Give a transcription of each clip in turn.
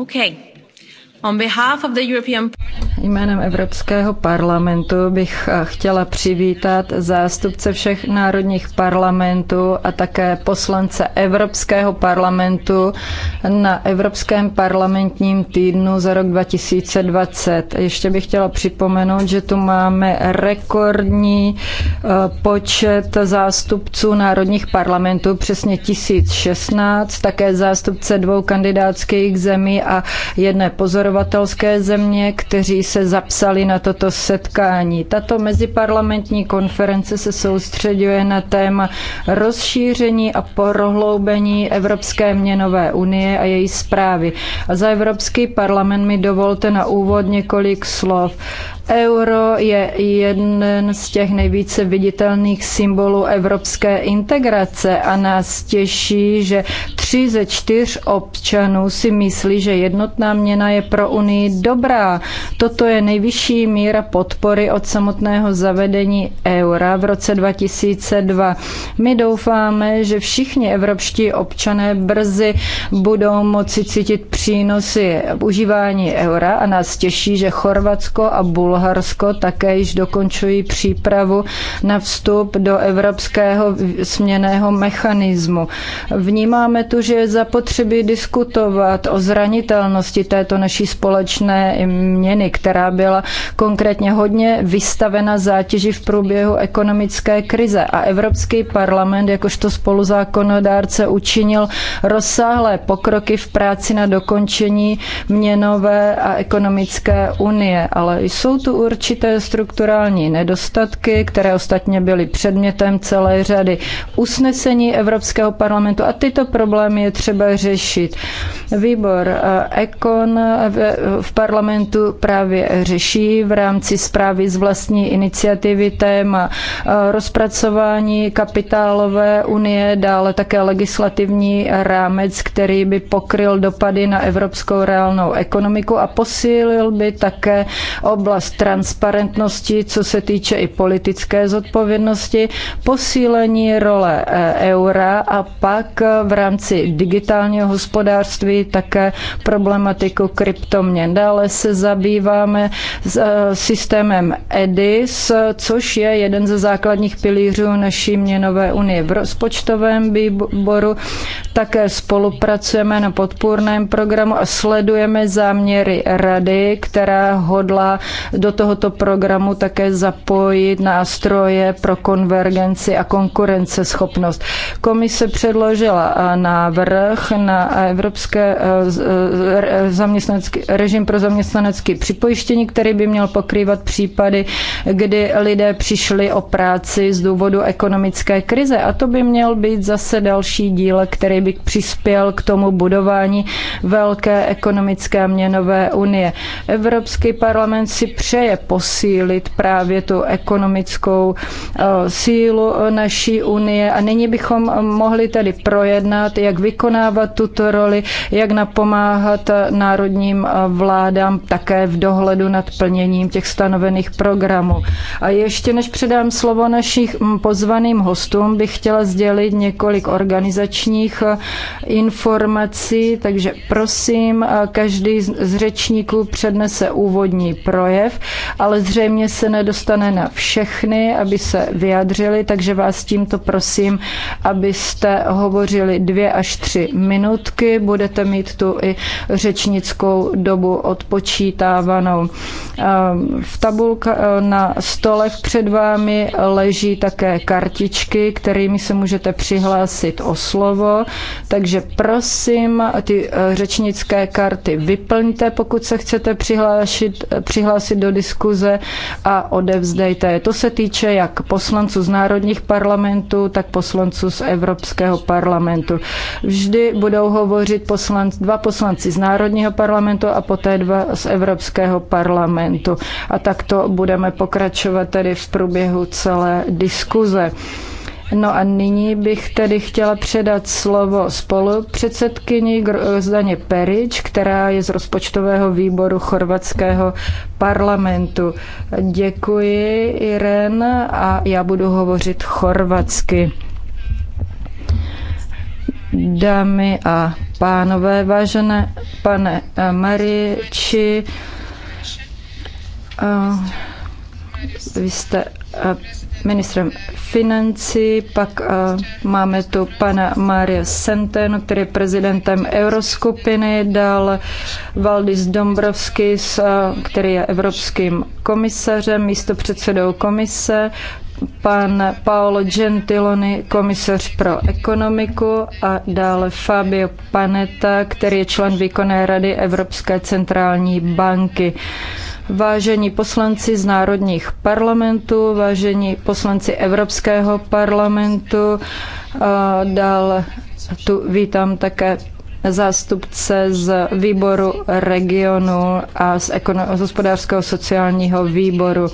Okay. On behalf of the European Jménem Evropského parlamentu bych eh, chtěla přivítat zástupce všech národních parlamentů a také poslance Evropského parlamentu na Evropském parlamentním týdnu za rok 2020. Ještě bych chtěla připomenout, že tu máme rekordní eh, počet zástupců národních parlamentů, přesně 1016, také zástupce dvou kandidátských zemí a jedné pozorovatelské země, kteří se zapsali na toto setkání. Tato meziparlamentní konference se soustředuje na téma rozšíření a prohloubení Evropské měnové unie a její zprávy. A za Evropský parlament mi dovolte na úvod několik slov. Euro je jeden z těch nejvíce viditelných symbolů evropské integrace a nás těší, že tři ze čtyř občanů si myslí, že jednotná měna je pro Unii dobrá. Toto to je nejvyšší míra podpory od samotného zavedení eura v roce 2002. My doufáme, že všichni evropští občané brzy budou moci cítit přínosy užívání eura a nás těší, že Chorvatsko a Bulharsko také již dokončují přípravu na vstup do evropského směného mechanismu. Vnímáme tu, že je zapotřebí diskutovat o zranitelnosti této naší společné měny, které která byla konkrétně hodně vystavena zátěži v průběhu ekonomické krize. A Evropský parlament jakožto spoluzákonodárce učinil rozsáhlé pokroky v práci na dokončení měnové a ekonomické unie, ale jsou tu určité strukturální nedostatky, které ostatně byly předmětem celé řady usnesení Evropského parlamentu a tyto problémy je třeba řešit. Výbor Ekon eh, eh, v parlamentu právě právě řeší v rámci zprávy z vlastní iniciativy téma eh, rozpracování kapitálové unie, dále také legislativní rámec, který by pokryl dopady na evropskou reálnou ekonomiku a posílil by také oblast transparentnosti, co se týče i politické zodpovědnosti, posílení role eh, eura a pak eh, v rámci digitálního hospodářství také problematiku kryptoměn. Dále se zabývám počítáme s eh, systémem EDIS, což je jeden ze základních pilířů naší měnové unie. V rozpočtovém výboru také spolupracujeme na podpůrném programu a sledujeme záměry rady, která hodla do tohoto programu také zapojit nástroje pro konvergenci a konkurenceschopnost. Komise předložila eh, návrh na evropské eh, zaměstnanecký, režim pro zaměstnanecký připojištění pojištění, který by měl pokrývat případy, kdy lidé přišli o práci z důvodu ekonomické krize. A to by měl být zase další díl, který by přispěl k tomu budování velké ekonomické měnové unie. Evropský parlament si přeje posílit právě tu ekonomickou eh, sílu naší unie a nyní bychom mohli tedy projednat, jak vykonávat tuto roli, jak napomáhat národním eh, vládám také v dohledu dohledu nad plněním těch stanovených programů. A ještě než předám slovo našich mm, pozvaným hostům, bych chtěla sdělit několik organizačních eh, informací, takže prosím, eh, každý z řečníků přednese úvodní projev, ale zřejmě se nedostane na všechny, aby se vyjadřili, takže vás tímto prosím, abyste hovořili dvě až tři minutky. Budete mít tu i řečnickou dobu odpočítávanou stranou. Ehm, v tabulka eh, na stole před vámi leží také kartičky, kterými se můžete přihlásit o slovo, takže prosím ty eh, řečnické karty vyplňte, pokud se chcete přihlásit, eh, přihlásit do diskuze a odevzdejte. To se týče jak poslanců z národních parlamentů, tak poslanců z Evropského parlamentu. Vždy budou hovořit poslanc, dva poslanci z národního parlamentu a poté dva z Evropského parlamentu. A tak to budeme pokračovat tedy v průběhu celé diskuze. No a nyní bych tedy chtěla předat slovo spolupředsedkyni Zdaně Perič, která je z rozpočtového výboru chorvatského parlamentu. Děkuji, Iren, a já budu hovořit chorvatsky. Dámy a pánové, vážené pane Mariči, vy jste ministrem financí, pak máme tu pana Mario Senten, který je prezidentem Euroskupiny, dal Valdis Dombrovskis, který je evropským komisařem, místo předsedou komise, pan Paolo Gentiloni, komisař pro ekonomiku a dále Fabio Panetta, který je člen výkonné rady Evropské centrální banky. Vážení poslanci z národních parlamentů, vážení poslanci Evropského parlamentu, dále tu vítám také zástupce z výboru regionu a z, ekono- z hospodářského sociálního výboru.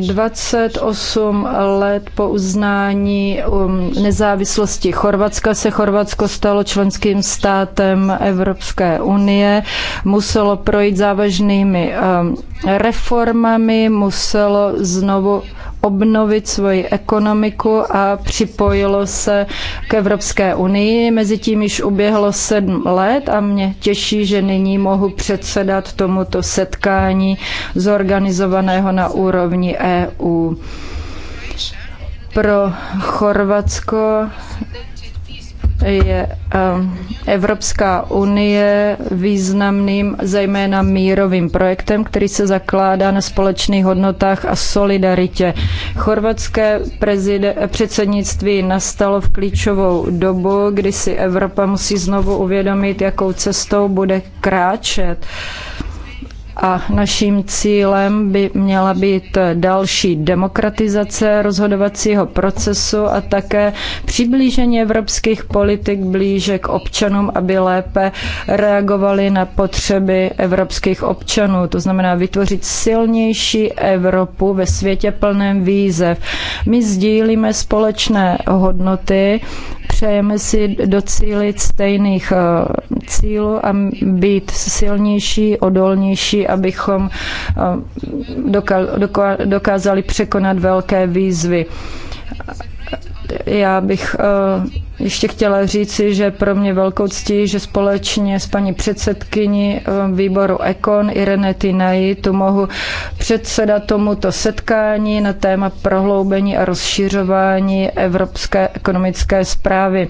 28 let po uznání um, nezávislosti Chorvatska se Chorvatsko stalo členským státem Evropské unie, muselo projít závažnými um, reformami, muselo znovu obnovit svoji ekonomiku a připojilo se k Evropské unii. Mezitím již uběhlo sedm let a mě těší, že nyní mohu předsedat tomuto setkání zorganizovaného na úrovni EU. Pro Chorvatsko je ehm, Evropská unie významným zejména mírovým projektem, který se zakládá na společných hodnotách a solidaritě. Chorvatské předsednictví nastalo v klíčovou dobu, kdy si Evropa musí znovu uvědomit, jakou cestou bude kráčet a naším cílem by měla být další demokratizace rozhodovacího procesu a také přiblížení evropských politik blíže k občanům, aby lépe reagovali na potřeby evropských občanů. To znamená vytvořit silnější Evropu ve světě plném výzev. My sdílíme společné hodnoty, přejeme si docílit stejných eh, cílů a být silnější, odolnější abychom eh, dokázali překonat velké výzvy. Já bych eh, ještě chtěla říci, že pro mě velkou ctí, že společně s paní předsedkyní eh, výboru Ekon Irene Tinaji tu mohu předsedat tomuto setkání na téma prohloubení a rozšiřování evropské ekonomické zprávy.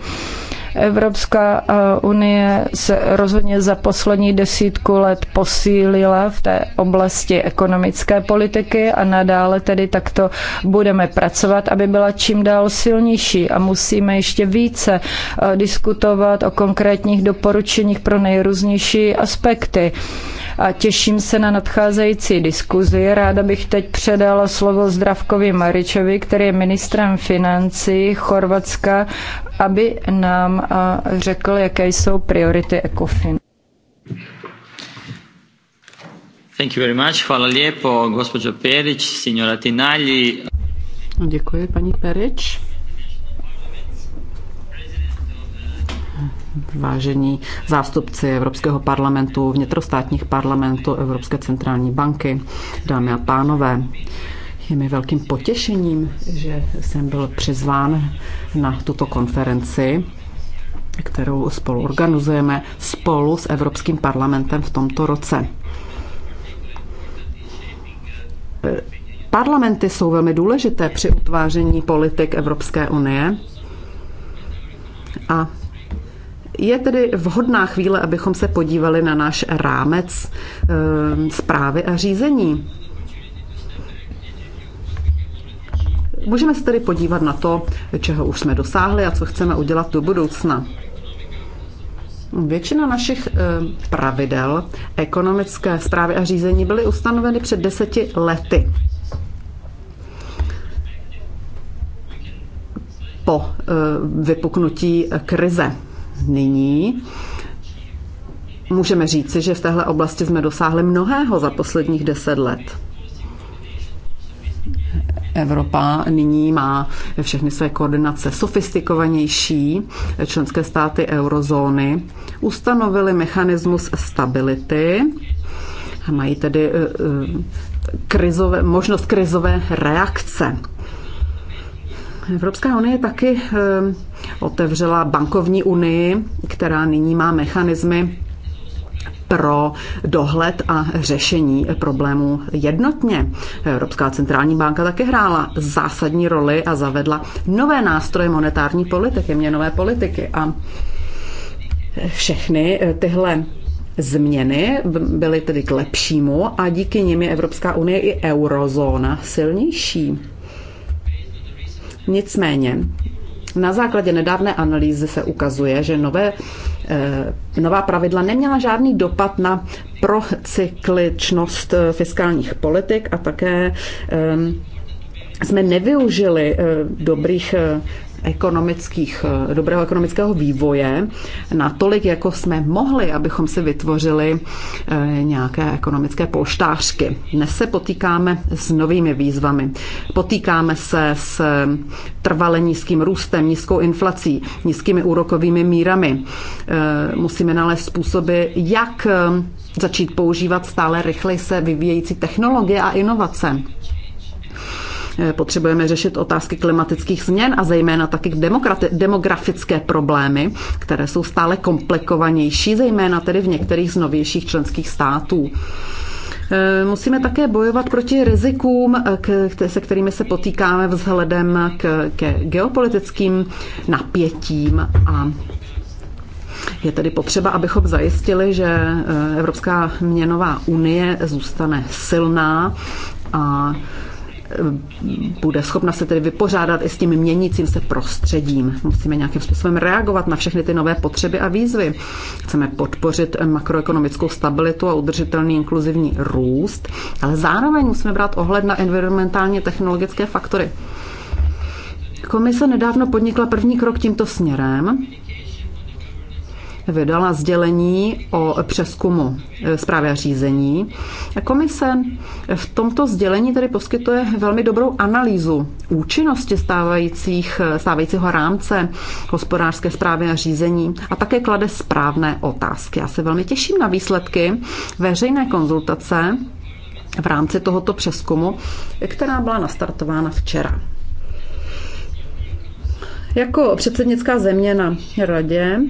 Evropská eh, unie se rozhodně za poslední desítku let posílila v té oblasti ekonomické politiky a nadále tedy takto budeme pracovat, aby byla čím dál silnější a musíme ještě více eh, diskutovat o konkrétních doporučeních pro nejrůznější aspekty a těším se na nadcházející diskuzi. Ráda bych teď předala slovo Zdravkovi Maričovi, který je ministrem financí Chorvatska, aby nám řekl, jaké jsou priority ECOFIN. Thank you very much. Hvala lijepo, gospođo Perić, signora Tinalji. Děkuji, paní Perič. vážení zástupci Evropského parlamentu, vnitrostátních parlamentů, Evropské centrální banky, dámy a pánové. Je mi velkým potěšením, že jsem byl přizván na tuto konferenci, kterou spolu organizujeme spolu s Evropským parlamentem v tomto roce. Parlamenty jsou velmi důležité při utváření politik Evropské unie a je tedy vhodná chvíle, abychom se podívali na náš rámec ehm, zprávy a řízení. Můžeme se tedy podívat na to, čeho už jsme dosáhli a co chceme udělat do budoucna. Většina našich ehm, pravidel ekonomické zprávy a řízení byly ustanoveny před deseti lety. Po ehm, vypuknutí krize nyní můžeme říci, že v téhle oblasti jsme dosáhli mnohého za posledních deset let. Evropa nyní má všechny své koordinace sofistikovanější. Členské státy eurozóny ustanovily mechanismus stability a mají tedy eh, eh, krizové, možnost krizové reakce. Evropská unie taky eh, otevřela bankovní unii, která nyní má mechanismy pro dohled a řešení problémů jednotně. Evropská centrální banka také hrála zásadní roli a zavedla nové nástroje monetární politiky, měnové politiky. A všechny eh, tyhle změny byly tedy k lepšímu a díky nim je Evropská unie i eurozóna silnější. Nicméně na základě nedávné analýzy se ukazuje, že nové, eh, nová pravidla neměla žádný dopad na procykličnost eh, fiskálních politik a také eh, jsme nevyužili dobrých ekonomických, eh, dobrého ekonomického vývoje natolik, jako jsme mohli, abychom si vytvořili eh, nějaké ekonomické polštářky. Dnes se potýkáme s novými výzvami. Potýkáme se s eh, trvale nízkým růstem, nízkou inflací, nízkými úrokovými mírami. Musíme nalézt způsoby, jak začít používat stále rychleji se vyvíjející technologie a inovace. Eh, potřebujeme řešit otázky klimatických změn a zejména taky demografické problémy, které jsou stále komplikovanější, zejména tedy v některých z novějších členských států. Eh, musíme také bojovat proti rizikům, eh, se kterými se potýkáme vzhledem k, ke geopolitickým napětím a je tedy potřeba, abychom zajistili, že Evropská měnová unie zůstane silná a bude schopna se tedy vypořádat i s tím měnícím se prostředím. Musíme nějakým způsobem reagovat na všechny ty nové potřeby a výzvy. Chceme podpořit makroekonomickou stabilitu a udržitelný inkluzivní růst, ale zároveň musíme brát ohled na environmentálně technologické faktory. Komise nedávno podnikla první krok tímto směrem vydala sdělení o přeskumu e, zprávy a řízení. Komise v tomto sdělení tedy poskytuje velmi dobrou analýzu účinnosti stávajících, stávajícího rámce hospodářské zprávy a řízení a také klade správné otázky. Já se velmi těším na výsledky veřejné konzultace v rámci tohoto přeskumu, která byla nastartována včera. Jako předsednická země na radě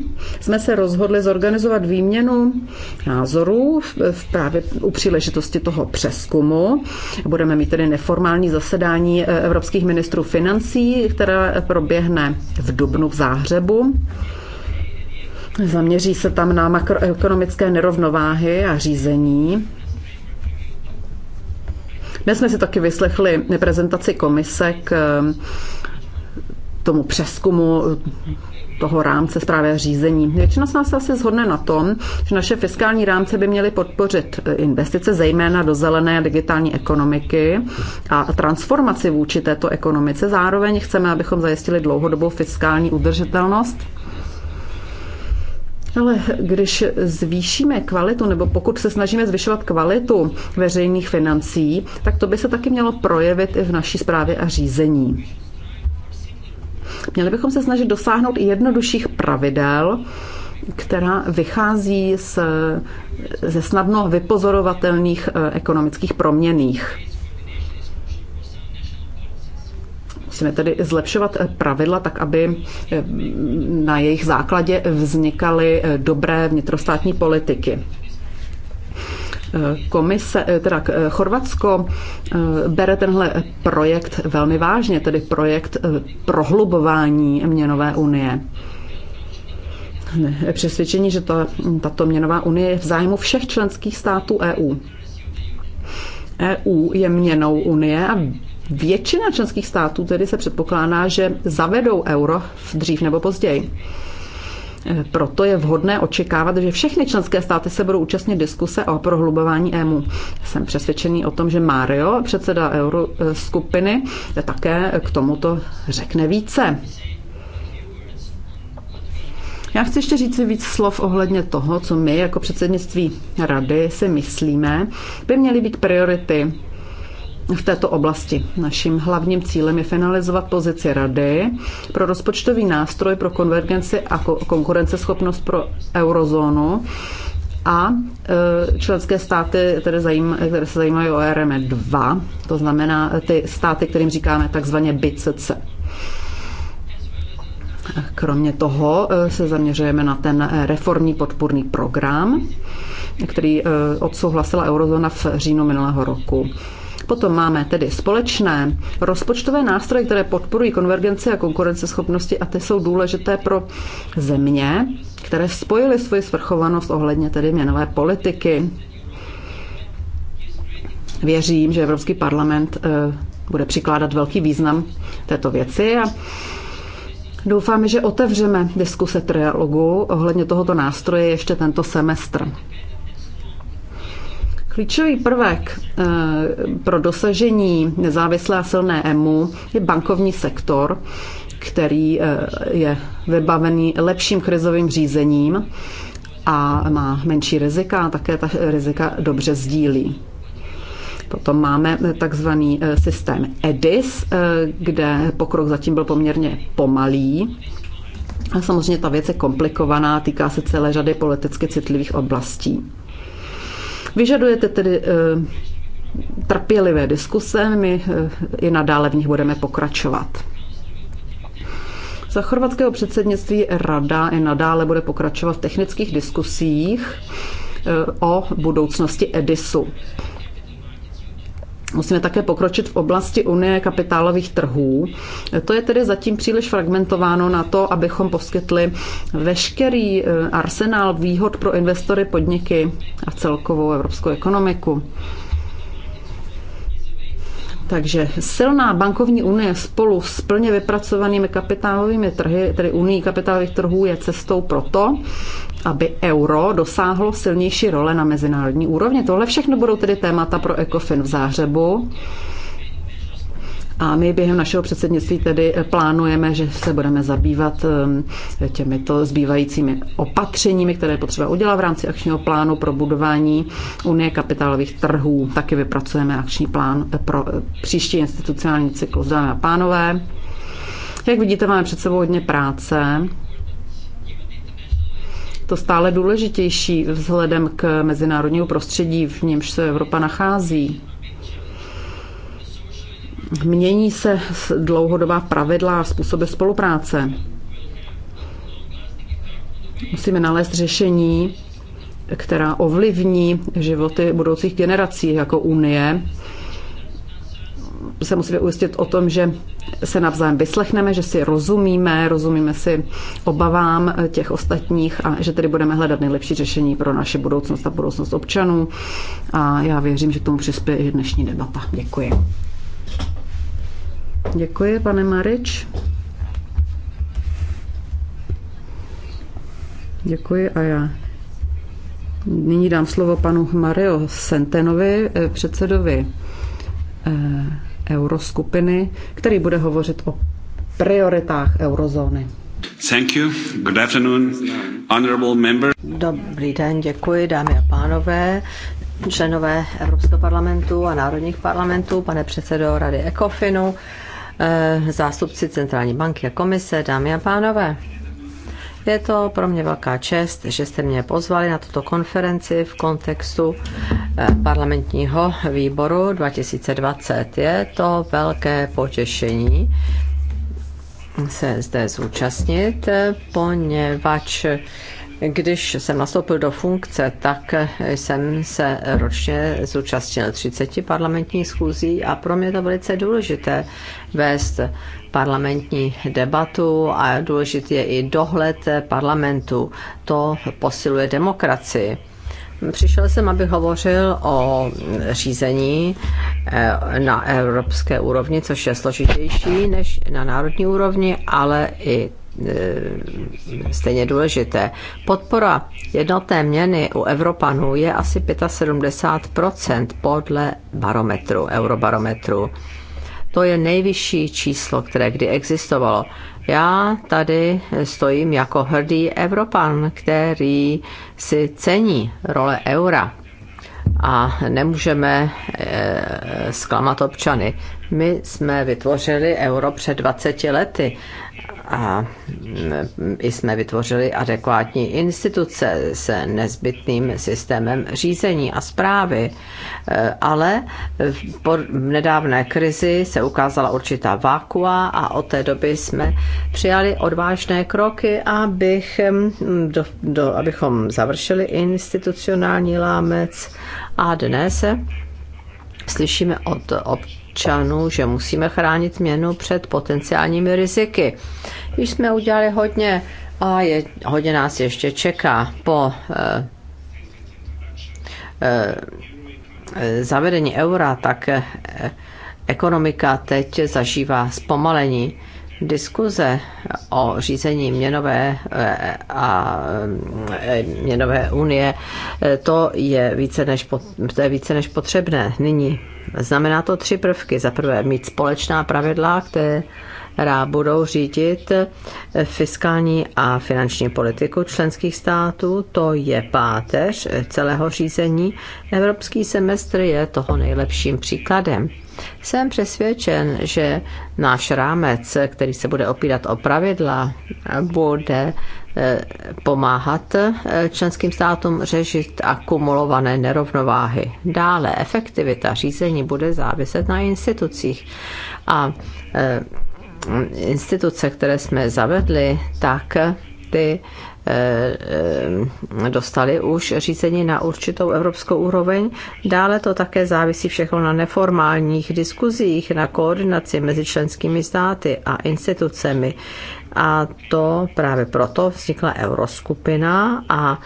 jsme se rozhodli zorganizovat výměnu názorů v právě u příležitosti toho přeskumu. Budeme mít tedy neformální zasedání e, evropských ministrů financí, které proběhne v Dubnu v Záhřebu. Zaměří se tam na makroekonomické nerovnováhy a řízení. Dnes jsme si taky vyslechli prezentaci komise k tomu přeskumu toho rámce zprávy řízení. Většina z nás asi zhodne na tom, že naše fiskální rámce by měly podpořit investice zejména do zelené digitální ekonomiky a transformaci vůči této ekonomice. Zároveň chceme, abychom zajistili dlouhodobou fiskální udržitelnost. Ale když zvýšíme kvalitu, nebo pokud se snažíme zvyšovat kvalitu veřejných financí, tak to by se taky mělo projevit i v naší zprávě a řízení. Měli bychom se snažit dosáhnout jednodušších pravidel, která vychází z, ze snadno vypozorovatelných eh, ekonomických proměných. Musíme tedy zlepšovat eh, pravidla tak, aby eh, na jejich základě vznikaly dobré vnitrostátní politiky komise, eh, teda eh, Chorvatsko eh, bere tenhle projekt velmi vážně, tedy projekt prohlubování měnové unie. Přesvědčení, že ta, tato měnová unie je v zájmu všech členských států EU. EU je měnou unie a většina členských států tedy se předpokládá, že zavedou euro v dřív nebo později. Eh, proto je vhodné očekávat, že všechny členské státy se budou účastnit diskuse o prohlubování EMU. Jsem přesvědčený o tom, že Mario, předseda euroskupiny, eh, také k tomuto řekne více. Já chci ještě říct si víc slov ohledně toho, co my jako předsednictví rady si myslíme, by měly být priority v této oblasti. Naším hlavním cílem je finalizovat pozici Rady pro rozpočtový nástroj pro konvergenci a konkurenceschopnost pro eurozónu a e, členské státy, které, zajím, které se zajímají o rm 2, to znamená e, ty státy, kterým říkáme takzvaně BCC. Kromě toho e, se zaměřujeme na ten reformní podpůrný program, který odsouhlasila eurozóna v říjnu minulého roku. Potom máme tedy společné rozpočtové nástroje, které podporují konvergenci a konkurenceschopnosti a ty jsou důležité pro země, které spojily svoji svrchovanost ohledně tedy měnové politiky. Věřím, že Evropský parlament eh, bude přikládat velký význam této věci a doufáme, že otevřeme diskuse trialogu ohledně tohoto nástroje ještě tento semestr. Klíčový prvek eh, pro dosažení nezávislé a silné EMU je bankovní sektor, který eh, je vybavený lepším krizovým řízením a má menší rizika a také ta rizika dobře sdílí. Potom máme eh, takzvaný systém EDIS, kde pokrok zatím byl poměrně pomalý. A samozřejmě ta věc je komplikovaná, týká se celé řady politicky citlivých oblastí. Vyžadujete tedy eh, trpělivé diskuse, my eh, i nadále v nich budeme pokračovat. Za chorvatského předsednictví Rada i nadále bude pokračovat v technických diskusích eh, o budoucnosti Edisu. Musíme také pokročit v oblasti Unie kapitálových trhů. To je tedy zatím příliš fragmentováno na to, abychom poskytli veškerý eh, arsenál výhod pro investory, podniky a celkovou evropskou ekonomiku. Takže silná bankovní unie spolu s plně vypracovanými kapitálovými trhy, tedy unii kapitálových trhů, je cestou proto, aby euro dosáhlo silnější role na mezinárodní úrovni. Tohle všechno budou tedy témata pro ECOFIN v Zářebu. A my během našeho předsednictví tedy plánujeme, že se budeme zabývat um, těmito zbývajícími opatřeními, které je potřeba udělat v rámci akčního plánu pro budování Unie kapitálových trhů. Taky vypracujeme akční plán pro eh, příští institucionální cyklus, dámy a pánové. Jak vidíte, máme před sebou hodně práce. To stále důležitější vzhledem k mezinárodnímu prostředí, v němž se Evropa nachází. Mění se dlouhodobá pravidla a způsoby spolupráce. Musíme nalézt řešení, která ovlivní životy budoucích generací jako Unie. Se musíme ujistit o tom, že se navzájem vyslechneme, že si rozumíme, rozumíme si obavám těch ostatních a že tedy budeme hledat nejlepší řešení pro naše budoucnost a budoucnost občanů. A já věřím, že k tomu přispěje i dnešní debata. Děkuji. Děkuji, pane Marič. Děkuji a já. Nyní dám slovo panu Mario Sentenovi, eh, předsedovi eh, euroskupiny, který bude hovořit o prioritách eurozóny. Thank you. Good afternoon, honorable member. Dobrý den, děkuji, dámy a pánové, členové Evropského parlamentu a národních parlamentů, pane předsedo Rady Ekofinu. Eh, zástupci Centrální banky a komise, dámy a pánové. Je to pro mě velká čest, že jste mě pozvali na tuto konferenci v kontextu eh, parlamentního výboru 2020. Je to velké potěšení se zde zúčastnit, eh, poněvadž když jsem nastoupil do funkce, tak jsem se ročně zúčastnil 30 parlamentních schůzí a pro mě to velice důležité vést parlamentní debatu a důležitý je i dohled parlamentu. To posiluje demokracii. Přišel jsem, abych hovořil o řízení eh, na evropské úrovni, což je složitější než na národní úrovni, ale i E, stejně důležité. Podpora jednotné měny u Evropanů je asi 75% podle barometru, eurobarometru. To je nejvyšší číslo, které kdy existovalo. Já tady stojím jako hrdý Evropan, který si cení role eura a nemůžeme e, zklamat občany. My jsme vytvořili euro před 20 lety a i jsme vytvořili adekvátní instituce se nezbytným systémem řízení a zprávy. Ale po nedávné krizi se ukázala určitá vákua a od té doby jsme přijali odvážné kroky, abych, mm, do, do, abychom završili institucionální lámec a dnes slyšíme od od občanů, že musíme chránit měnu před potenciálními riziky. Již jsme udělali hodně a je, hodně nás ještě čeká po eh, eh, zavedení eura, tak eh, ekonomika teď zažívá zpomalení. Eh, Diskuze o řízení měnové eh, a eh, měnové unie, eh, to je více než, to je více než potřebné nyní. Znamená to tři prvky. Za prvé mít společná pravidla, které která budou řídit fiskální a finanční politiku členských států. To je páteř celého řízení. Evropský semestr je toho nejlepším příkladem. Jsem přesvědčen, že náš rámec, který se bude opírat o pravidla, bude eh, pomáhat eh, členským státům řešit akumulované nerovnováhy. Dále efektivita řízení bude záviset na institucích a eh, instituce, které jsme zavedli, tak ty eh, eh, dostali už řízení na určitou evropskou úroveň. Dále to také závisí všechno na neformálních diskuzích, na koordinaci mezi členskými státy a institucemi. A to právě proto vznikla euroskupina a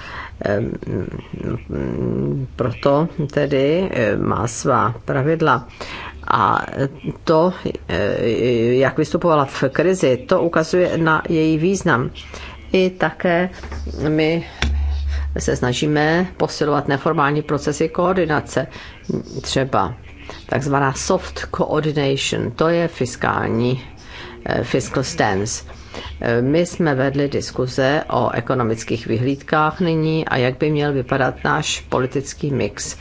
eh, proto tedy má svá pravidla. A to, eh, jak vystupovala v krizi, to ukazuje na její význam. I také my se snažíme posilovat neformální procesy koordinace, třeba takzvaná soft coordination, to je fiskální eh, fiscal stance. Eh, my jsme vedli diskuze o ekonomických vyhlídkách nyní a jak by měl vypadat náš politický mix.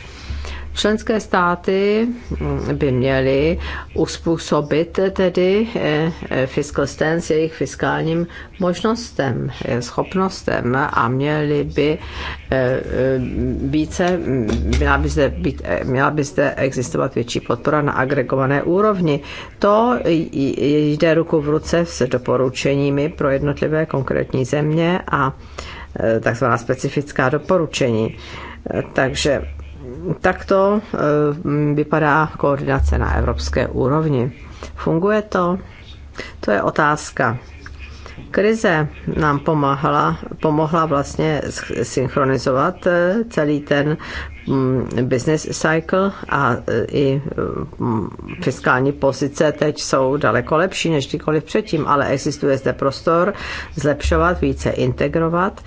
Členské státy mm, by měly uspůsobit tedy eh, eh, fiscal stance jejich fiskálním možnostem, eh, schopnostem a měly by více, mm, měla by, zde být, měla by zde existovat větší podpora na agregované úrovni. To jde ruku v ruce s doporučeními pro jednotlivé konkrétní země a takzvaná specifická doporučení. Takže takto eh, vypadá koordinace na evropské úrovni. Funguje to? To je otázka. Krize nám pomáhala, pomohla vlastně synchronizovat eh, celý ten mm, business cycle a eh, i mm, fiskální pozice teď jsou daleko lepší než kdykoliv předtím, ale existuje zde prostor zlepšovat, více integrovat.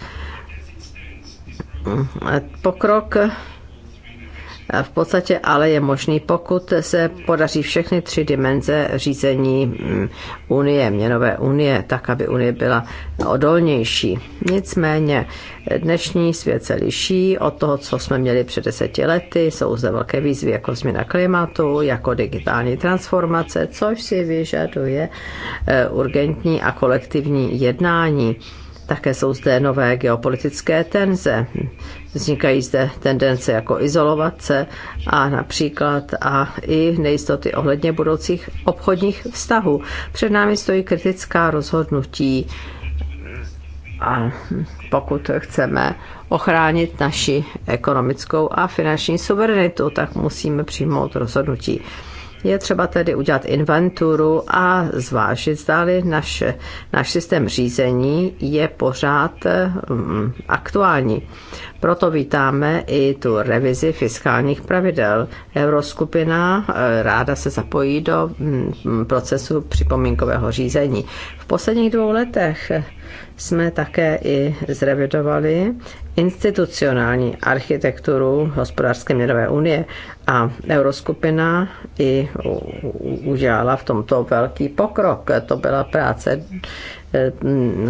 Mm, pokrok v podstatě ale je možný, pokud se podaří všechny tři dimenze řízení mm, Unie, měnové Unie, tak, aby Unie byla odolnější. Nicméně dnešní svět se liší od toho, co jsme měli před deseti lety. Jsou zde velké výzvy jako změna klimatu, jako digitální transformace, což si vyžaduje e, urgentní a kolektivní jednání. Také jsou zde nové geopolitické tenze. Vznikají zde tendence jako izolovat se a například a i nejistoty ohledně budoucích obchodních vztahů. Před námi stojí kritická rozhodnutí a pokud chceme ochránit naši ekonomickou a finanční suverenitu, tak musíme přijmout rozhodnutí. Je třeba tedy udělat inventuru a zvážit, zdali náš naš systém řízení je pořád mm, aktuální. Proto vítáme i tu revizi fiskálních pravidel. Euroskupina eh, ráda se zapojí do mm, procesu připomínkového řízení. V posledních dvou letech jsme také i zrevidovali institucionální architekturu hospodářské měnové unie a euroskupina i udělala v tomto velký pokrok. To byla práce eh,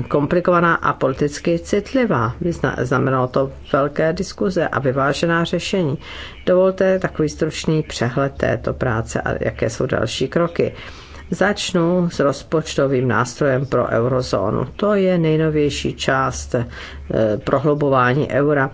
komplikovaná a politicky citlivá. Znamenalo to velké diskuze a vyvážená řešení. Dovolte takový stručný přehled této práce a jaké jsou další kroky. Začnu s rozpočtovým nástrojem pro eurozónu. To je nejnovější část eh, prohlubování eura.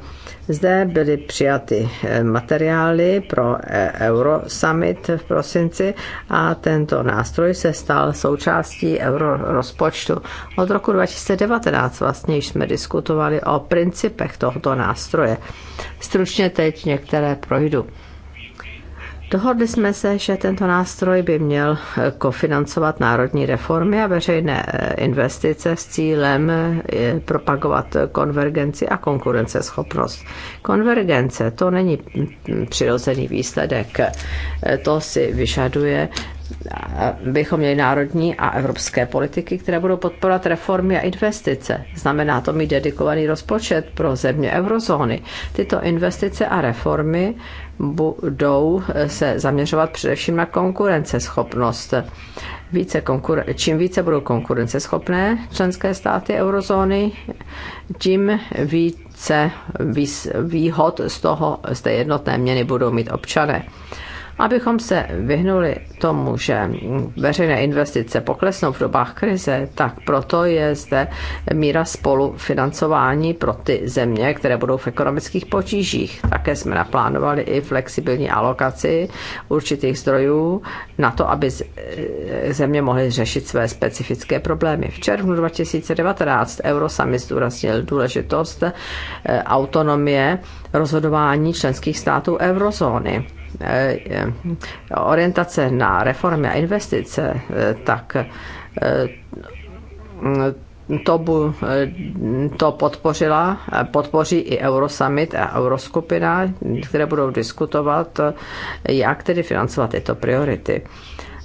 Zde byly přijaty eh, materiály pro eh, Euro Summit v prosinci a tento nástroj se stal součástí euro rozpočtu. Od roku 2019 vlastně jsme diskutovali o principech tohoto nástroje. Stručně teď některé projdu. Dohodli jsme se, že tento nástroj by měl eh, kofinancovat národní reformy a veřejné eh, investice s cílem eh, propagovat konvergenci a konkurenceschopnost. Konvergence to není přirozený výsledek, to si vyžaduje bychom měli národní a evropské politiky, které budou podporovat reformy a investice. Znamená to mít dedikovaný rozpočet pro země eurozóny. Tyto investice a reformy budou se zaměřovat především na konkurenceschopnost. Více konkur- čím více budou konkurenceschopné členské státy eurozóny, tím více výhod z toho z té jednotné měny budou mít občané. Abychom se vyhnuli tomu, že veřejné investice poklesnou v dobách krize, tak proto je zde míra spolufinancování pro ty země, které budou v ekonomických potížích. Také jsme naplánovali i flexibilní alokaci určitých zdrojů na to, aby země mohly řešit své specifické problémy. V červnu 2019 Eurosami zdůraznil důležitost eh, autonomie rozhodování členských států eurozóny Eh, eh, orientace na reformy a investice, eh, tak mm, to, bu, to podpořila, podpoří i Eurosummit a Euroskupina, které budou diskutovat, jak tedy financovat tyto priority.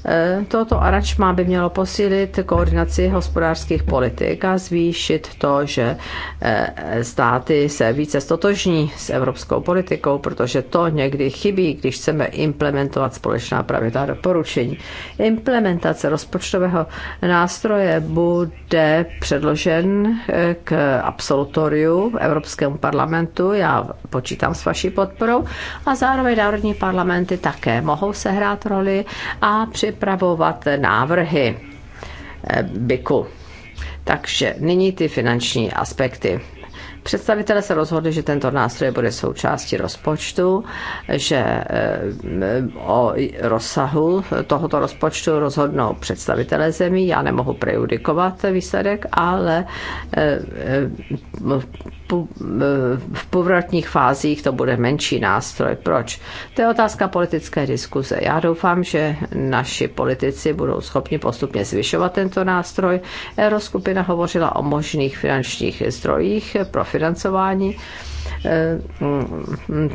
Eh, toto aračma by mělo posílit koordinaci hospodářských politik a zvýšit to, že eh, státy se více stotožní s evropskou politikou, protože to někdy chybí, když chceme implementovat společná pravidla doporučení. Implementace rozpočtového nástroje bude předložen eh, k absolutoriu Evropskému parlamentu. Já počítám s vaší podporou a zároveň národní parlamenty také mohou sehrát roli a při připravovat návrhy eh, BIKu. Takže nyní ty finanční aspekty. Představitelé se rozhodli, že tento nástroj bude součástí rozpočtu, že eh, o rozsahu tohoto rozpočtu rozhodnou představitelé zemí. Já nemohu prejudikovat výsledek, ale eh, Eh, v povratních fázích to bude menší nástroj. Proč? To je otázka politické diskuze. Já doufám, že naši politici budou schopni postupně zvyšovat tento nástroj. Euroskupina hovořila o možných finančních zdrojích pro financování eh,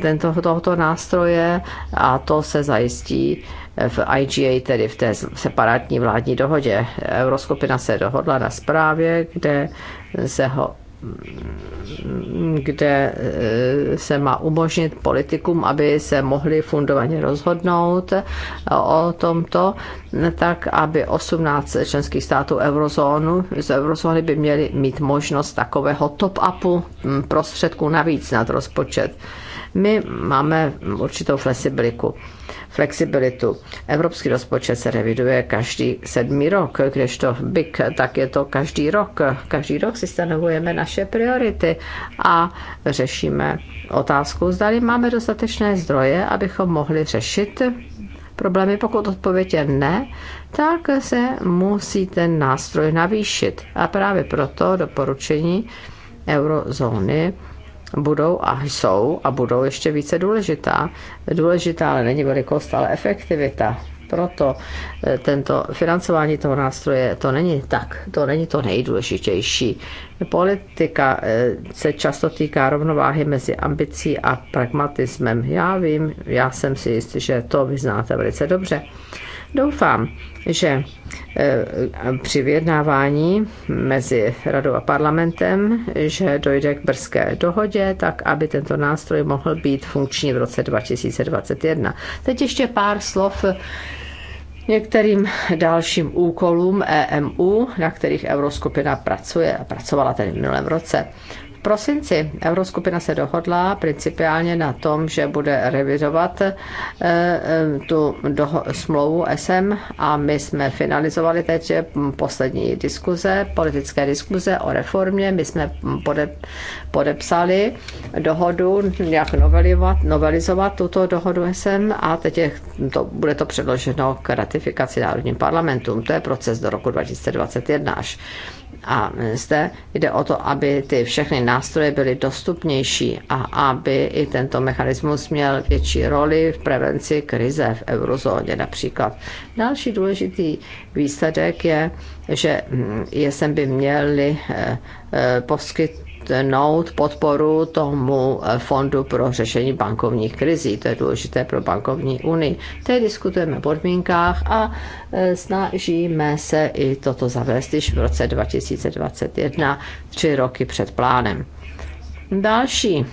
tento, tohoto nástroje a to se zajistí v IGA, tedy v té separátní vládní dohodě. Euroskupina se dohodla na zprávě, kde se ho kde e, se má umožnit politikům, aby se mohli fundovaně rozhodnout e, o tomto, tak aby 18 členských států eurozónu, z eurozóny by měli mít možnost takového top-upu prostředků navíc nad rozpočet. My máme určitou flexibilitu flexibilitu. Evropský rozpočet se reviduje každý sedmý rok, když to byk tak je to každý rok. Každý rok si stanovujeme naše priority a řešíme otázku, zda máme dostatečné zdroje, abychom mohli řešit problémy. Pokud odpověď je ne, tak se musí ten nástroj navýšit. A právě proto doporučení eurozóny budou a jsou a budou ještě více důležitá. Důležitá ale není velikost, ale efektivita. Proto eh, tento financování toho nástroje, to není tak, to není to nejdůležitější. Politika eh, se často týká rovnováhy mezi ambicí a pragmatismem. Já vím, já jsem si jistý, že to vyznáte velice dobře. Doufám, že eh, při vyjednávání mezi radou a parlamentem, že dojde k brzké dohodě, tak aby tento nástroj mohl být funkční v roce 2021. Teď ještě pár slov některým dalším úkolům EMU, na kterých Euroskupina pracuje a pracovala tedy v minulém roce prosinci Euroskupina se dohodla principiálně na tom, že bude revizovat eh, eh, tu smlouvu SM a my jsme finalizovali teď poslední diskuze, politické diskuze o reformě. My jsme podepsali dohodu, jak novelizovat, novelizovat tuto dohodu SM a teď je to, bude to předloženo k ratifikaci národním parlamentům. To je proces do roku 2021 až. A zde jde o to, aby ty všechny nástroje byly dostupnější a aby i tento mechanismus měl větší roli v prevenci krize v eurozóně například. Další důležitý výsledek je, že mm, jsem by měli eh, eh, poskyt, poskytnout podporu tomu fondu pro řešení bankovních krizí. To je důležité pro bankovní unii. Teď diskutujeme o podmínkách a e, snažíme se i toto zavést již v roce 2021, tři roky před plánem. Další e,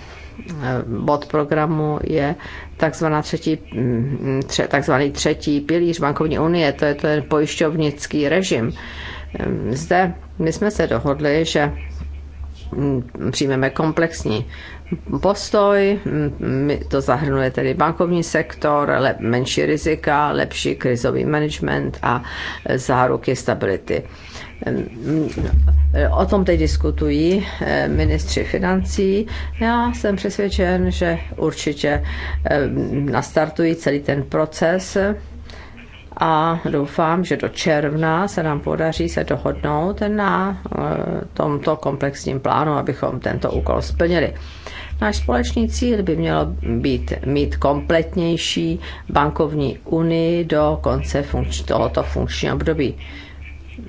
bod programu je takzvaná třetí, mm, tře, takzvaný třetí pilíř bankovní unie, to je ten pojišťovnický režim. Zde my jsme se dohodli, že Mm, přijmeme komplexní postoj, mm, to zahrnuje tedy bankovní sektor, menší rizika, lepší krizový management a e, záruky stability. Mm, o tom teď diskutují e, ministři financí. Já jsem přesvědčen, že určitě e, nastartují celý ten proces a doufám, že do června se nám podaří se dohodnout na eh, tomto komplexním plánu, abychom tento úkol splnili. Náš společný cíl by mělo být mít kompletnější bankovní unii do konce funkč- tohoto funkčního období.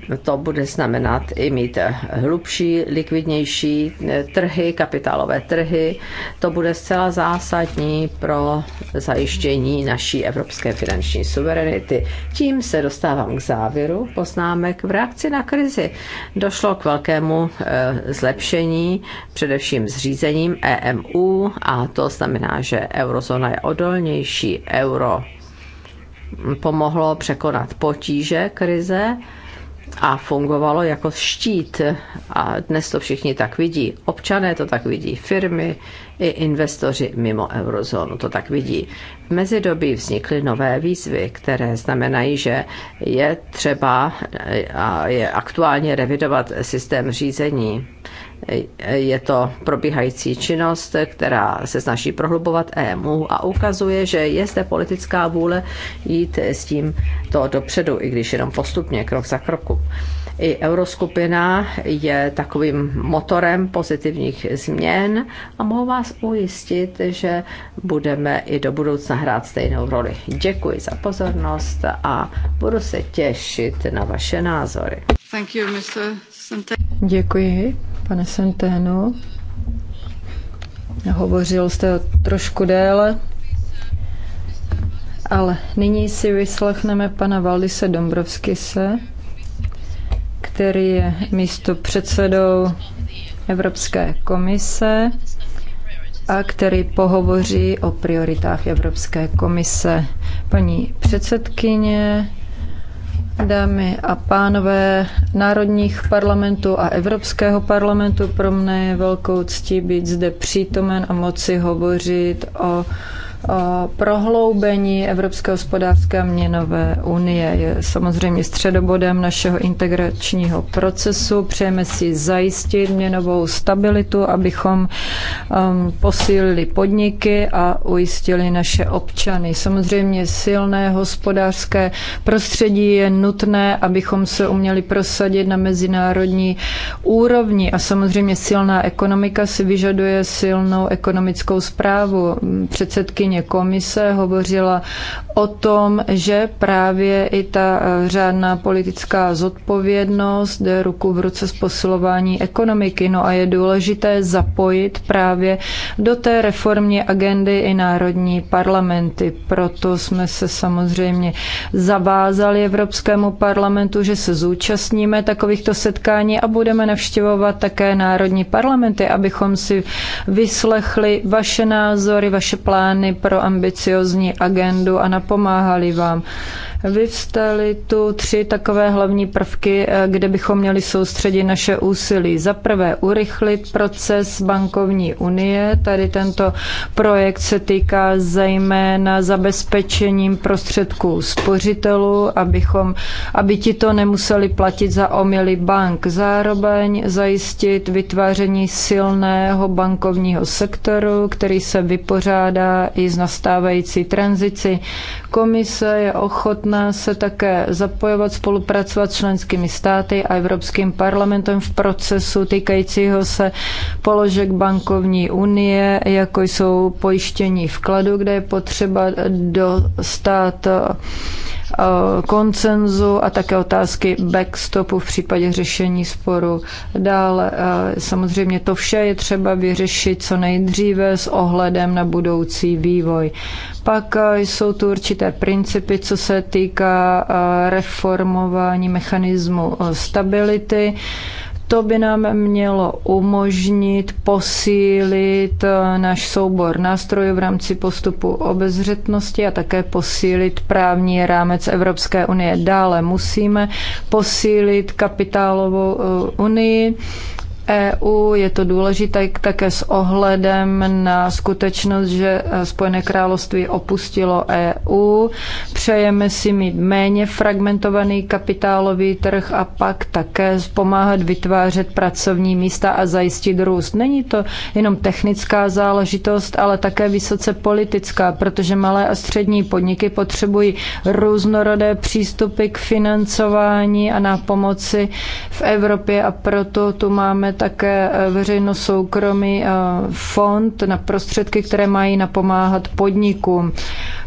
No to bude znamenat i mít hlubší, likvidnější eh, trhy, kapitálové trhy. To bude zcela zásadní pro zajištění naší evropské finanční suverenity. Tím se dostávám k závěru poznámek. V reakci na krizi došlo k velkému eh, zlepšení, především zřízením EMU a to znamená, že eurozóna je odolnější, euro hm, pomohlo překonat potíže krize a fungovalo jako štít. A dnes to všichni tak vidí. Občané to tak vidí, firmy i investoři mimo eurozónu to tak vidí. V mezidobí vznikly nové výzvy, které znamenají, že je třeba a je aktuálně revidovat systém řízení je to probíhající činnost, která se snaží prohlubovat EMU a ukazuje, že je zde politická vůle jít s tím to dopředu, i když jenom postupně, krok za kroku. I euroskupina je takovým motorem pozitivních změn a mohu vás ujistit, že budeme i do budoucna hrát stejnou roli. Děkuji za pozornost a budu se těšit na vaše názory. Thank you, Mr. Děkuji, pane Centeno. Hovořil jste trošku déle, ale nyní si vyslechneme pana Valdise Dombrovskise, který je místo předsedou Evropské komise a který pohovoří o prioritách Evropské komise. Paní předsedkyně, Dámy a pánové národních parlamentů a Evropského parlamentu, pro mne je velkou ctí být zde přítomen a moci hovořit o Eh, prohloubení Evropské hospodářské a měnové unie. Je samozřejmě středobodem našeho integračního procesu. Přejeme si zajistit měnovou stabilitu, abychom um, posílili podniky a ujistili naše občany. Samozřejmě silné hospodářské prostředí je nutné, abychom se uměli prosadit na mezinárodní úrovni a samozřejmě silná ekonomika si vyžaduje silnou ekonomickou zprávu. Předsedkyně správně. Komise hovořila o tom, že právě i ta e, řádná politická zodpovědnost jde ruku v ruce s posilování ekonomiky. No a je důležité zapojit právě do té reformní agendy i národní parlamenty. Proto jsme se samozřejmě zavázali Evropskému parlamentu, že se zúčastníme takovýchto setkání a budeme navštěvovat také národní parlamenty, abychom si vyslechli vaše názory, vaše plány, pro agendu a napomáhali vám. Vyvstaly tu tři takové hlavní prvky, eh, kde bychom měli soustředit naše úsilí. Za prvé urychlit proces bankovní unie. Tady tento projekt se týká zejména zabezpečením prostředků spořitelů, abychom, aby ti to nemuseli platit za omily bank. Zároveň zajistit vytváření silného bankovního sektoru, který se vypořádá i z nastávající tranzici. Komise je ochotná nutné se také zapojovat, spolupracovat s členskými státy a Evropským parlamentem v procesu týkajícího se položek bankovní unie, jako jsou pojištění vkladu, kde je potřeba dostat Eh, koncenzu a také otázky backstopu v případě řešení sporu. Dále eh, samozřejmě to vše je třeba vyřešit co nejdříve s ohledem na budoucí vývoj. Pak eh, jsou tu určité principy, co se týká reformování mechanismu stability. To by nám mělo umožnit posílit eh, náš soubor nástrojů v rámci postupu obezřetnosti a také posílit právní rámec Evropské unie. Dále musíme posílit kapitálovou eh, unii EU. Je to důležité také s ohledem na skutečnost, že eh, Spojené království opustilo EU. Přejeme si mít méně fragmentovaný kapitálový trh a pak také pomáhat vytvářet pracovní místa a zajistit růst. Není to jenom technická záležitost, ale také vysoce politická, protože malé a střední podniky potřebují různorodé přístupy k financování a na pomoci v Evropě a proto tu máme také eh, veřejno-soukromý eh, fond na prostředky, které mají napomáhat podnikům.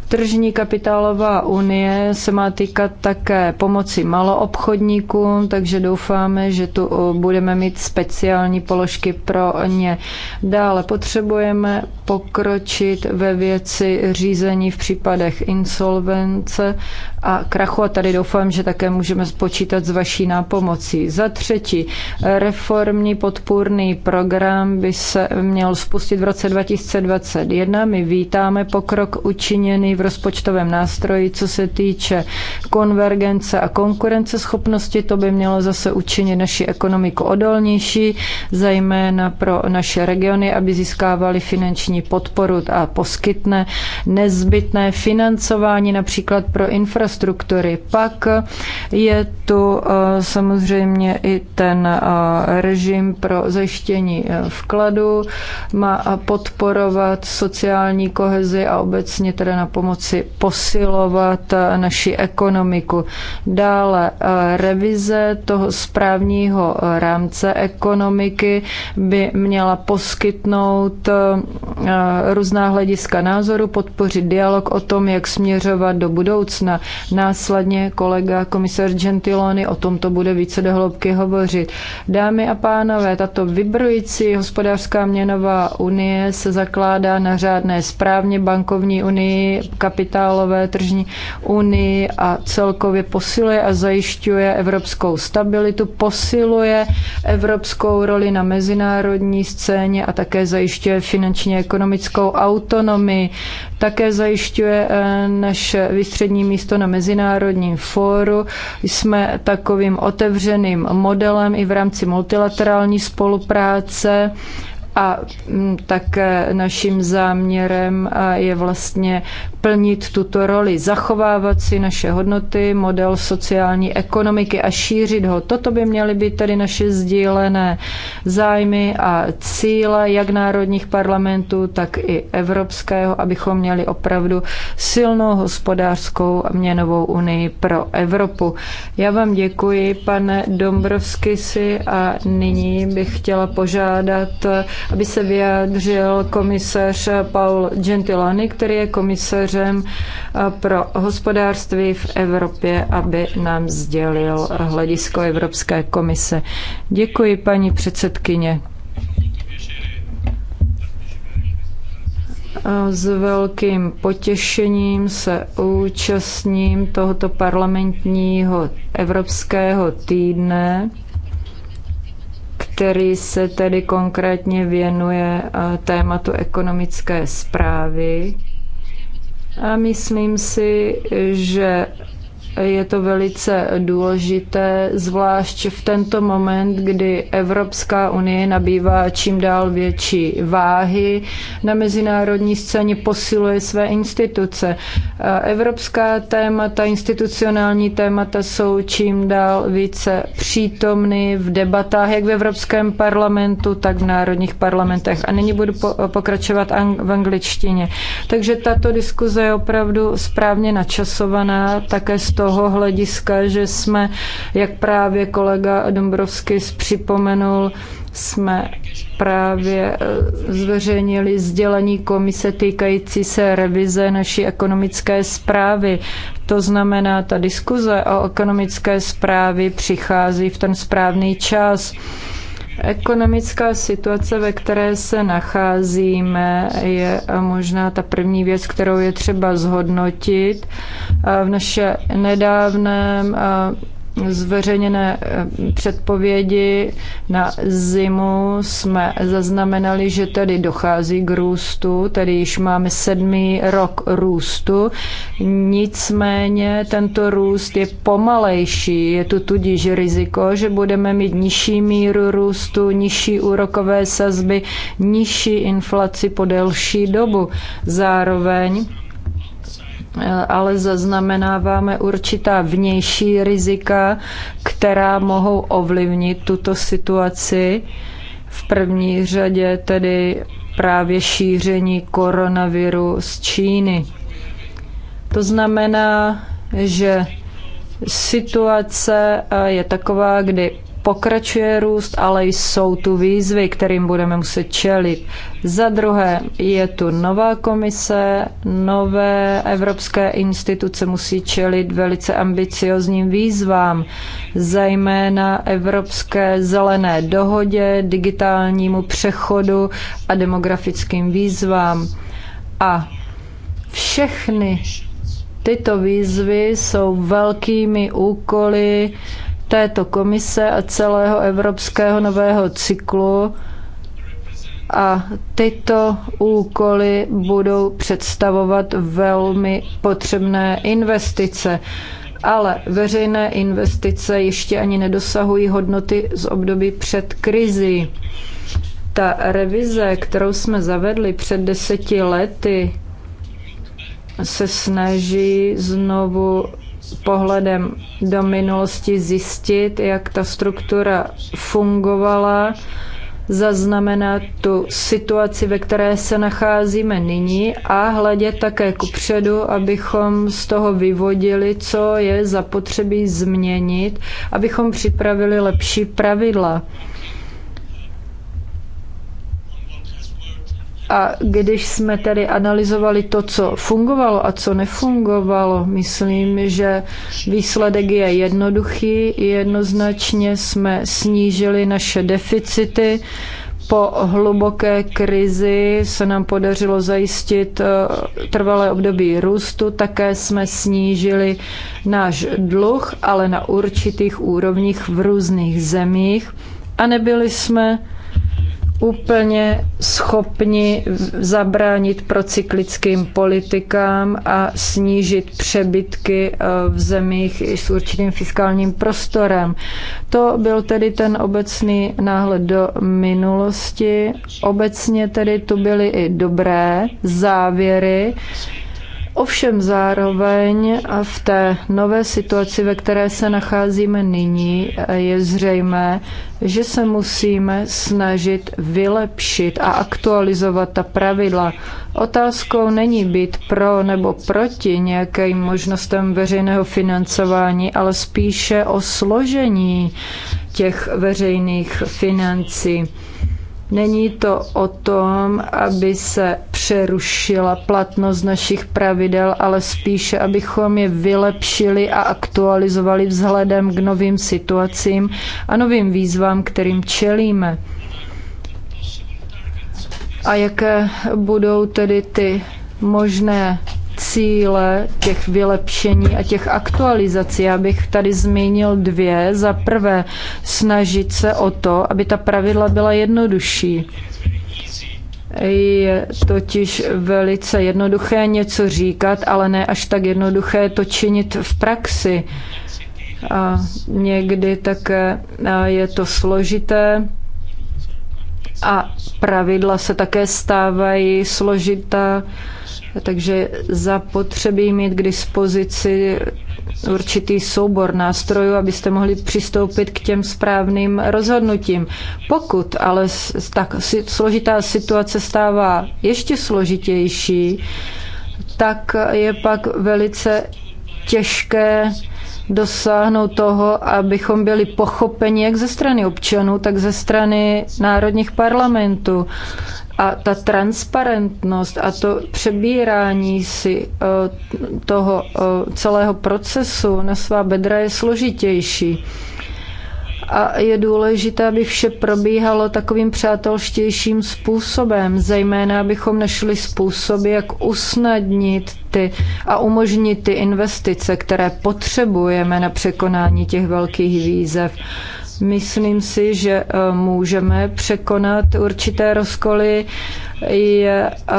Tržní kapitálová unie se má týkat také pomoci maloobchodníkům, takže doufáme, že tu budeme mít speciální položky pro ně. Dále potřebujeme pokročit ve věci řízení v případech insolvence a krachu a tady doufám, že také můžeme spočítat s vaší nápomocí. Za třetí, reformní podpůrný program by se měl spustit v roce 2021. My vítáme pokrok učiněný v rozpočtovém nástroji, co se týče konvergence a konkurenceschopnosti, to by mělo zase učinit naši ekonomiku odolnější, zejména pro naše regiony, aby získávali finanční podporu a poskytne nezbytné financování například pro infrastruktury. Pak je tu eh, samozřejmě i ten eh, režim pro zajištění eh, vkladu, má podporovat sociální kohezi a obecně teda na pomoc pomoci posilovat eh, naši ekonomiku. Dále eh, revize toho správního eh, rámce ekonomiky by měla poskytnout různá hlediska názoru, podpořit dialog o tom, jak směřovat do budoucna. Následně kolega komisař Gentiloni o tomto bude více dohloubky hovořit. Dámy a pánové, tato vybrující hospodářská měnová unie se zakládá na řádné správně bankovní unii, kapitálové tržní unii a celkově posiluje a zajišťuje evropskou stabilitu, posiluje evropskou roli na mezinárodní scéně a také zajišťuje finančně ekonomickou autonomii, také zajišťuje eh, naše výstřední místo na mezinárodním fóru. Jsme takovým otevřeným modelem i v rámci multilaterální spolupráce. A mm, tak e, naším záměrem e, je vlastně plnit tuto roli, zachovávat si naše hodnoty, model sociální ekonomiky a šířit ho. Toto by měly být tedy naše sdílené zájmy a cíle jak národních parlamentů, tak i evropského, abychom měli opravdu silnou hospodářskou a měnovou unii pro Evropu. Já vám děkuji, pane Dombrovskisi, a nyní bych chtěla požádat aby se vyjádřil komisař Paul Gentiloni, který je komisařem eh, pro hospodářství v Evropě, aby nám sdělil hledisko Evropské komise. Děkuji, paní předsedkyně. S velkým potěšením se účastním tohoto parlamentního evropského týdne který se tedy konkrétně věnuje eh, tématu ekonomické zprávy. A myslím si, že je to velice důležité, zvlášť v tento moment, kdy Evropská unie nabývá čím dál větší váhy na mezinárodní scéně, posiluje své instituce. Evropská témata, institucionální témata jsou čím dál více přítomny v debatách, jak v Evropském parlamentu, tak v národních parlamentech. A nyní budu pokračovat v angličtině. Takže tato diskuze je opravdu správně načasovaná, také z toho hlediska, že jsme, jak právě kolega Dombrovský připomenul, jsme právě e, zveřejnili sdělení komise týkající se revize naší ekonomické zprávy. To znamená, ta diskuze o ekonomické zprávy přichází v ten správný čas. Ekonomická situace, ve které se nacházíme, je možná ta první věc, kterou je třeba zhodnotit. V naše nedávném zveřejněné eh, předpovědi na zimu jsme zaznamenali, že tady dochází k růstu, tedy již máme sedmý rok růstu, nicméně tento růst je pomalejší, je tu tudíž riziko, že budeme mít nižší míru růstu, nižší úrokové sazby, nižší inflaci po delší dobu. Zároveň Eh, ale zaznamenáváme určitá vnější rizika, která mohou ovlivnit tuto situaci. V první řadě tedy právě šíření koronaviru z Číny. To znamená, že situace eh, je taková, kdy pokračuje růst, ale jsou tu výzvy, kterým budeme muset čelit. Za druhé, je tu nová komise, nové evropské instituce musí čelit velice ambiciozním výzvám, zejména evropské zelené dohodě, digitálnímu přechodu a demografickým výzvám. A všechny tyto výzvy jsou velkými úkoly, této komise a celého evropského nového cyklu a tyto úkoly budou představovat velmi potřebné investice. Ale veřejné investice ještě ani nedosahují hodnoty z období před krizí. Ta revize, kterou jsme zavedli před deseti lety, se snaží znovu pohledem do minulosti zjistit, jak ta struktura fungovala, zaznamenat tu situaci, ve které se nacházíme nyní a hledět také kupředu, abychom z toho vyvodili, co je zapotřebí změnit, abychom připravili lepší pravidla. A když jsme tedy analyzovali to, co fungovalo a co nefungovalo, myslím, že výsledek je jednoduchý. Jednoznačně jsme snížili naše deficity. Po hluboké krizi se nám podařilo zajistit eh, trvalé období růstu, také jsme snížili náš dluh, ale na určitých úrovních v různých zemích a nebyli jsme úplně schopni zabránit procyklickým politikám a snížit přebytky eh, v zemích s určitým fiskálním prostorem. To byl tedy ten obecný náhled do minulosti. Obecně tedy tu byly i dobré závěry Ovšem zároveň a v té nové situaci, ve které se nacházíme nyní, je zřejmé, že se musíme snažit vylepšit a aktualizovat ta pravidla. Otázkou není být pro nebo proti nějakým možnostem veřejného financování, ale spíše o složení těch veřejných financí Není to o tom, aby se přerušila platnost našich pravidel, ale spíše, abychom je vylepšili a aktualizovali vzhledem k novým situacím a novým výzvám, kterým čelíme. A jaké budou tedy ty možné cíle těch vylepšení a těch aktualizací. Já bych tady zmínil dvě. Za prvé, snažit se o to, aby ta pravidla byla jednodušší. Je totiž velice jednoduché něco říkat, ale ne až tak jednoduché to činit v praxi. A někdy také je to složité a pravidla se také stávají složitá takže za potřeby mít k dispozici určitý soubor nástrojů, abyste mohli přistoupit k těm správným rozhodnutím. Pokud ale tak složitá situace stává ještě složitější, tak je pak velice těžké dosáhnout toho, abychom byli pochopeni jak ze strany občanů, tak ze strany národních parlamentů. A ta transparentnost a to přebírání si eh, toho eh, celého procesu na svá bedra je složitější a je důležité, aby vše probíhalo takovým přátelštějším způsobem, zejména abychom našli způsoby, jak usnadnit ty a umožnit ty investice, které potřebujeme na překonání těch velkých výzev. Myslím si, že eh, můžeme překonat určité rozkoly. Je, eh,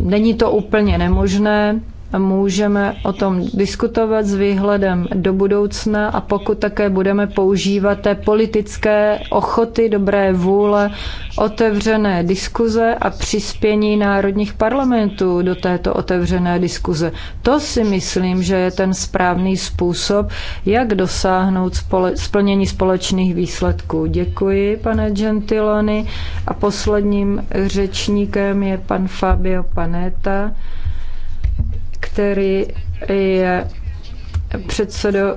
není to úplně nemožné můžeme o tom diskutovat s výhledem do budoucna a pokud také budeme používat té politické ochoty, dobré vůle, otevřené diskuze a přispění národních parlamentů do této otevřené diskuze. To si myslím, že je ten správný způsob, jak dosáhnout spole- splnění společných výsledků. Děkuji, pane Gentiloni. A posledním řečníkem je pan Fabio Paneta který je předsedo,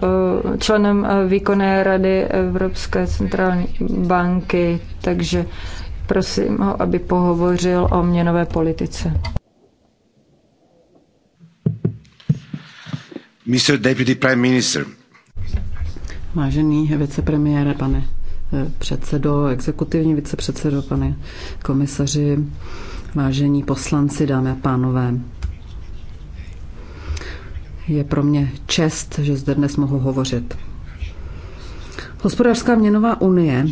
členem e, výkonné rady Evropské centrální banky, takže prosím ho, aby pohovořil o měnové politice. Mr. Deputy Prime Minister. Vážený vicepremiére, pane e, předsedo, exekutivní vicepředsedo, pane komisaři, vážení poslanci, dámy a pánové. Je pro mě čest, že zde dnes mohu hovořit. Hospodářská měnová unie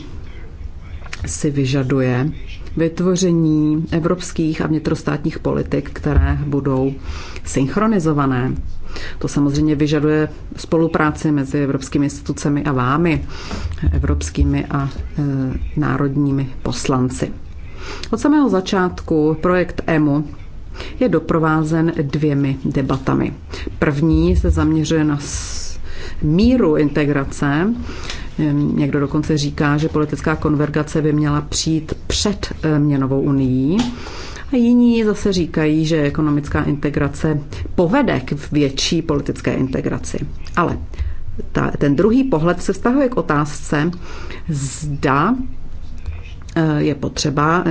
si vyžaduje vytvoření evropských a vnitrostátních politik, které budou synchronizované. To samozřejmě vyžaduje spolupráci mezi evropskými institucemi a vámi, evropskými a e, národními poslanci. Od samého začátku projekt EMU je doprovázen dvěmi debatami. První se zaměřuje na míru integrace. Někdo dokonce říká, že politická konvergace by měla přijít před eh, měnovou unii. A jiní zase říkají, že ekonomická integrace povede k větší politické integraci. Ale ta, ten druhý pohled se vztahuje k otázce, zda je potřeba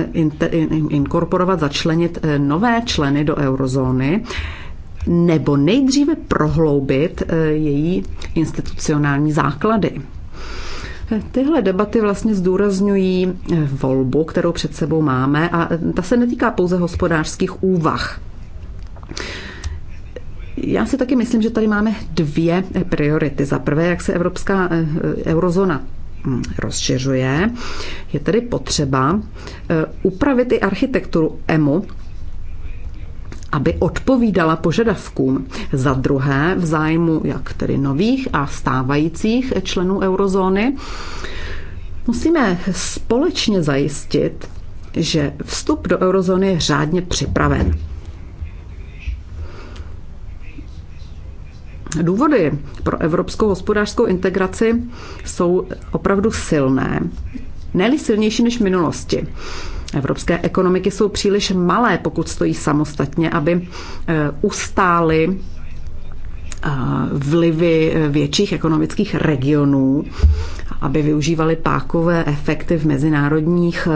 inkorporovat, začlenit eh, nové členy do eurozóny nebo nejdříve prohloubit eh, její institucionální základy. Eh, tyhle debaty vlastně zdůrazňují volbu, kterou před sebou máme a ta se netýká pouze hospodářských úvah. Já si taky myslím, že tady máme dvě priority. Za prvé, jak se evropská eurozona Hm, rozšiřuje. Je tedy potřeba eh, upravit i architekturu EMU, aby odpovídala požadavkům. Za druhé, v zájmu jak tedy nových a stávajících členů eurozóny, musíme společně zajistit, že vstup do eurozóny je řádně připraven. důvody pro evropskou hospodářskou integraci jsou opravdu silné, ne silnější než v minulosti. Evropské ekonomiky jsou příliš malé, pokud stojí samostatně, aby eh, ustály eh, vlivy eh, větších ekonomických regionů, aby využívali pákové efekty v mezinárodních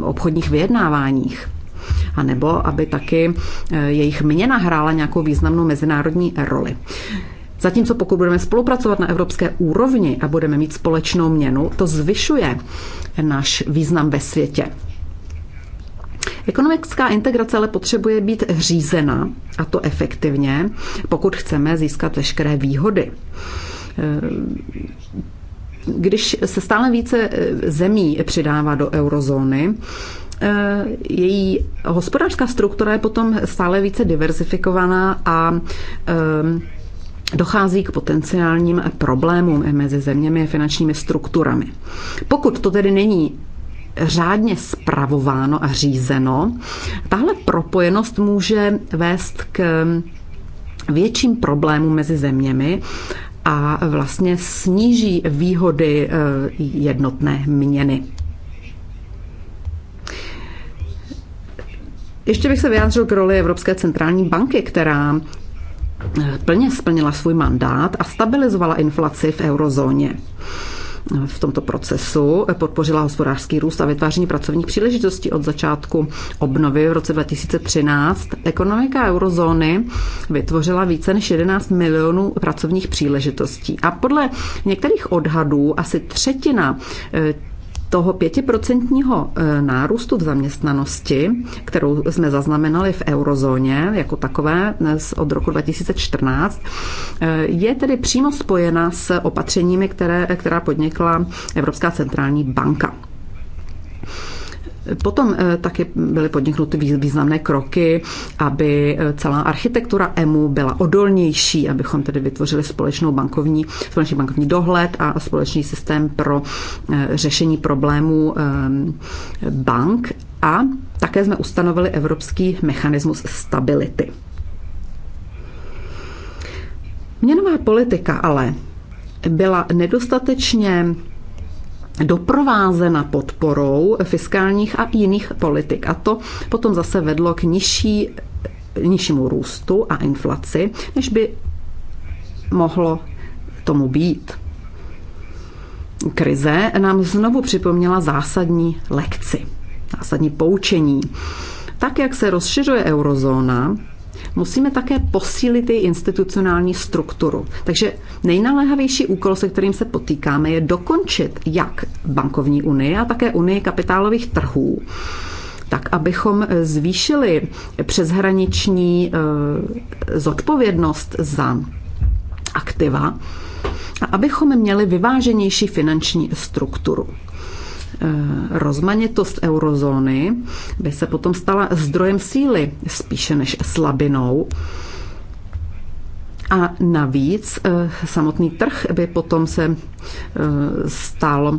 obchodních vyjednáváních. A nebo aby taky jejich měna hrála nějakou významnou mezinárodní roli. Zatímco pokud budeme spolupracovat na evropské úrovni a budeme mít společnou měnu, to zvyšuje náš význam ve světě. Ekonomická integrace ale potřebuje být řízena, a to efektivně, pokud chceme získat veškeré výhody když se stále více e, zemí přidává do eurozóny, e, její hospodářská struktura je potom stále více diversifikovaná a e, dochází k potenciálním problémům mezi zeměmi a finančními strukturami. Pokud to tedy není řádně spravováno a řízeno, tahle propojenost může vést k větším problémům mezi zeměmi a vlastně sníží výhody eh, jednotné měny. Ještě bych se vyjádřil k roli Evropské centrální banky, která Eh, plně splnila svůj mandát a stabilizovala inflaci v eurozóně v tomto procesu eh, podpořila hospodářský růst a vytváření pracovních příležitostí od začátku obnovy v roce 2013. Ekonomika eurozóny vytvořila více než 11 milionů pracovních příležitostí a podle některých odhadů asi třetina eh, toho pětiprocentního eh, nárůstu v zaměstnanosti, kterou jsme zaznamenali v eurozóně jako takové od roku 2014, eh, je tedy přímo spojena s opatřeními, které, která podnikla Evropská centrální banka. Potom eh, taky byly podniknuty významné kroky, aby eh, celá architektura EMU byla odolnější, abychom tedy vytvořili společnou bankovní, společný bankovní dohled a společný systém pro eh, řešení problémů bank a také jsme ustanovili evropský mechanismus stability. Měnová politika ale byla nedostatečně doprovázena podporou fiskálních a jiných politik. A to potom zase vedlo k nižší, nižšímu růstu a inflaci, než by mohlo tomu být. Krize nám znovu připomněla zásadní lekci, zásadní poučení. Tak, jak se rozšiřuje eurozóna, musíme také posílit její institucionální strukturu. Takže nejnaléhavější úkol, se kterým se potýkáme, je dokončit jak bankovní unii a také unii kapitálových trhů, tak abychom zvýšili přeshraniční eh, zodpovědnost za aktiva a abychom měli vyváženější finanční strukturu. Eh, rozmanitost eurozóny by se potom stala zdrojem síly spíše než slabinou. A navíc eh, samotný trh by potom se eh, stal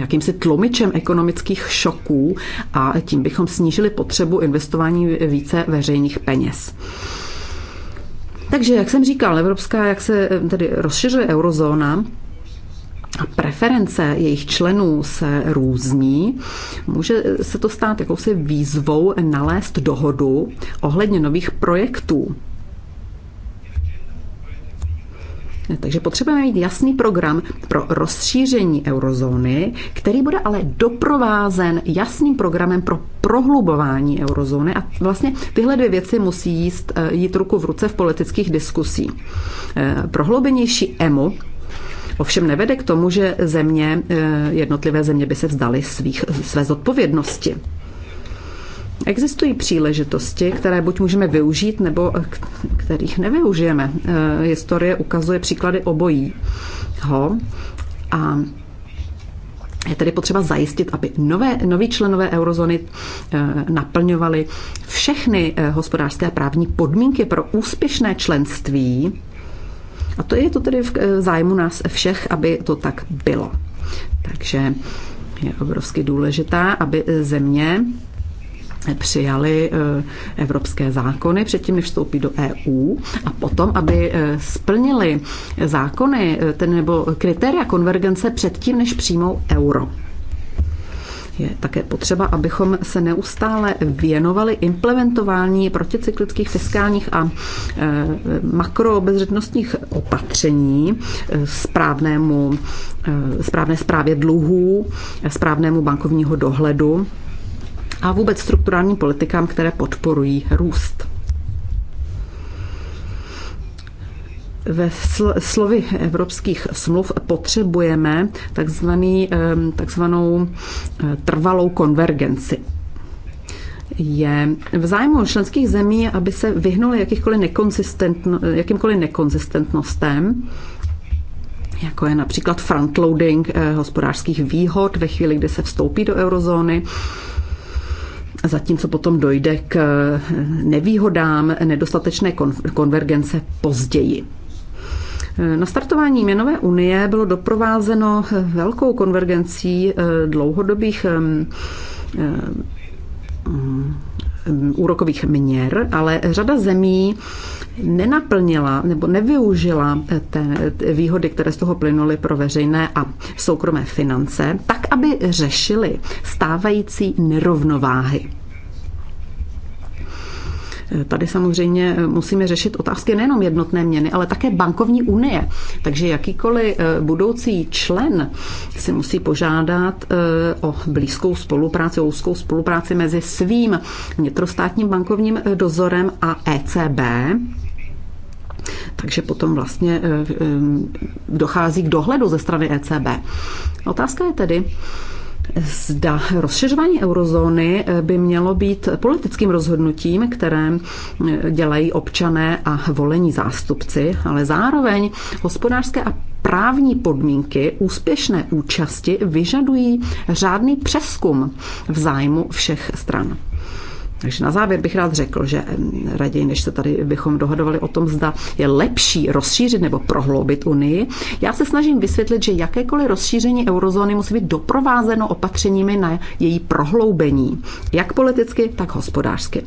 jakýmsi tlumičem ekonomických šoků a tím bychom snížili potřebu investování více veřejných peněz. Takže, jak jsem říkal, Evropská, jak se tedy rozšiřuje eurozóna, a preference jejich členů se různí, může se to stát jakousi výzvou nalézt dohodu ohledně nových projektů. Takže potřebujeme mít jasný program pro rozšíření eurozóny, který bude ale doprovázen jasným programem pro prohlubování eurozóny a vlastně tyhle dvě věci musí jít, eh, jít ruku v ruce v politických diskusích. Eh, prohloubenější EMU ovšem nevede k tomu, že země, eh, jednotlivé země by se vzdaly svých, své zodpovědnosti. Existují příležitosti, které buď můžeme využít, nebo eh, kterých nevyužijeme. Eh, historie ukazuje příklady obojího a je tedy potřeba zajistit, aby nové, noví členové eurozóny naplňovali všechny hospodářské a právní podmínky pro úspěšné členství a to je to tedy v eh, zájmu nás všech, aby to tak bylo. Takže je obrovsky důležitá, aby eh, země přijali eh, evropské zákony předtím, než vstoupí do EU a potom, aby splnili zákony ten, nebo kritéria konvergence předtím, než přijmou euro. Je také potřeba, abychom se neustále věnovali implementování proticyklických fiskálních a eh, makroobezřetnostních opatření, eh, správnému, eh, správné správě dluhů, správnému bankovního dohledu a vůbec strukturálním politikám, které podporují růst. ve slovy evropských smluv potřebujeme takzvaný, takzvanou eh, trvalou konvergenci. Je v zájmu členských zemí, aby se vyhnuli jakýchkoliv nekonsistentno, jakýmkoliv nekonzistentnostem, jako je například frontloading eh, hospodářských výhod ve chvíli, kdy se vstoupí do eurozóny, zatímco potom dojde k eh, nevýhodám nedostatečné konvergence později. Nastartování měnové unie bylo doprovázeno velkou konvergencí eh, dlouhodobých eh, eh, mm, úrokových měr, ale řada zemí nenaplnila nebo nevyužila té výhody, které z toho plynuly pro veřejné a soukromé finance, tak, aby řešili stávající nerovnováhy. Eh, tady samozřejmě eh, musíme řešit otázky nejenom jednotné měny, ale také bankovní unie. Takže jakýkoliv eh, budoucí člen si musí požádat o blízkou spolupráci, o úzkou spolupráci mezi svým vnitrostátním bankovním dozorem a ECB. Takže potom vlastně dochází k dohledu ze strany ECB. Otázka je tedy, Zda rozšiřování eurozóny eh, by mělo být politickým rozhodnutím, které eh, dělají občané a volení zástupci, ale zároveň hospodářské a právní podmínky úspěšné účasti vyžadují řádný přeskum v zájmu všech stran. Takže na závěr bych rád řekl, že raději, než se tady bychom dohadovali o tom, zda je lepší rozšířit nebo prohloubit Unii, já se snažím vysvětlit, že jakékoliv rozšíření eurozóny musí být doprovázeno opatřeními na její prohloubení, jak politicky, tak hospodářsky.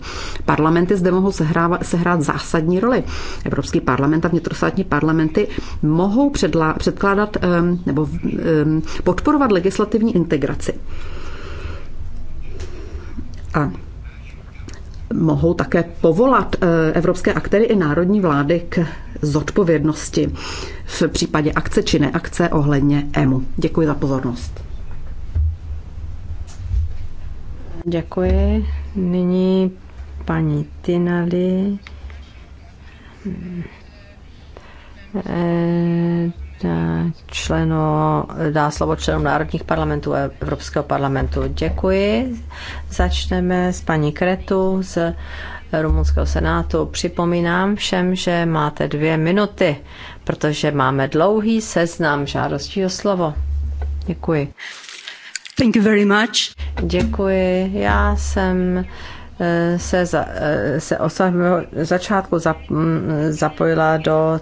Parlamenty zde mohou sehrávat, sehrát zásadní roli. Evropský parlament a vnitrostátní parlamenty mohou předla, předkládat nebo podporovat legislativní integraci. A mohou také povolat eh, evropské aktéry i národní vlády k zodpovědnosti v případě akce či neakce ohledně EMU. Děkuji za pozornost. Děkuji. Nyní paní Tinali. E eh, členo, dá slovo členům národních parlamentů a Evropského parlamentu. Děkuji. Začneme s paní Kretu z rumunského senátu. Připomínám všem, že máte dvě minuty, protože máme dlouhý seznam žádostí o slovo. Děkuji. Thank you very much. Děkuji. Já jsem se, za, se od samého začátku zapojila do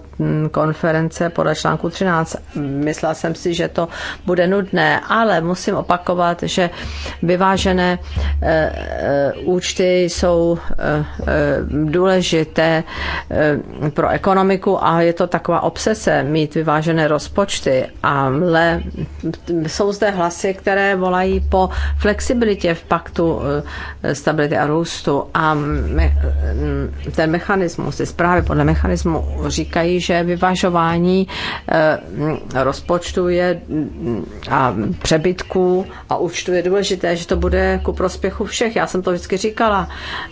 konference podle článku 13. Myslela jsem si, že to bude nudné, ale musím opakovat, že vyvážené eh, eh, účty jsou eh, důležité pro ekonomiku a je to taková obsese mít vyvážené rozpočty, ale jsou zde hlasy, které volají po flexibilitě v paktu stability a růstu růstu a me, ten mechanismus, ty zprávy podle mechanismu říkají, že vyvažování eh, rozpočtu je mm, a přebytků a účtu je důležité, že to bude ku prospěchu všech. Já jsem to vždycky říkala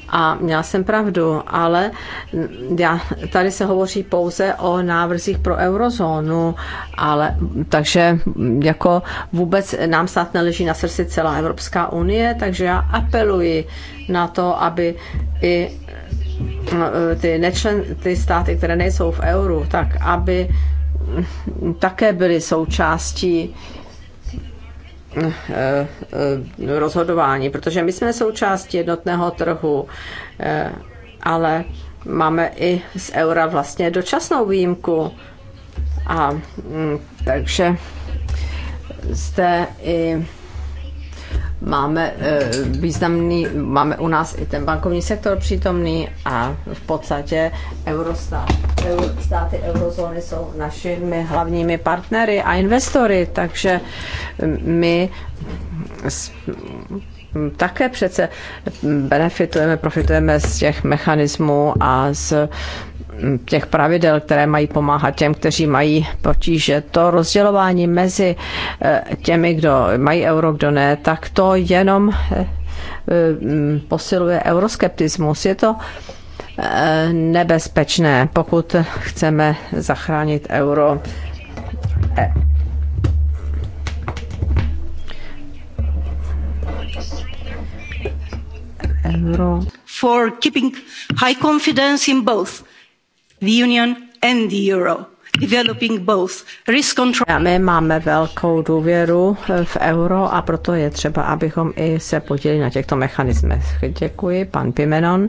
a měla jsem pravdu, ale mm, já, tady se hovoří pouze o návrzích pro eurozónu, ale takže jako vůbec nám snad neleží na srdci celá Evropská unie, takže já apeluji na to, aby i no, e, ty, nečlen, ty státy, které nejsou v euru, tak aby také byly součástí e, e, rozhodování, protože my jsme součástí jednotného trhu, ale máme i z eura vlastně dočasnou výjimku. A mm, takže zde i máme eh, významný, máme u nás i ten bankovní sektor přítomný a v podstatě Eurostat, státy eurozóny jsou našimi hlavními partnery a investory, takže my také přece benefitujeme, profitujeme z těch mechanismů a z těch pravidel, které mají pomáhat těm, kteří mají potíže. To rozdělování mezi eh, těmi, kdo mají euro, kdo ne, tak to jenom eh, mm, posiluje euroskeptismus. Je to eh, nebezpečné, pokud chceme zachránit euro. E- euro. For keeping high confidence in both the union and the euro. Developing My máme velkou důvěru v euro a proto je třeba, abychom i se podělili na těchto mechanismech. Děkuji, pan Pimenon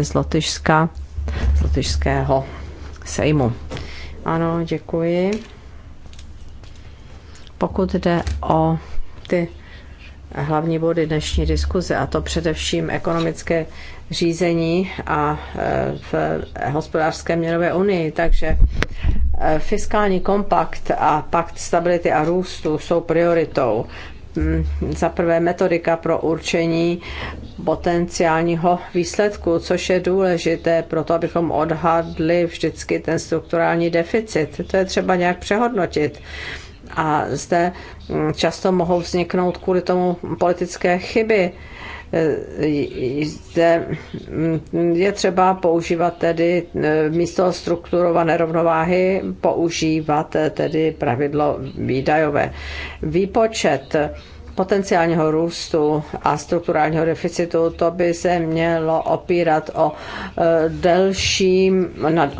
z Lotyšska, z Lotyšského sejmu. Ano, děkuji. Pokud jde o ty hlavní body dnešní diskuze, a to především ekonomické řízení a e, v hospodářské měnové unii. Takže e, fiskální kompakt a pakt stability a růstu jsou prioritou. Mm, za prvé metodika pro určení potenciálního výsledku, což je důležité pro to, abychom odhadli vždycky ten strukturální deficit. To je třeba nějak přehodnotit. A zde mm, často mohou vzniknout kvůli tomu politické chyby zde je třeba používat tedy e, místo strukturované rovnováhy používat e, tedy pravidlo výdajové. Výpočet potenciálního růstu a strukturálního deficitu, to by se mělo opírat o e, delší,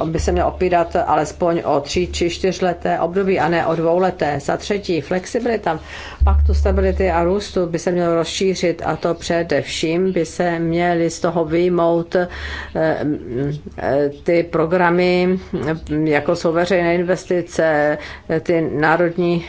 by se mělo opírat alespoň o tři či čtyřleté období a ne o dvouleté. Za třetí, flexibilita paktu stability a růstu by se mělo rozšířit a to především by se měly z toho vyjmout e, e, ty programy, jako jsou veřejné investice, ty národní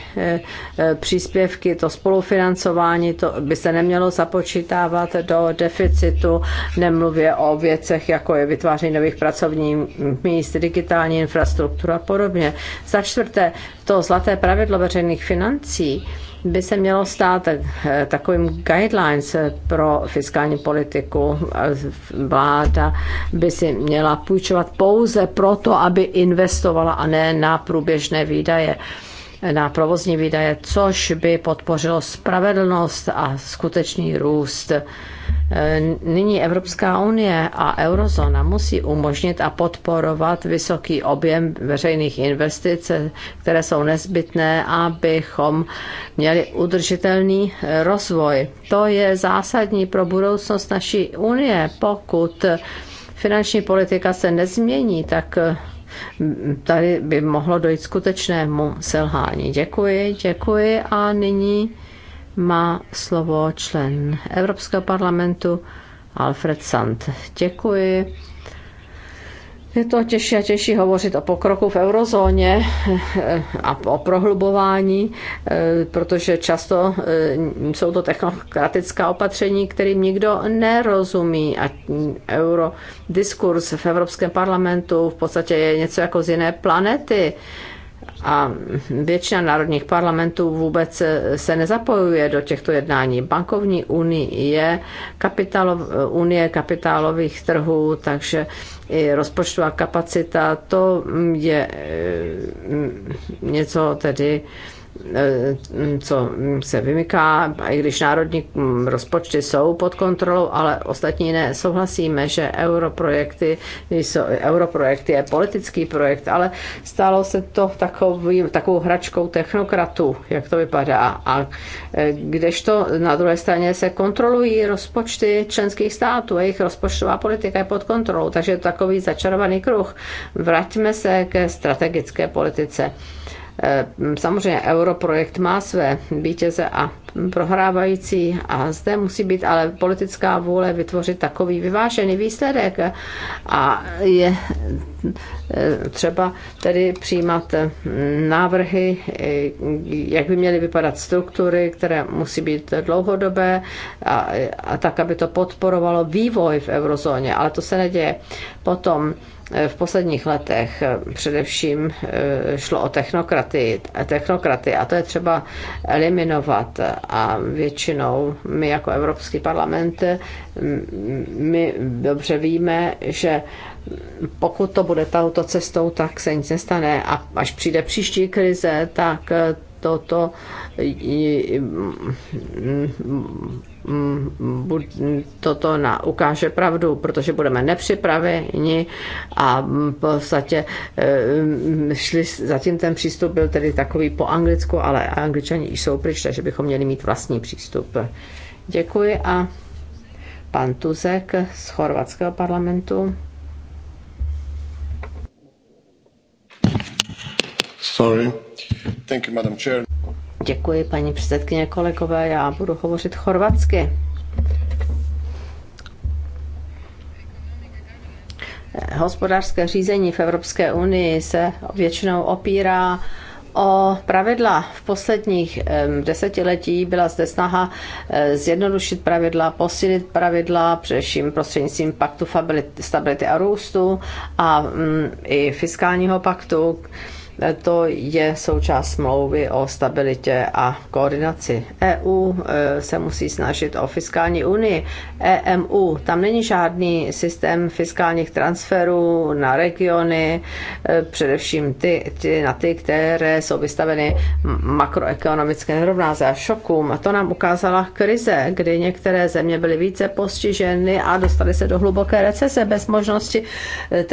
příspěvky, to spolufinancování, financování, to by se nemělo započítávat do deficitu, nemluvě o věcech, jako je vytváření nových pracovních míst, digitální infrastruktura a podobně. Za čtvrté, to zlaté pravidlo veřejných financí by se mělo stát eh, takovým guidelines pro fiskální politiku. Vláda by si měla půjčovat pouze proto, aby investovala a ne na průběžné výdaje na provozní výdaje, což by podpořilo spravedlnost a skutečný růst. E, nyní Evropská unie a eurozóna musí umožnit a podporovat vysoký objem veřejných investic, které jsou nezbytné, abychom měli udržitelný rozvoj. To je zásadní pro budoucnost naší unie. Pokud finanční politika se nezmění, tak tady by mohlo dojít skutečnému selhání. Děkuji, děkuji a nyní má slovo člen Evropského parlamentu Alfred Sand. Děkuji. Je to těžší a těžší hovořit o pokroku v eurozóně a o prohlubování, eh, protože často eh, jsou to technokratická opatření, kterým nikdo nerozumí a eurodiskurs v Evropském parlamentu v podstatě je něco jako z jiné planety a většina národních parlamentů vůbec se nezapojuje do těchto jednání. Bankovní unie, je kapitálov, unie kapitálových trhů, takže i rozpočtová kapacita, to je mm, něco tedy, co se vymyká, i když národní rozpočty jsou pod kontrolou, ale ostatní ne. Souhlasíme, že europrojekty, jsou, europrojekty je politický projekt, ale stalo se to takový, takovou hračkou technokratů, jak to vypadá. A e, kdežto na druhé straně se kontrolují rozpočty členských států, jejich rozpočtová politika je pod kontrolou, takže je to takový začarovaný kruh. Vraťme se ke strategické politice Eh, samozřejmě europrojekt má své vítěze a prohrávající a zde musí být ale politická vůle vytvořit takový vyvážený výsledek a je eh, třeba tedy přijímat eh, návrhy, jak by měly vypadat struktury, které musí být dlouhodobé a, a tak, aby to podporovalo vývoj v eurozóně, ale to se neděje. Potom v posledních letech především eh, šlo o technokraty, technokraty a to je třeba eliminovat a většinou my jako Evropský parlament my dobře víme, že pokud to bude touto cestou, tak se nic nestane a až přijde příští krize, tak toto Mm, toto na, ukáže pravdu, protože budeme nepřipraveni a mm, v podstatě e, mm, šli, zatím ten přístup byl tedy takový po anglicku, ale angličani jsou pryč, takže bychom měli mít vlastní přístup. Děkuji a pan Tuzek z chorvatského parlamentu. Sorry. Thank you, Madam Chair. Děkuji, paní předsedkyně, kolegové. Já budu hovořit chorvatsky. Hospodářské řízení v Evropské unii se většinou opírá o pravidla. V posledních desetiletí byla zde snaha e, zjednodušit pravidla, posílit pravidla, především prostřednictvím paktu stability a růstu a mm, i fiskálního paktu, to je součást smlouvy o stabilitě a koordinaci. EU e, se musí snažit o fiskální unii. EMU, tam není žádný systém fiskálních transferů na regiony, e, především ty, ty na ty, které jsou vystaveny makroekonomické nerovnáze a šokům. A to nám ukázala krize, kdy některé země byly více postiženy a dostaly se do hluboké recese bez možnosti e,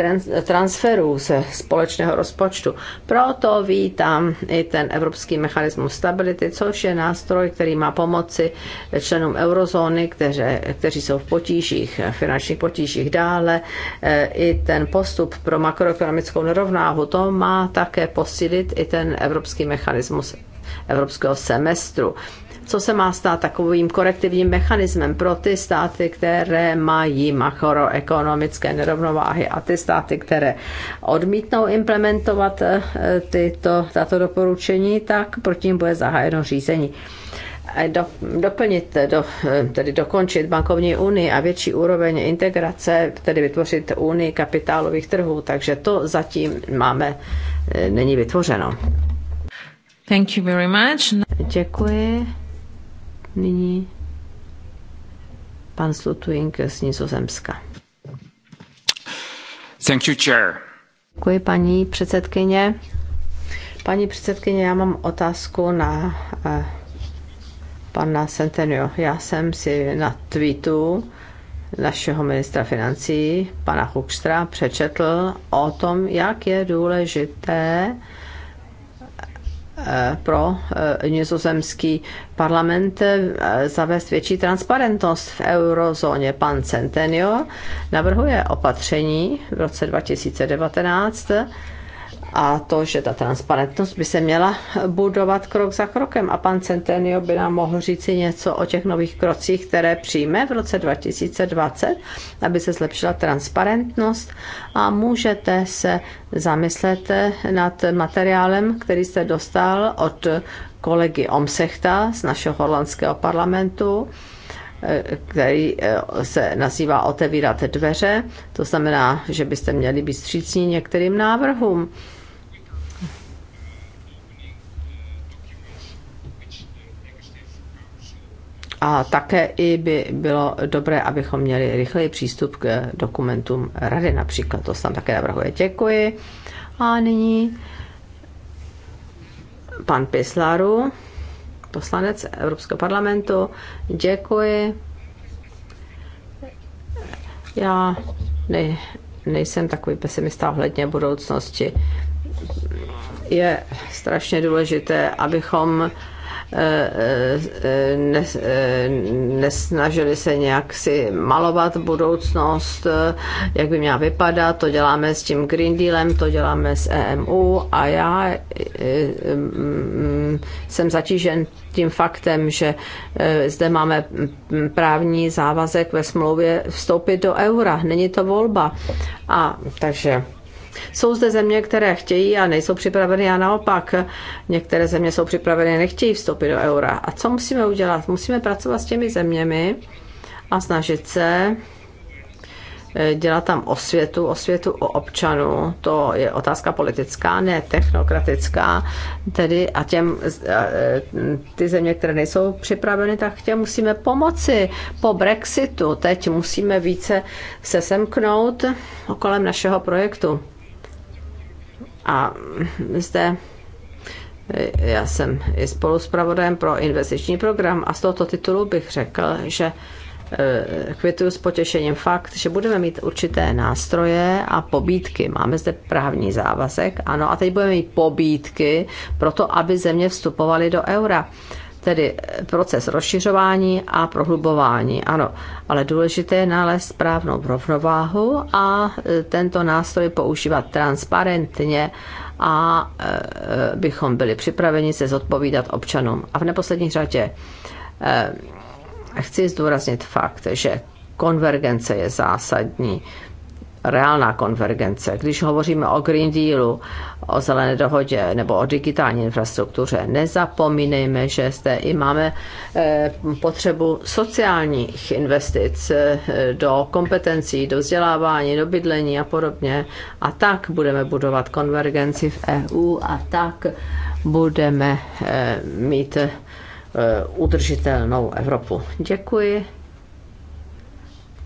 transferů ze společného rozpočtu. Pro proto vítám i ten Evropský mechanismus stability, což je nástroj, který má pomoci členům eurozóny, kteří, kteří jsou v potížích, finančních potížích dále. E, I ten postup pro makroekonomickou nerovnáhu, to má také posílit i ten Evropský mechanismus evropského semestru co se má stát takovým korektivním mechanismem pro ty státy, které mají makroekonomické nerovnováhy a ty státy, které odmítnou implementovat eh, tyto, tato doporučení, tak proti ním bude zahájeno řízení do, doplnit, eh, do, eh, tedy dokončit bankovní unii a větší úroveň integrace, tedy vytvořit unii kapitálových trhů, takže to zatím máme, není vytvořeno. Thank you very much. Děkuji. Nyní pan Slutuink z Nizozemska. Thank you, chair. Děkuji, paní předsedkyně. Paní předsedkyně, já mám otázku na eh, pana Centenio. Já jsem si na tweetu našeho ministra financí, pana Hukstra, přečetl o tom, jak je důležité Eh, pro eh, nizozemský parlament eh, zavést větší transparentnost v eurozóně. Pan Centenio navrhuje opatření v roce 2019, a to, že ta transparentnost by se měla budovat krok za krokem. A pan Centenio by nám mohl říci něco o těch nových krocích, které přijme v roce 2020, aby se zlepšila transparentnost a můžete se zamyslet nad materiálem, který jste dostal od kolegy Omsechta z našeho holandského parlamentu který eh, se nazývá Otevírat dveře. To znamená, že byste měli být střícní některým návrhům. A také i by bylo dobré, abychom měli rychleji přístup k dokumentům rady například. To se tam také navrhuje. Děkuji. A nyní pan Pislaru, poslanec Evropského parlamentu. Děkuji. Já ne, nejsem takový pesimista ohledně budoucnosti. Je strašně důležité, abychom Eh, eh, eh, nesnažili se nějak si malovat budoucnost, jak by měla vypadat. To děláme s tím Green Dealem, to děláme s EMU a já mm, jsem zatížen tím faktem, že zde máme právní závazek ve smlouvě vstoupit do eura. Není to volba. A takže jsou zde země, které chtějí a nejsou připraveny a naopak některé země jsou připraveny a nechtějí vstoupit do eura. A co musíme udělat? Musíme pracovat s těmi zeměmi a snažit se eh, dělat tam osvětu, osvětu o občanu, to je otázka politická, ne technokratická, tedy a těm, eh, ty země, které nejsou připraveny, tak těm musíme pomoci po Brexitu, teď musíme více se semknout kolem našeho projektu. A zde eh, já jsem i pravodem pro investiční program a z tohoto titulu bych řekl, že eh, kvituju s potěšením fakt, že budeme mít určité nástroje a pobídky. Máme zde právní závazek, ano, a teď budeme mít pobídky pro to, aby země vstupovaly do eura tedy eh, proces rozšiřování a prohlubování, ano. Ale důležité je nalézt správnou rovnováhu a eh, tento nástroj používat transparentně a eh, bychom byli připraveni se zodpovídat občanům. A v neposlední řadě chci zdůraznit fakt, že konvergence je zásadní reálná konvergence. Když hovoříme o Green Dealu, o zelené dohodě nebo o digitální infrastruktuře, nezapomínejme, že zde i máme eh, potřebu sociálních investic eh, do kompetencí, do vzdělávání, do bydlení a podobně. A tak budeme budovat konvergenci v EU a tak budeme eh, mít udržitelnou Evropu. Děkuji.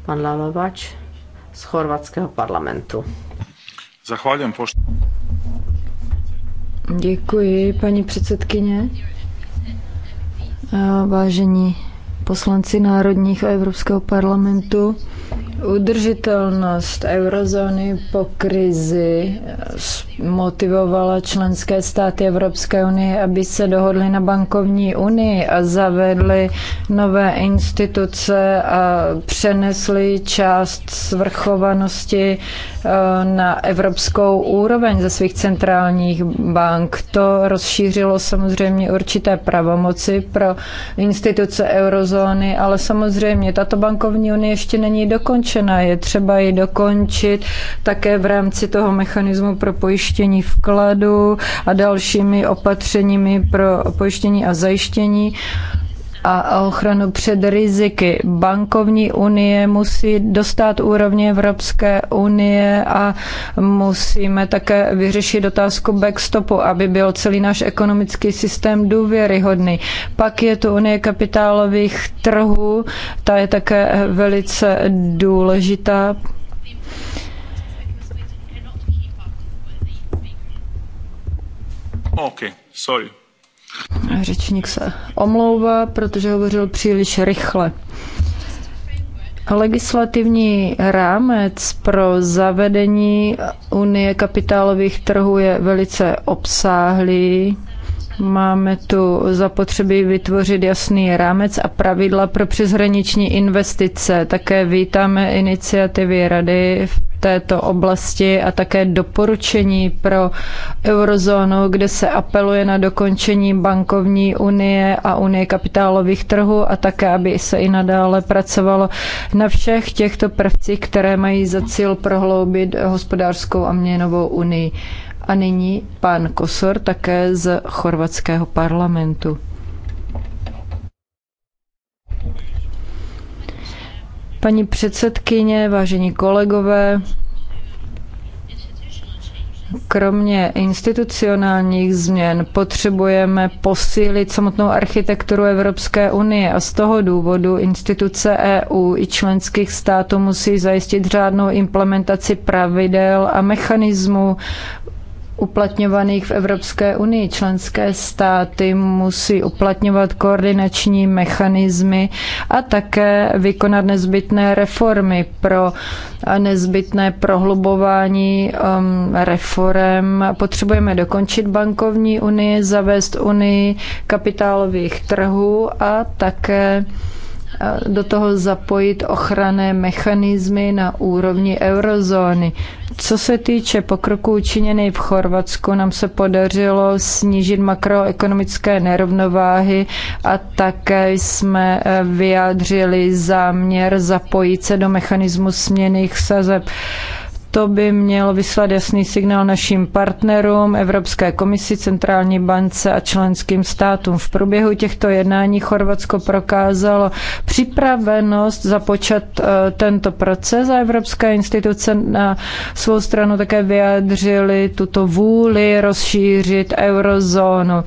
Pan Lalovač z chorvatského parlamentu. Děkuji, paní předsedkyně. Vážení poslanci Národních a Evropského parlamentu, Udržitelnost eurozóny po krizi motivovala členské státy Evropské unie, aby se dohodly na bankovní unii a zavedly nové instituce a přenesly část svrchovanosti eh, na evropskou úroveň ze svých centrálních bank. To rozšířilo samozřejmě určité pravomoci pro instituce eurozóny, ale samozřejmě tato bankovní unie ještě není dokončena dokončena. Je třeba ji dokončit také v rámci toho mechanismu pro pojištění vkladu a dalšími opatřeními pro pojištění a zajištění a ochranu před riziky. Bankovní unie musí dostat úrovně Evropské unie a musíme také vyřešit otázku backstopu, aby byl celý náš ekonomický systém důvěryhodný. Pak je tu unie kapitálových trhů, ta je také velice důležitá. Okay, sorry. Řečník se omlouvá, protože hovořil příliš rychle. Legislativní rámec pro zavedení Unie kapitálových trhů je velice obsáhlý Máme tu zapotřebí vytvořit jasný rámec a pravidla pro přeshraniční investice. Také vítáme iniciativy Rady v této oblasti a také doporučení pro eurozónu, kde se apeluje na dokončení bankovní unie a unie kapitálových trhů a také, aby se i nadále pracovalo na všech těchto prvcích, které mají za cíl prohloubit hospodářskou a měnovou unii. A nyní pan Kosor také z chorvatského parlamentu. Paní předsedkyně, vážení kolegové, kromě institucionálních změn potřebujeme posílit samotnou architekturu Evropské unie a z toho důvodu instituce EU i členských států musí zajistit řádnou implementaci pravidel a mechanismů uplatňovaných v Evropské unii. Členské státy musí uplatňovat koordinační mechanismy a také vykonat nezbytné reformy pro nezbytné prohlubování um, reform. Potřebujeme dokončit bankovní unii, zavést unii kapitálových trhů a také do toho zapojit ochranné mechanismy na úrovni eurozóny. Co se týče pokroku učiněný v Chorvatsku, nám se podařilo snížit makroekonomické nerovnováhy a také jsme e, vyjádřili záměr zapojit se do mechanismu směných sazeb. To by mělo vyslat jasný signál našim partnerům, Evropské komisi, Centrální bance a členským státům. V průběhu těchto jednání Chorvatsko prokázalo připravenost započat eh, tento proces a evropské instituce na svou stranu také vyjádřili tuto vůli rozšířit eurozónu.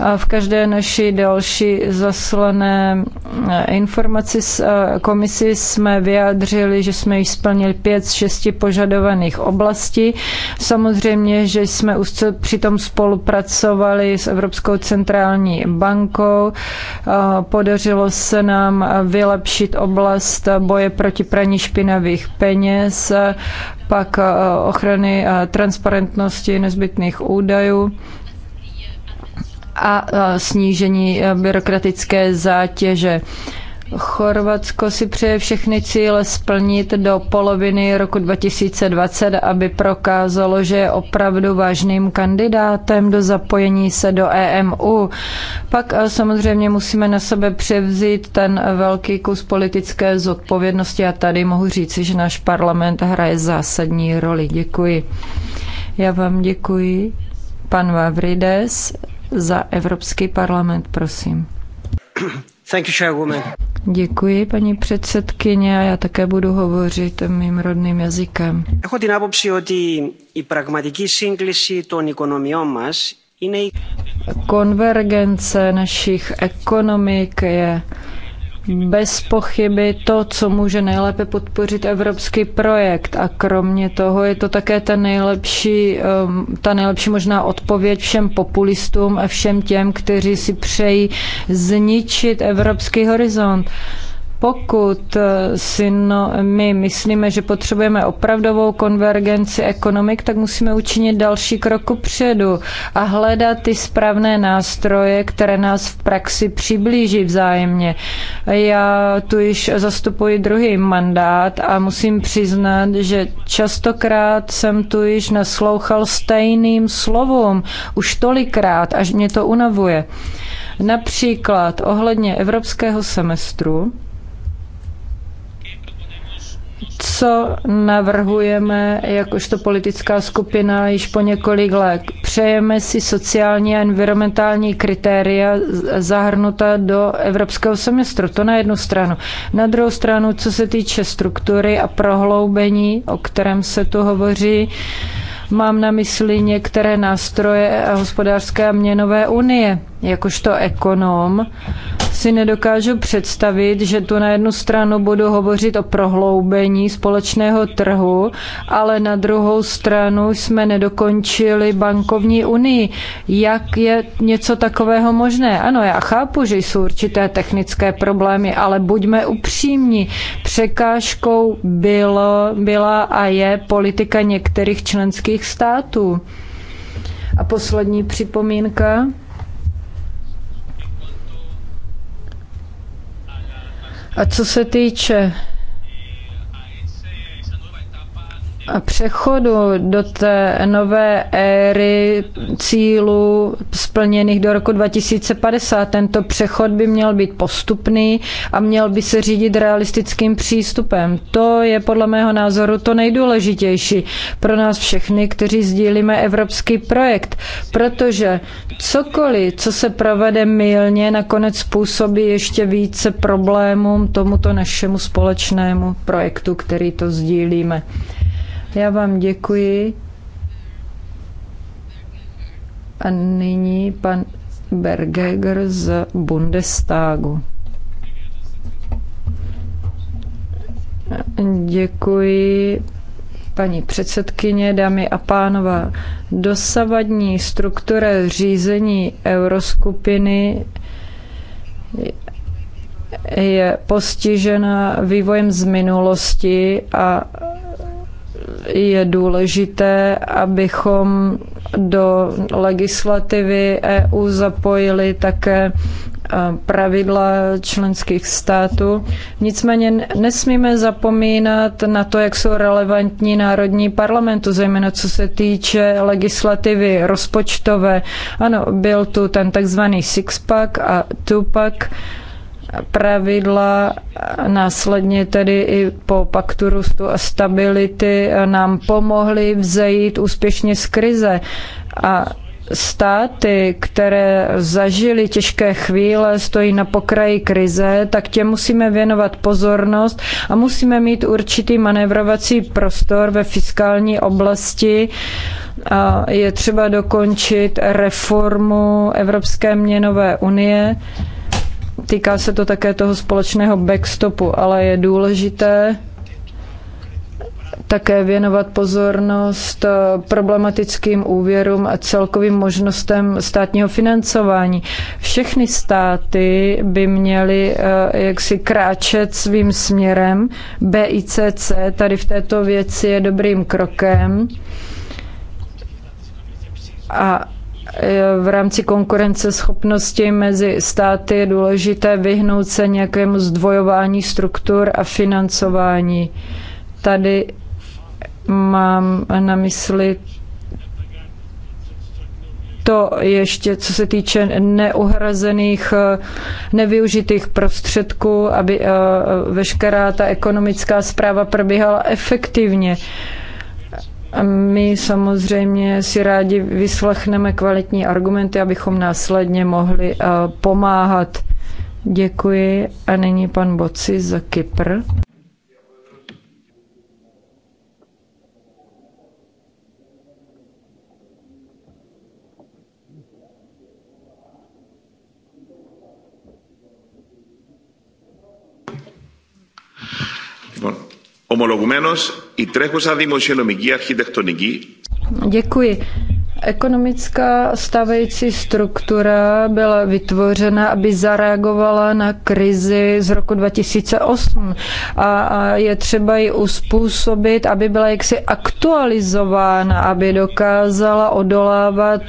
A v každé naší další zaslané eh, informaci z eh, komisi jsme vyjádřili, že jsme již splnili pět z šesti požadavků sledovaných oblastí. Samozřejmě, že jsme už přitom spolupracovali s Evropskou centrální bankou. Podařilo se nám vylepšit oblast boje proti praní špinavých peněz, pak ochrany transparentnosti nezbytných údajů a snížení byrokratické zátěže. Chorvatsko si přeje všechny cíle splnit do poloviny roku 2020, aby prokázalo, že je opravdu vážným kandidátem do zapojení se do EMU. Pak eh, samozřejmě musíme na sebe převzít ten velký kus politické zodpovědnosti a tady mohu říci, že náš parlament hraje zásadní roli. Děkuji. Já vám děkuji. Pan Vavrides za Evropský parlament, prosím. Thank you, chairwoman. Děkuji, paní předsedkyně, a já také budu hovořit mým rodným jazykem. Konvergence našich ekonomik je bez pochyby to, co může nejlépe podpořit evropský projekt. A kromě toho je to také ta nejlepší, um, ta nejlepší možná odpověď všem populistům a všem těm, kteří si přejí zničit evropský horizont pokud eh, si no, my myslíme, že potřebujeme opravdovou konvergenci ekonomik, tak musíme učinit další krok předu a hledat ty správné nástroje, které nás v praxi přiblíží vzájemně. Já tu již zastupuji druhý mandát a musím přiznat, že častokrát jsem tu již naslouchal stejným slovům už tolikrát, až mě to unavuje. Například ohledně evropského semestru, co navrhujeme jakožto politická skupina již po několik let. Přejeme si sociální a environmentální kritéria zahrnuta do evropského semestru. To na jednu stranu. Na druhou stranu, co se týče struktury a prohloubení, o kterém se tu hovoří, mám na mysli některé nástroje hospodářské a měnové unie jakožto ekonom, si nedokážu představit, že tu na jednu stranu budu hovořit o prohloubení společného trhu, ale na druhou stranu jsme nedokončili bankovní unii. Jak je něco takového možné? Ano, já chápu, že jsou určité technické problémy, ale buďme upřímní. Překážkou bylo, byla a je politika některých členských států. A poslední připomínka. A co se týče přechodu do té nové éry cílů splněných do roku 2050. Tento přechod by měl být postupný a měl by se řídit realistickým přístupem. To je podle mého názoru to nejdůležitější pro nás všechny, kteří sdílíme evropský projekt, protože cokoliv, co se provede milně, nakonec způsobí ještě více problémům tomuto našemu společnému projektu, který to sdílíme. Já vám děkuji. A nyní pan Bergeger z Bundestagu. Děkuji, paní předsedkyně, dámy a pánové. Dosavadní struktura řízení euroskupiny je postižena vývojem z minulosti a je důležité, abychom do legislativy EU zapojili také eh, pravidla členských států. Nicméně nesmíme zapomínat na to, jak jsou relevantní národní parlamentu, zejména co se týče legislativy rozpočtové. Ano, byl tu ten takzvaný six-pack a two-pack pravidla, následně tedy i po paktu růstu a stability nám pomohly vzejít úspěšně z krize. A státy, které zažily těžké chvíle, stojí na pokraji krize, tak těm musíme věnovat pozornost a musíme mít určitý manévrovací prostor ve fiskální oblasti. A je třeba dokončit reformu Evropské měnové unie Týká se to také toho společného backstopu, ale je důležité také věnovat pozornost eh, problematickým úvěrům a celkovým možnostem státního financování. Všechny státy by měly eh, jaksi kráčet svým směrem. BICC tady v této věci je dobrým krokem. A v rámci konkurenceschopnosti mezi státy je důležité vyhnout se nějakému zdvojování struktur a financování. Tady mám na mysli to ještě, co se týče neuhrazených, nevyužitých prostředků, aby eh, veškerá ta ekonomická zpráva probíhala efektivně. My samozřejmě si rádi vyslechneme kvalitní argumenty, abychom následně mohli eh, pomáhat. Děkuji a nyní pan Boci za Kypr. Ομολογουμένως, η τρέχουσα δημοσιονομική αρχιτεκτονική... Děkuji. Ekonomická stávající struktura byla vytvořena, aby zareagovala na krizi z roku 2008 a, a je třeba ji uspůsobit, aby byla jaksi aktualizována, aby dokázala odolávat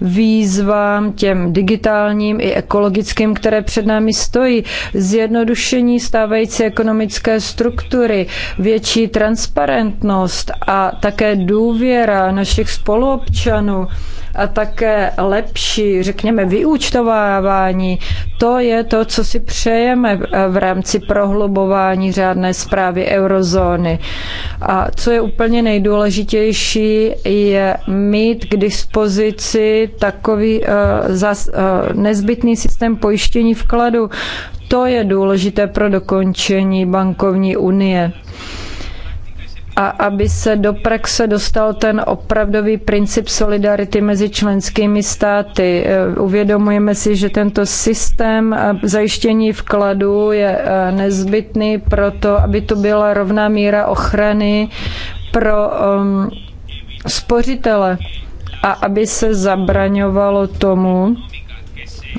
výzvám těm digitálním i ekologickým, které před námi stojí. Zjednodušení stávající ekonomické struktury, větší transparentnost a také důvěra našich spoluobčanů občanů a také lepší, řekněme, vyúčtovávání. To je to, co si přejeme v rámci prohlubování řádné zprávy eurozóny. A co je úplně nejdůležitější, je mít k dispozici takový uh, zas, uh, nezbytný systém pojištění vkladu. To je důležité pro dokončení bankovní unie a aby se do praxe dostal ten opravdový princip solidarity mezi členskými státy. E, uvědomujeme si, že tento systém zajištění vkladu je e, nezbytný pro to, aby tu byla rovná míra ochrany pro um, spořitele a aby se zabraňovalo tomu,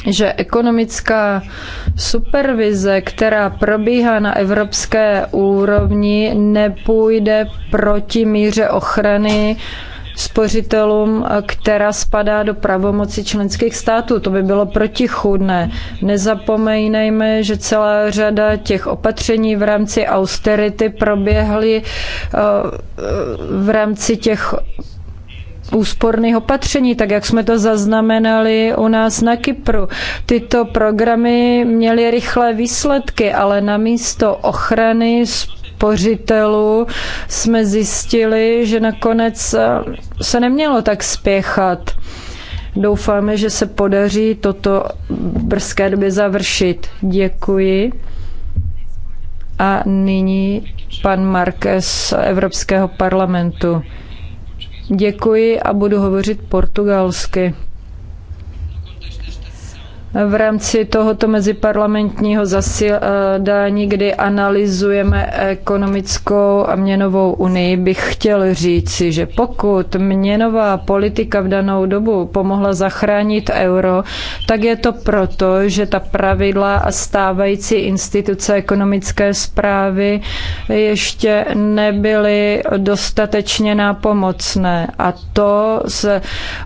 že ekonomická supervize, která probíhá na evropské úrovni, nepůjde proti míře ochrany spořitelům, která spadá do pravomoci členských států. To by bylo protichůdné. Nezapomeňme, že celá řada těch opatření v rámci austerity proběhly eh, v rámci těch úsporných opatření, tak jak jsme to zaznamenali u nás na Kypru. Tyto programy měly rychlé výsledky, ale namísto ochrany spořitelů jsme zjistili, že nakonec eh, se nemělo tak spěchat. Doufáme, že se podaří toto brzké době završit. Děkuji. A nyní pan Marques Evropského parlamentu. Děkuji a budu hovořit portugalsky v rámci tohoto meziparlamentního zasedání, kdy analyzujeme ekonomickou a měnovou unii, bych chtěl říci, že pokud měnová politika v danou dobu pomohla zachránit euro, tak je to proto, že ta pravidla a stávající instituce ekonomické zprávy ještě nebyly dostatečně nápomocné. A to se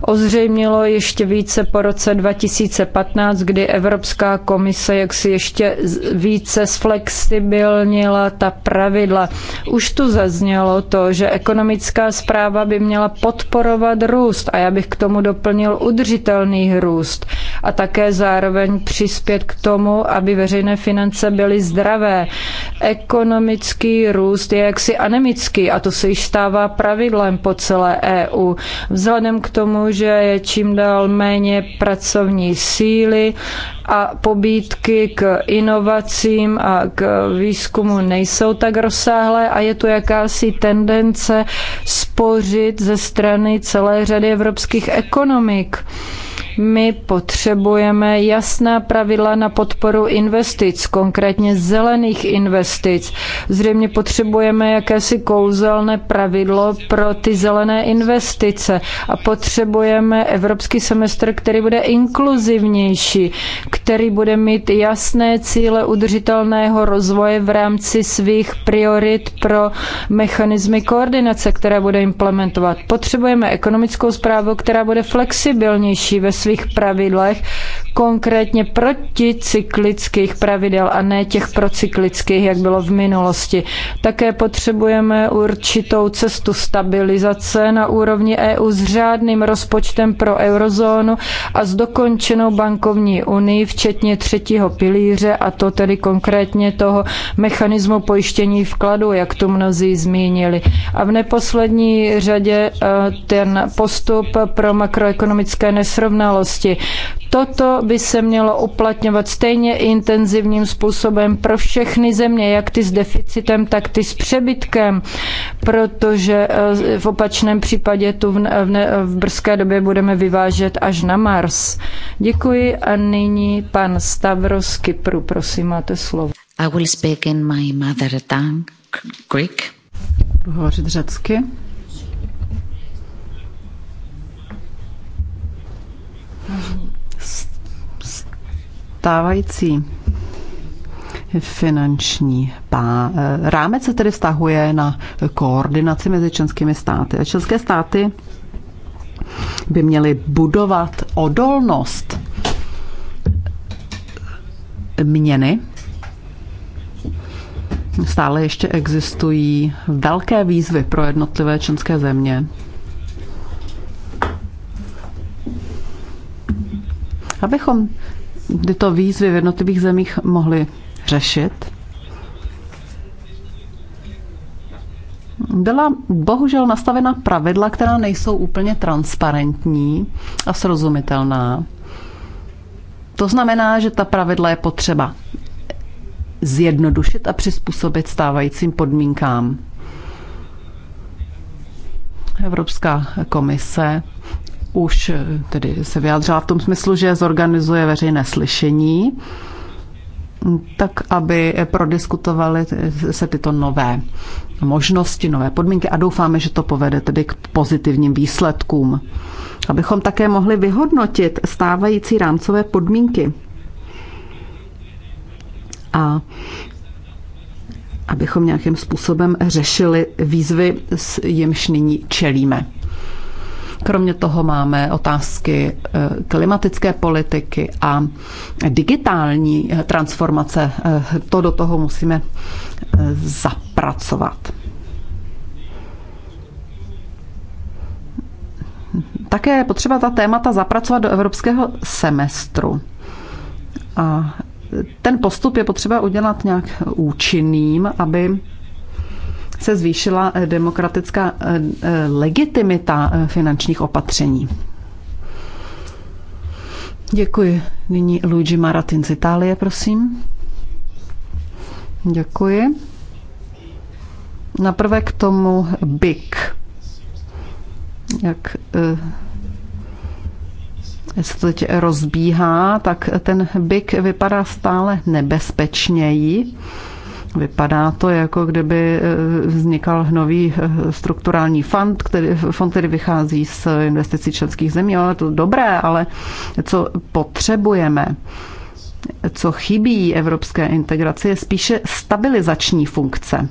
ozřejmilo ještě více po roce 2015, 2014, kdy Evropská komise jaksi ještě více zflexibilnila ta pravidla. Už tu zaznělo to, že ekonomická zpráva by měla podporovat růst a já bych k tomu doplnil udržitelný růst a také zároveň přispět k tomu, aby veřejné finance byly zdravé. Ekonomický růst je jaksi anemický a to se již stává pravidlem po celé EU. Vzhledem k tomu, že je čím dál méně pracovní síly, a pobídky k inovacím a k výzkumu nejsou tak rozsáhlé a je tu jakási tendence spořit ze strany celé řady evropských ekonomik. My potřebujeme jasná pravidla na podporu investic, konkrétně zelených investic. Zřejmě potřebujeme jakési kouzelné pravidlo pro ty zelené investice a potřebujeme evropský semestr, který bude inkluzivnější, který bude mít jasné cíle udržitelného rozvoje v rámci svých priorit pro mechanismy koordinace, které bude implementovat. Potřebujeme ekonomickou zprávu, která bude flexibilnější ve svých pravidlech, konkrétně proti cyklických pravidel a ne těch procyklických, jak bylo v minulosti. Také potřebujeme určitou cestu stabilizace na úrovni EU s řádným rozpočtem pro eurozónu a s dokončenou bankovní unii, včetně třetího pilíře a to tedy konkrétně toho mechanismu pojištění vkladu, jak tu mnozí zmínili. A v neposlední řadě eh, ten postup pro makroekonomické nesrovnalosti znalosti. Toto by se mělo uplatňovat stejně intenzivním způsobem pro všechny země, jak ty s deficitem, tak ty s přebytkem, protože eh, v opačném případě tu v, v, v brzké době budeme vyvážet až na Mars. Děkuji a nyní pan Stavros z Kypru, prosím, máte slovo. I will speak in my mother tongue, Greek. Hovořit řecky. stávající finanční pá. Eh, rámec se tedy vztahuje na koordinaci mezi členskými státy. A členské státy by měly budovat odolnost měny. Stále ještě existují velké výzvy pro jednotlivé členské země Abychom tyto výzvy v jednotlivých zemích mohli řešit, byla bohužel nastavena pravidla, která nejsou úplně transparentní a srozumitelná. To znamená, že ta pravidla je potřeba zjednodušit a přizpůsobit stávajícím podmínkám. Evropská komise už eh, tedy se vyjádřila v tom smyslu, že zorganizuje veřejné slyšení, tak aby prodiskutovaly se tyto nové možnosti, nové podmínky a doufáme, že to povede tedy k pozitivním výsledkům. Abychom také mohli vyhodnotit stávající rámcové podmínky a abychom nějakým způsobem řešili výzvy, s jimž nyní čelíme. Kromě toho máme otázky eh, klimatické politiky a digitální eh, transformace. Eh, to do toho musíme zapracovat. Také je potřeba ta témata zapracovat do evropského semestru. A ten postup je potřeba udělat nějak účinným, aby se zvýšila eh, demokratická eh, eh, legitimita finančních opatření. Děkuji. Nyní Luigi Maratin z Itálie, prosím. Děkuji. Naprvé k tomu BIC. Jak se to teď rozbíhá, tak ten BIC vypadá stále nebezpečněji. Vypadá to, jako kdyby eh, vznikal nový eh, strukturální fond, který, fond, který vychází z investicí členských zemí. Ale to dobré, ale co potřebujeme, co chybí evropské integraci, je spíše stabilizační funkce.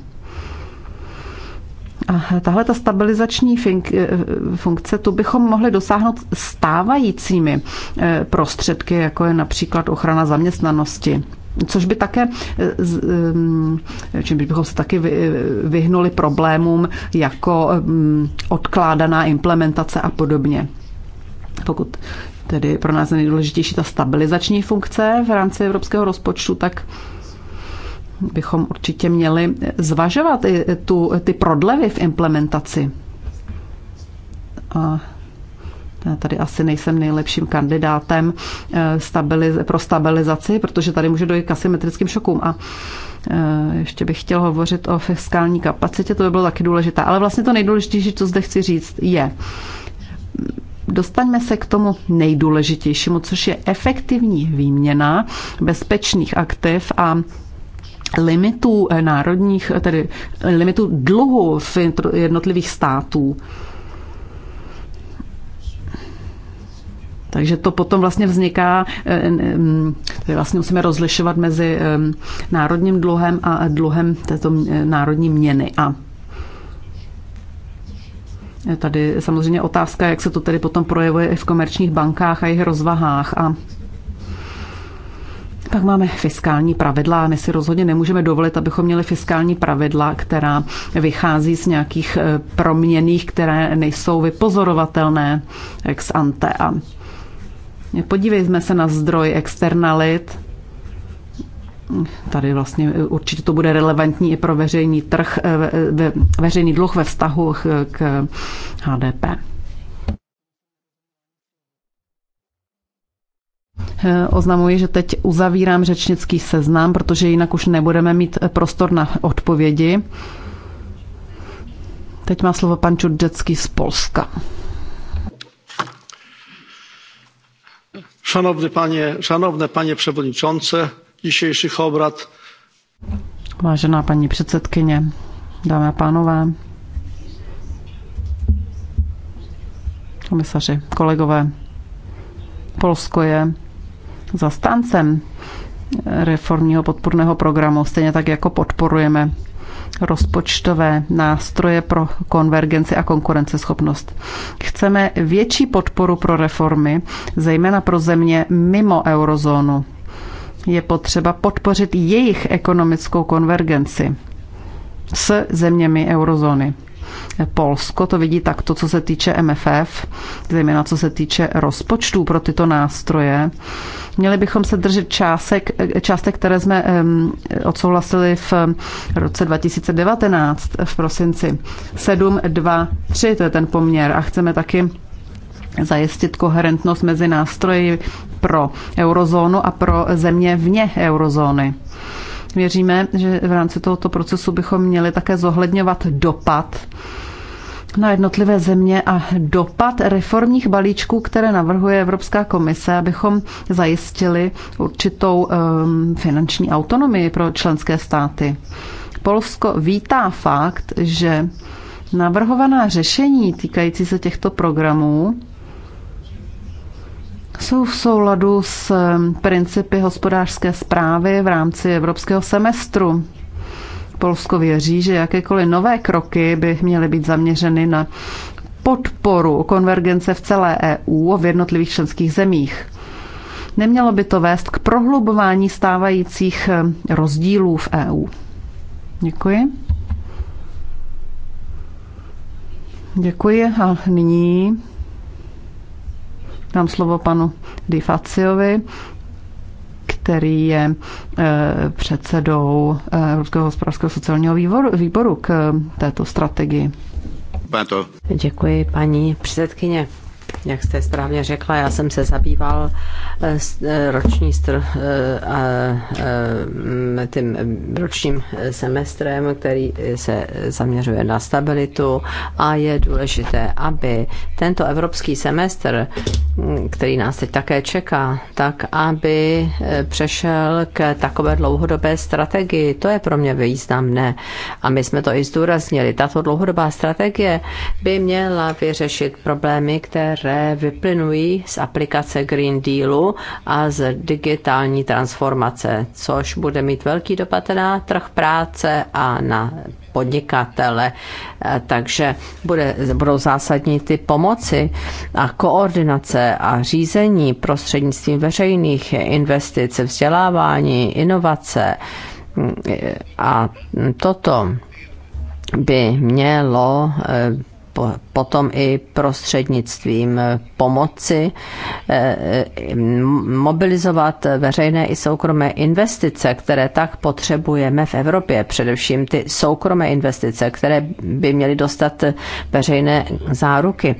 A tahle ta stabilizační eh, funkce, tu bychom mohli dosáhnout stávajícími prostředky, jako je například ochrana zaměstnanosti což by také, eh, eh, čím bychom se taky eh, vyhnuli problémům jako mm, odkládaná implementace a podobně. Pokud tedy pro nás je nejdůležitější ta stabilizační funkce v rámci evropského rozpočtu, tak bychom určitě měli zvažovat i tu, ty prodlevy v implementaci. A tady asi nejsem nejlepším kandidátem eh, stabiliz pro stabilizaci, protože tady může dojít k asymetrickým šokům. A eh, ještě bych chtěl hovořit o fiskální kapacitě, to by bylo taky důležité. Ale vlastně to nejdůležitější, co zde chci říct, je Dostaňme se k tomu nejdůležitějšímu, což je efektivní výměna bezpečných aktiv a limitů eh, národních, tedy limitů dluhu v jednotlivých států. Takže to potom vlastně vzniká, eh, tady vlastně musíme rozlišovat mezi národním dluhem a dluhem této eh, národní měny. A tady samozřejmě otázka, jak se to tedy potom projevuje i v komerčních bankách a jejich rozvahách. A pak máme fiskální pravidla a my si rozhodně nemůžeme dovolit, abychom měli fiskální pravidla, která vychází z nějakých eh, proměných, které nejsou vypozorovatelné ex ante. A Vlastně Podívejme se na zdroj externalit. Tady vlastně eh, určitě to bude relevantní i pro veřejný trh, eh, veřejný dluh ve vztahu k HDP. Eh, oznamuji, že teď uzavírám řečnický seznam, protože jinak už nebudeme mít prostor na odpovědi. Teď má slovo pan Čudžecký z Polska. Šanovné paní předsednice, dzisiejších obrad. Vážená paní předsedkyně, dámy a pánové, komisaři, kolegové, Polsko je zastáncem reformního podporného programu, stejně tak jako podporujeme rozpočtové nástroje pro konvergenci a konkurenceschopnost. Chceme větší podporu pro reformy, zejména pro země mimo eurozónu. Je potřeba podpořit jejich ekonomickou konvergenci s zeměmi eurozóny. Polsko to vidí takto, co se týče MFF, zejména co se týče rozpočtů pro tyto nástroje. Měli bychom se držet částek, částek které jsme odsouhlasili v roce 2019 v prosinci. 7, 2, 3, to je ten poměr. A chceme taky zajistit koherentnost mezi nástroji pro eurozónu a pro země vně eurozóny. Věříme, že v rámci tohoto procesu bychom měli také zohledňovat dopad na jednotlivé země a dopad reformních balíčků, které navrhuje Evropská komise, abychom zajistili určitou um, finanční autonomii pro členské státy. Polsko vítá fakt, že navrhovaná řešení týkající se těchto programů jsou v souladu s mm, principy hospodářské zprávy v rámci evropského semestru. Polsko věří, že jakékoliv nové kroky by měly být zaměřeny na podporu konvergence v celé EU a v jednotlivých členských zemích. Nemělo by to vést k prohlubování stávajících mm, rozdílů v EU. Děkuji. Děkuji a nyní Dám slovo panu Di Faciovi, který je eh, předsedou eh, Evropského hospodářského sociálního výboru, výboru k eh, této strategii. Děkuji, paní předsedkyně jak jste správně řekla, já jsem se zabýval eh, eh, roční str- eh, tím ročním semestrem, který se zaměřuje na stabilitu a je důležité, aby tento evropský semestr, mm, který nás teď také čeká, tak aby přešel k takové dlouhodobé strategii. To je pro mě významné. A my jsme to i zdůraznili. Tato dlouhodobá strategie by měla vyřešit problémy, které které vyplynují z aplikace Green Dealu a z digitální transformace, což bude mít velký dopad na trh práce a na podnikatele. E, takže bude, budou zásadní ty pomoci a koordinace a řízení prostřednictvím veřejných investic, vzdělávání, inovace e, a toto by mělo e, potom i prostřednictvím pomoci eh, eh, mobilizovat veřejné i soukromé investice, které tak potřebujeme v Evropě, především ty soukromé investice, které by měly dostat veřejné záruky.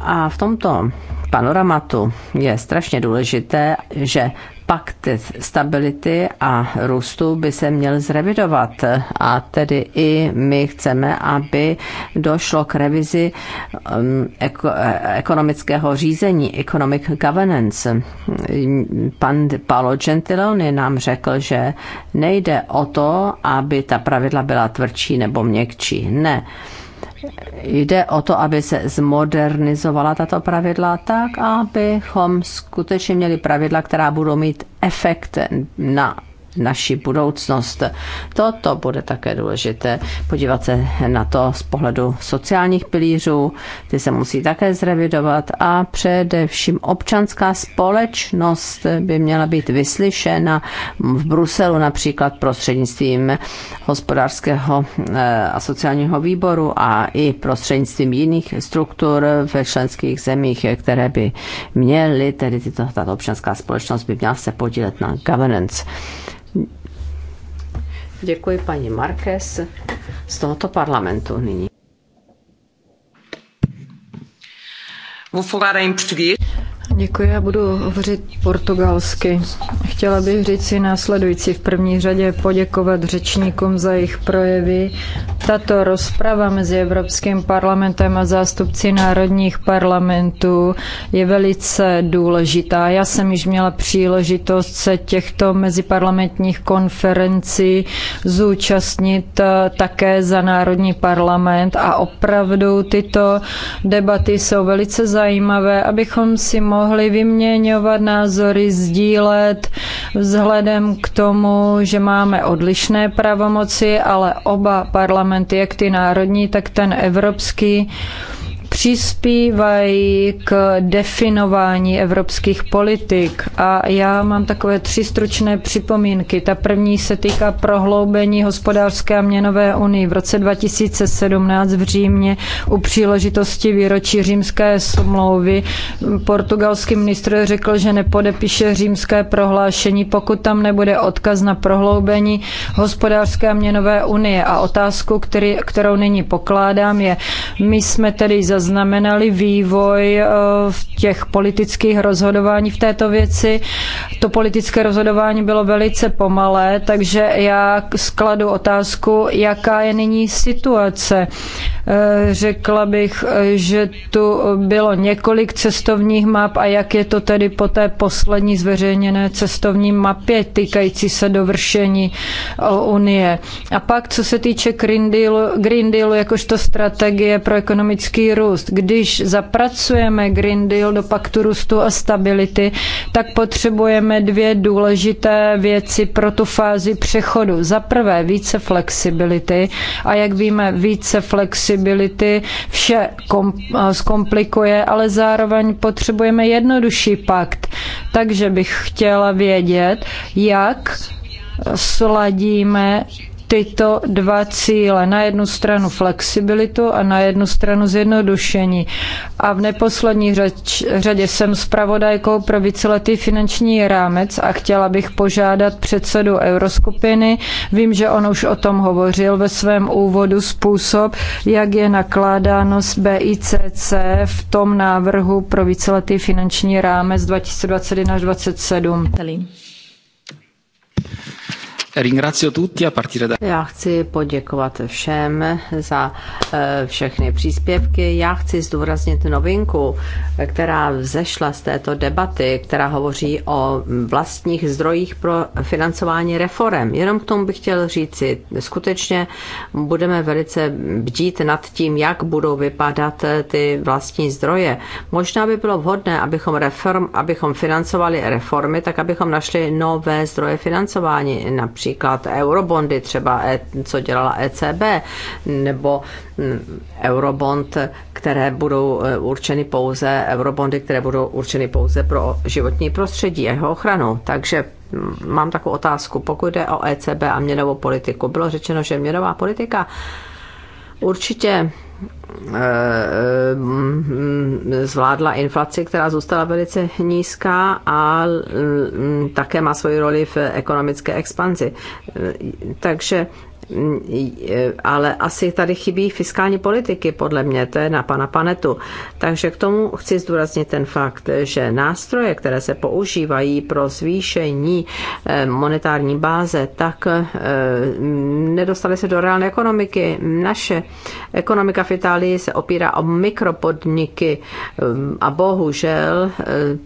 A v tomto panoramatu je strašně důležité, že pakt stability a růstu by se měl zrevidovat. A tedy i my chceme, aby došlo k revizi um, e, ekonomického řízení, economic governance. Pan Paolo Gentiloni nám řekl, že nejde o to, aby ta pravidla byla tvrdší nebo měkčí. Ne jde o to, aby se zmodernizovala tato pravidla tak, abychom skutečně měli pravidla, která budou mít efekt na naši budoucnost. Toto bude také důležité podívat se na to z pohledu sociálních pilířů, ty se musí také zrevidovat a především občanská společnost by měla být vyslyšena v Bruselu například prostřednictvím hospodářského eh, a sociálního výboru a i prostřednictvím jiných struktur ve členských zemích, které by měly, tedy tyto, tato občanská společnost by měla se podílet na governance. Děkuji paní Marques z tohoto parlamentu nyní. Vou falar em português. Děkuji, já budu hovořit portugalsky. Chtěla bych říct si následující. V první řadě poděkovat řečníkům za jejich projevy. Tato rozprava mezi Evropským parlamentem a zástupci národních parlamentů je velice důležitá. Já jsem již měla příležitost se těchto meziparlamentních konferencí zúčastnit eh, také za národní parlament a opravdu tyto debaty jsou velice zajímavé, abychom si mohli mohli vyměňovat názory, sdílet vzhledem k tomu, že máme odlišné pravomoci, ale oba parlamenty, jak ty národní, tak ten evropský, přispívají k definování evropských politik. A já mám takové tři stručné připomínky. Ta první se týká prohloubení hospodářské a měnové unie. V roce 2017 v Římě u příležitosti výročí římské smlouvy portugalský ministr řekl, že nepodepíše římské prohlášení, pokud tam nebude odkaz na prohloubení hospodářské a měnové unie. A otázku, který, kterou nyní pokládám, je, my jsme tedy za zaznamenali vývoj eh, v těch politických rozhodování v této věci. To politické rozhodování bylo velice pomalé, takže já skladu otázku, jaká je nyní situace. Eh, řekla bych, eh, že tu bylo několik cestovních map a jak je to tedy po té poslední zveřejněné cestovní mapě týkající se dovršení Unie. A pak, co se týče Green Dealu, Green Dealu jakožto strategie pro ekonomický růst, růst. Když zapracujeme Green Deal do paktu růstu a stability, tak potřebujeme dvě důležité věci pro tu fázi přechodu. Za prvé více flexibility a jak víme, více flexibility vše kom, zkomplikuje, ale zároveň potřebujeme jednodušší pakt. Takže bych chtěla vědět, jak sladíme tyto dva cíle. Na jednu stranu flexibilitu a na jednu stranu zjednodušení. A v neposlední řeč, řadě jsem zpravodajkou pro víceletý finanční rámec a chtěla bych požádat předsedu Euroskupiny. Vím, že on už o tom hovořil ve svém úvodu způsob, jak je nakládáno s BICC v tom návrhu pro víceletý finanční rámec 2021 až 2027. Já chci poděkovat všem za eh, všechny příspěvky. Já chci zdůraznit novinku, která vzešla z této debaty, která hovoří o vlastních zdrojích pro financování reform. Jenom k tomu bych chtěl říci, skutečně budeme velice bdít nad tím, jak budou vypadat eh, ty vlastní zdroje. Možná by bylo vhodné, abychom, reform, abychom financovali reformy, tak abychom našli nové zdroje financování, například například eurobondy, třeba e, co dělala ECB, nebo eurobond, které budou e, určeny pouze, eurobondy, které budou určeny pouze pro životní prostředí a jeho ochranu. Takže mm, mám takovou otázku. Pokud jde o ECB a měnovou politiku, bylo řečeno, že měnová politika určitě Eh, eh, zvládla inflaci, která zůstala velice nízká a mm, také má svoji roli v ekonomické expanzi. Eh, takže ale asi tady chybí fiskální politiky, podle mě, to je na pana Panetu. Takže k tomu chci zdůraznit ten fakt, že nástroje, které se používají pro zvýšení eh, monetární báze, tak eh, nedostaly se do reálné ekonomiky. Naše ekonomika v Itálii se opírá o mikropodniky eh, a bohužel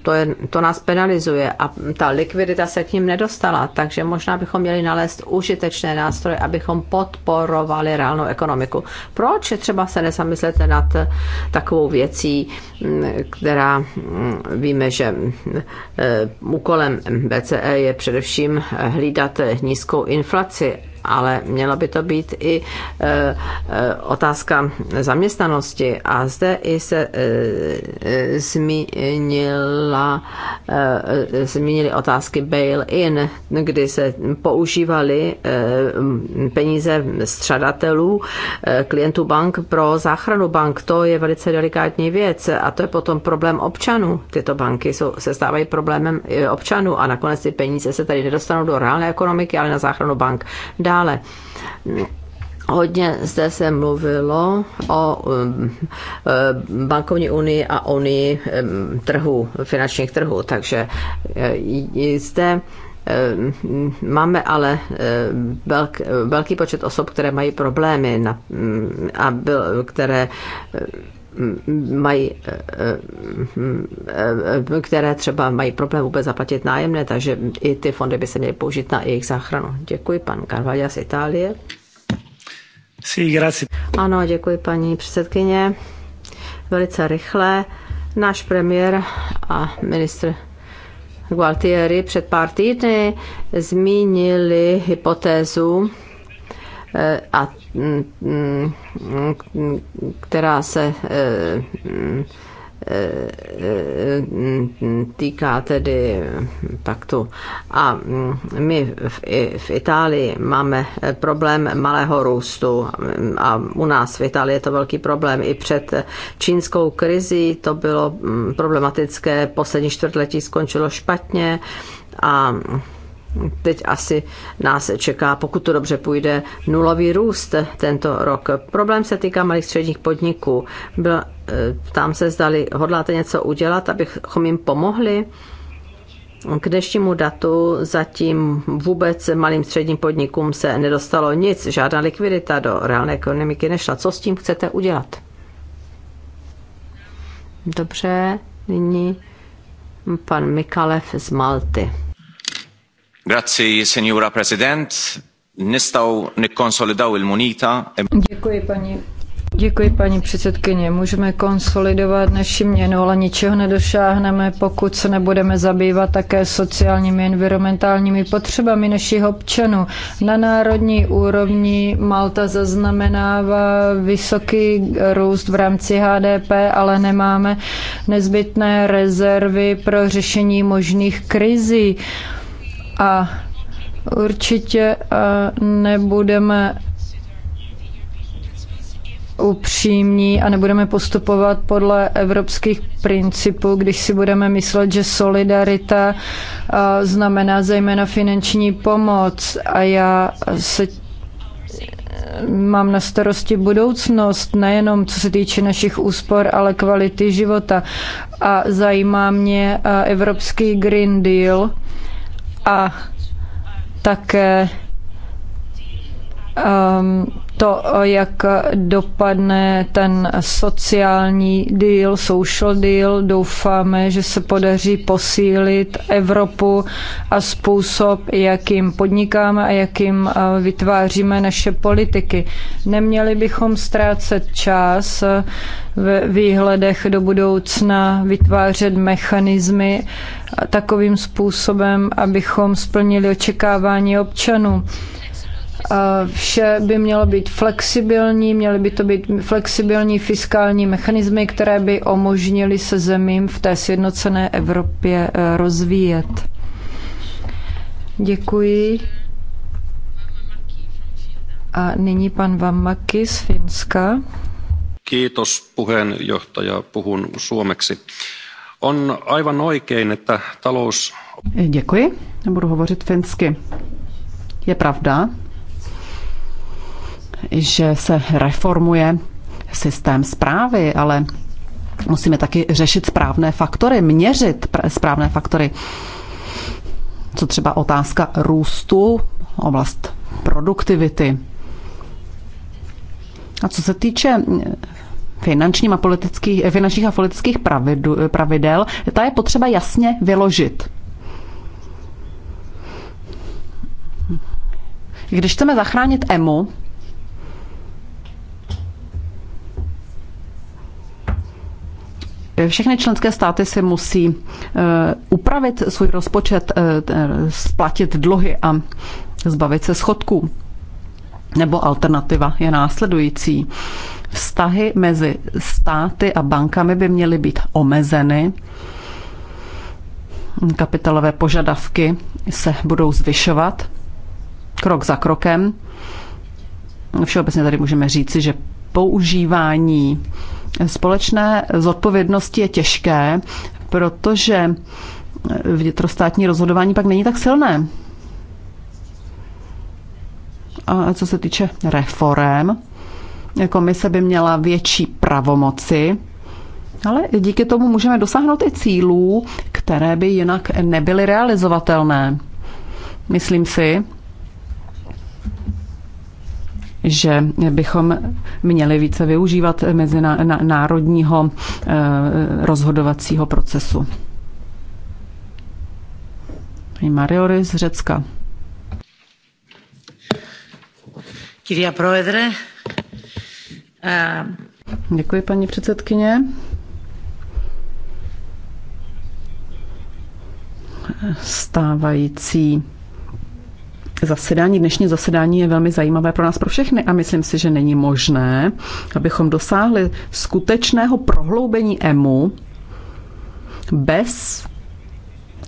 to, je, to nás penalizuje a ta likvidita se k ním nedostala, takže možná bychom měli nalézt užitečné nástroje, abychom abychom podporovali reálnou ekonomiku. Proč třeba se nezamyslete nad takovou věcí, která mm, víme, že mm, e, úkolem BCE je především hlídat nízkou inflaci ale měla by to být i eh, eh, otázka zaměstnanosti. A zde i se eh, zmínila, zmínili otázky bail-in, kdy se používaly peníze střadatelů, klientů bank pro záchranu bank. To je velice delikátní věc a to je potom problém občanů. Tyto banky jsou, se stávají problémem občanů a nakonec ty peníze se tady nedostanou do reálné ekonomiky, ale na záchranu bank. dá. Dále. Hodně zde se mluvilo o um, um, bankovní unii a unii um, trhu, finančních trhů, takže uh, zde máme ale uh, velk, velký počet osob, které mají problémy na, a byl, které mají, e, e, které třeba mají problém vůbec zaplatit nájemné, takže i ty fondy by se měly použít na jejich záchranu. Děkuji, pan Carvalho z Itálie. Sí, grazie. Ano, děkuji, paní předsedkyně. Velice rychle. Náš premiér a ministr Gualtieri před pár týdny zmínili hypotézu e, a která se eh, eh, eh, týká tedy takto. A my v, Itálii máme problém malého růstu a u nás v Itálii je to velký problém. I před čínskou krizí to bylo mm, problematické, poslední čtvrtletí skončilo špatně a teď asi nás čeká, pokud to dobře půjde, nulový růst tento rok. Problém se týká malých středních podniků. Byl, e, tam se zdali, hodláte něco udělat, abychom jim pomohli? K dnešnímu datu zatím vůbec malým středním podnikům se nedostalo nic, žádná likvidita do reálné ekonomiky nešla. Co s tím chcete udělat? Dobře, nyní pan Mikalev z Malty. Děkuji, paní předsedající předsedkyně. Můžeme konsolidovat naši měnu, ale ničeho nedosáhneme, pokud se nebudeme zabývat také sociálními, environmentálními potřebami našich občanů. Na národní úrovni Malta zaznamenává vysoký růst v rámci HDP, ale nemáme nezbytné rezervy pro řešení možných krizí. A určitě e, nebudeme upřímní a nebudeme postupovat podle evropských principů, když si budeme myslet, že solidarita e, znamená zejména finanční pomoc. A já se mám na starosti budoucnost, nejenom co se týče našich úspor, ale kvality života. A zajímá mě e, Evropský Green Deal a také um, to, jak dopadne ten sociální deal, social deal. Doufáme, že se podaří posílit Evropu a způsob, jakým podnikáme a jakým eh, vytváříme naše politiky. Neměli bychom ztrácet čas eh, v výhledech do budoucna, vytvářet mechanismy eh, takovým způsobem, abychom splnili očekávání občanů Vše by mělo být flexibilní, měly by to být flexibilní fiskální mechanismy, které by umožnily se zemím v té sjednocené Evropě eh, rozvíjet. Děkuji. A nyní pan Vammaki z Finska. Kiitos puheenjohtaja. Puhun suomeksi. On aivan oikein, että talous... Děkuji. Budu hovořit finsky. Je pravda, že se reformuje systém zprávy, ale musíme taky řešit správné faktory, měřit správné faktory. Co třeba otázka růstu, oblast produktivity. A co se týče eh, finančních a politických, eh, finančních a politických pravidu, eh, pravidel, ta je potřeba jasně vyložit. Když chceme zachránit EMU, Všechny členské státy si musí eh, upravit svůj rozpočet, eh, splatit dluhy a zbavit se schodků. Nebo alternativa je následující. Vztahy mezi státy a bankami by měly být omezeny. Kapitalové požadavky se budou zvyšovat krok za krokem. Všeobecně tady můžeme říci, že používání společné zodpovědnosti je těžké, protože vnitrostátní rozhodování pak není tak silné. A co se týče reform, komise by měla větší pravomoci, ale díky tomu můžeme dosáhnout i cílů, které by jinak nebyly realizovatelné. Myslím si, že bychom měli více využívat mezinárodního eh, rozhodovacího procesu. Mariory z Řecka. Kyria Proedre. Děkuji, paní předsedkyně. Stávající zasedání, dnešní zasedání je velmi zajímavé pro nás, pro všechny a myslím si, že není možné, abychom dosáhli skutečného prohloubení EMU bez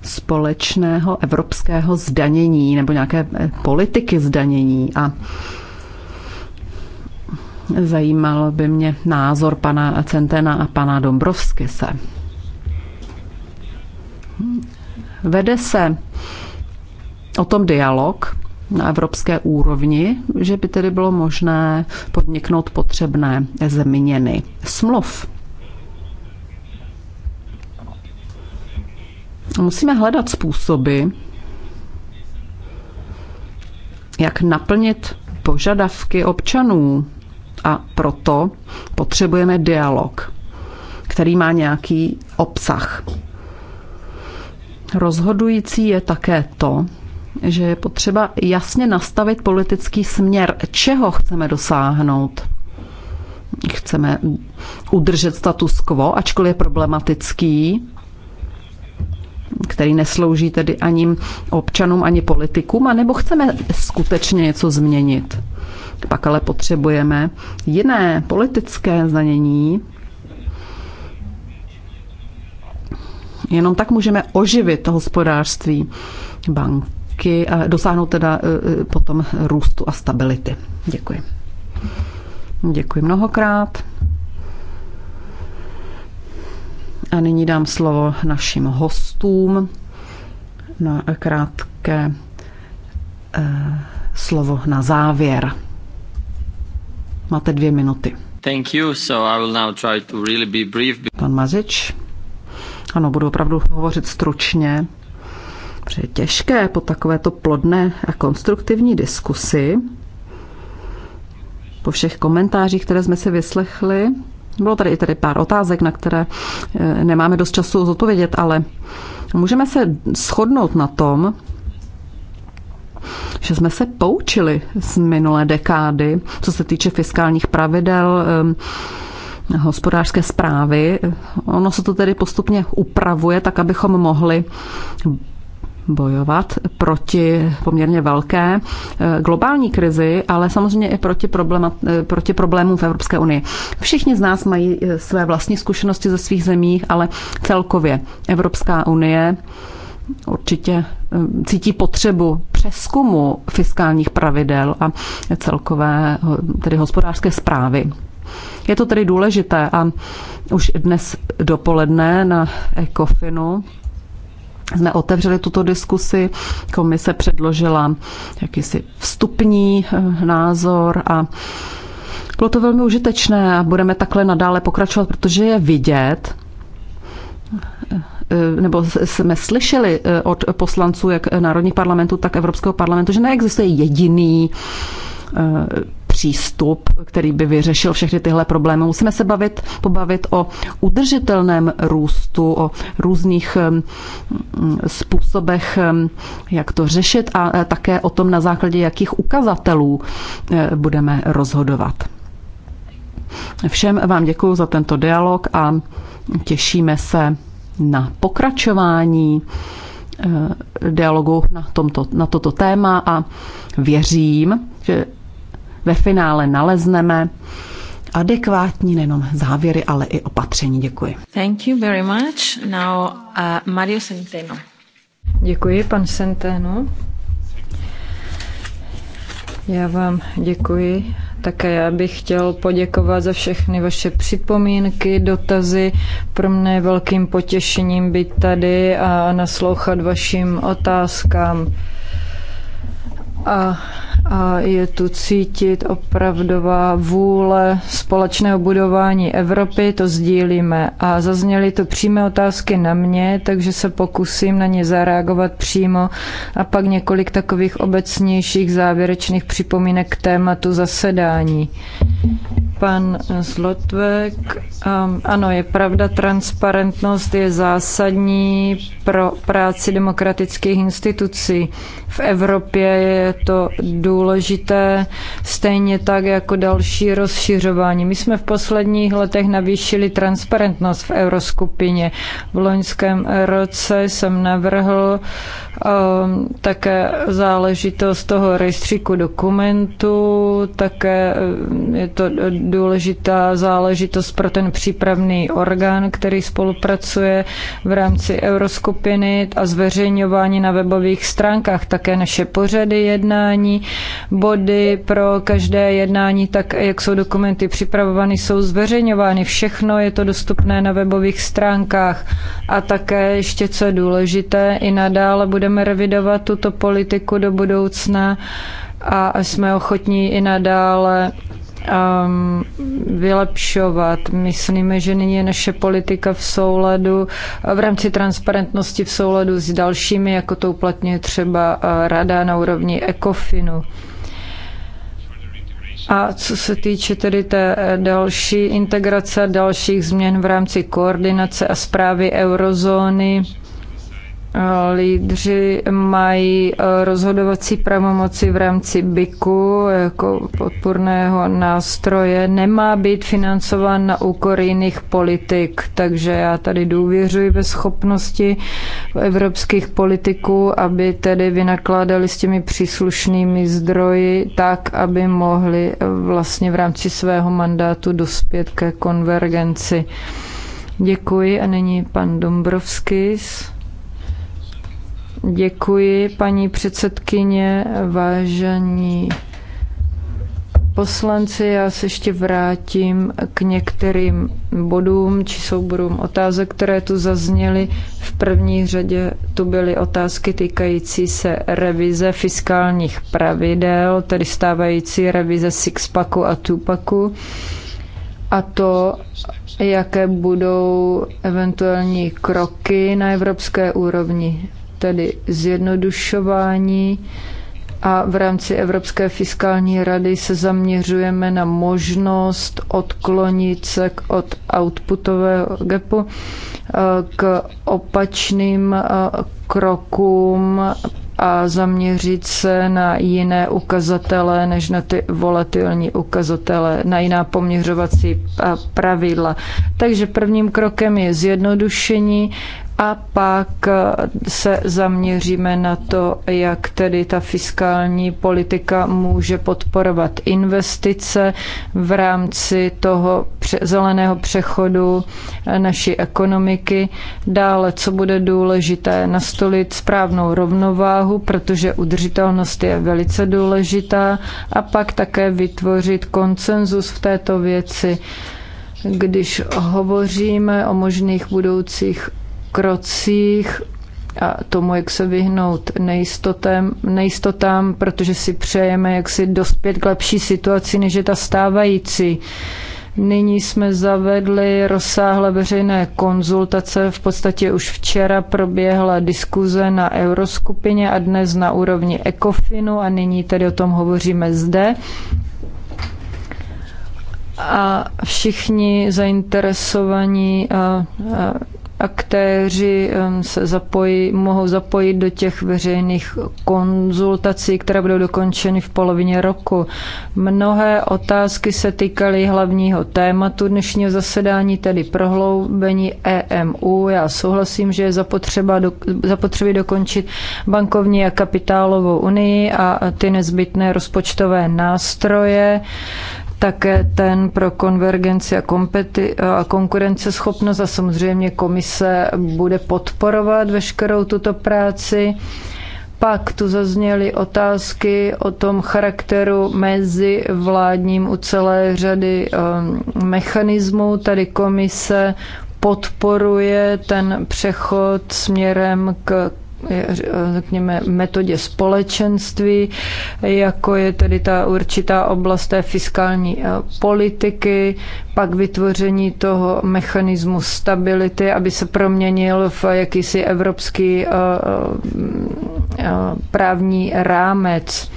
společného evropského zdanění nebo nějaké eh, politiky zdanění a zajímalo by mě názor pana Centena a pana Dombrovskise. Vede se o tom dialog na evropské úrovni, že by tedy bylo možné podniknout potřebné změny smluv. Musíme hledat způsoby, jak naplnit požadavky občanů a proto potřebujeme dialog, který má nějaký obsah. Rozhodující je také to, že je potřeba jasně nastavit politický směr, čeho chceme dosáhnout. Chceme udržet status quo, ačkoliv je problematický, který neslouží tedy ani občanům, ani politikům, anebo chceme skutečně něco změnit. Pak ale potřebujeme jiné politické zdanění. Jenom tak můžeme oživit to hospodářství bank výsledky a dosáhnout teda e, e, potom růstu a stability. Děkuji. Děkuji mnohokrát. A nyní dám slovo našim hostům na krátké e, slovo na závěr. Máte dvě minuty. Thank you, so I will now try to really be brief. Pan Mazič. Ano, budu opravdu hovořit stručně protože je těžké po takovéto plodné a konstruktivní diskusi, po všech komentářích, které jsme si vyslechli, bylo tady i tady pár otázek, na které eh, nemáme dost času zodpovědět, ale můžeme se shodnout na tom, že jsme se poučili z minulé dekády, co se týče fiskálních pravidel, eh, hospodářské zprávy. Ono se to tedy postupně upravuje, tak abychom mohli bojovat proti poměrně velké eh, globální krizi, ale samozřejmě i proti, problema, eh, proti problémům v Evropské unii. Všichni z nás mají eh, své vlastní zkušenosti ze svých zemí, ale celkově Evropská unie určitě cítí potřebu přeskumu fiskálních pravidel a celkové tedy hospodářské zprávy. Je to tedy důležité a už dnes dopoledne na ECOFINu jsme otevřeli tuto diskusi, komise předložila jakýsi vstupní eh, názor a bylo to velmi užitečné a budeme takhle nadále pokračovat, protože je vidět, eh, eh, nebo jsme slyšeli od poslanců jak Národních parlamentů, tak Evropského parlamentu, že neexistuje jediný přístup, který by vyřešil všechny tyhle problémy. Musíme se bavit, pobavit o udržitelném růstu, o různých mm, způsobech, jak to řešit a e, také o tom, na základě jakých ukazatelů e, budeme rozhodovat. Všem vám děkuji za tento dialog a těšíme se na pokračování e, dialogu na, tomto, na toto téma a věřím, že ve finále nalezneme adekvátní nejenom závěry, ale i opatření. Děkuji. Thank you very much. Now uh, Mario Centeno. Děkuji, pan Centeno. Já vám děkuji. Také já bych chtěl poděkovat za všechny vaše připomínky, dotazy. Pro mě velkým potěšením být tady a naslouchat vašim otázkám a, a je tu cítit opravdová vůle společného budování Evropy, to sdílíme. A zazněly to přímé otázky na mě, takže se pokusím na ně zareagovat přímo a pak několik takových obecnějších závěrečných připomínek k tématu zasedání. Pan Zlotvek, um, ano, je pravda, transparentnost je zásadní pro práci demokratických institucí. V Evropě je je to důležité, stejně tak jako další rozšiřování. My jsme v posledních letech navýšili transparentnost v euroskupině. V loňském roce jsem navrhl um, také záležitost toho rejstříku dokumentů, také ehm, je to důležitá záležitost pro ten přípravný orgán, který spolupracuje v rámci euroskupiny a zveřejňování na webových stránkách. Také naše pořady je jednání, body pro každé jednání, tak jak jsou dokumenty připravovány, jsou zveřejňovány. Všechno je to dostupné na webových stránkách. A také ještě, co je důležité, i nadále budeme revidovat tuto politiku do budoucna a jsme ochotní i nadále um, vylepšovat. Myslíme, že nyní je naše politika v souladu, v rámci transparentnosti v souladu s dalšími, jako to uplatňuje třeba eh, rada na úrovni ECOFINu. A co se týče tedy té eh, další integrace, dalších změn v rámci koordinace a zprávy eurozóny, Eh, lídři mají eh, rozhodovací pravomoci v rámci BIKu jako podporného nástroje. Nemá být financován na úkor jiných politik, takže já tady důvěřuji ve schopnosti evropských politiků, aby tedy vynakládali s těmi příslušnými zdroji tak, aby mohli eh, vlastně v rámci svého mandátu dospět ke konvergenci. Děkuji a nyní pan Dombrovskis. Děkuji, paní předsedkyně, vážení poslanci, já se ještě vrátím k některým bodům či souborům otázek, které tu zazněly. V první řadě tu byly otázky týkající se revize fiskálních pravidel, tedy stávající revize sixpacku a tupaku a to, jaké budou eventuální kroky na evropské úrovni tedy zjednodušování a v rámci Evropské fiskální rady se zaměřujeme na možnost odklonit se od outputového gapu eh, k opačným eh, krokům a zaměřit se na jiné ukazatele než na ty volatilní ukazatele, na jiná poměřovací eh, pravidla. Takže prvním krokem je zjednodušení a pak eh, se zaměříme na to, jak tedy ta fiskální politika může podporovat investice v rámci toho zeleného přechodu eh, naší ekonomiky. Dále, co bude důležité, nastolit správnou rovnováhu, protože udržitelnost je velice důležitá a pak také vytvořit konsenzus v této věci. Když hovoříme o možných budoucích krocích a tomu, jak se vyhnout nejistotem, nejistotám, protože si přejeme, jak si dospět k lepší situaci, než je ta stávající. Nyní jsme zavedli rozsáhlé veřejné konzultace. V podstatě už včera proběhla diskuze na euroskupině a dnes na úrovni ECOFINu a nyní tedy o tom hovoříme zde. A všichni zainteresovaní a, a aktéři um, se zapojí, mohou zapojit do těch veřejných konzultací, které budou dokončeny v polovině roku. Mnohé otázky se týkaly hlavního tématu dnešního zasedání, tedy prohloubení EMU. Já souhlasím, že je zapotřeba do, zapotřebí dokončit bankovní a kapitálovou unii a ty nezbytné rozpočtové nástroje také ten pro konvergenci a, kompeti- a konkurenceschopnost a samozřejmě komise bude podporovat veškerou tuto práci. Pak tu zazněly otázky o tom charakteru mezi vládním u celé řady um, mechanismů. Tady komise podporuje ten přechod směrem k Eh, řekněme, metodě společenství, jako je tedy ta určitá oblast té fiskální eh, politiky, pak vytvoření toho mechanismu stability, aby se proměnil v jakýsi evropský eh, právní rámec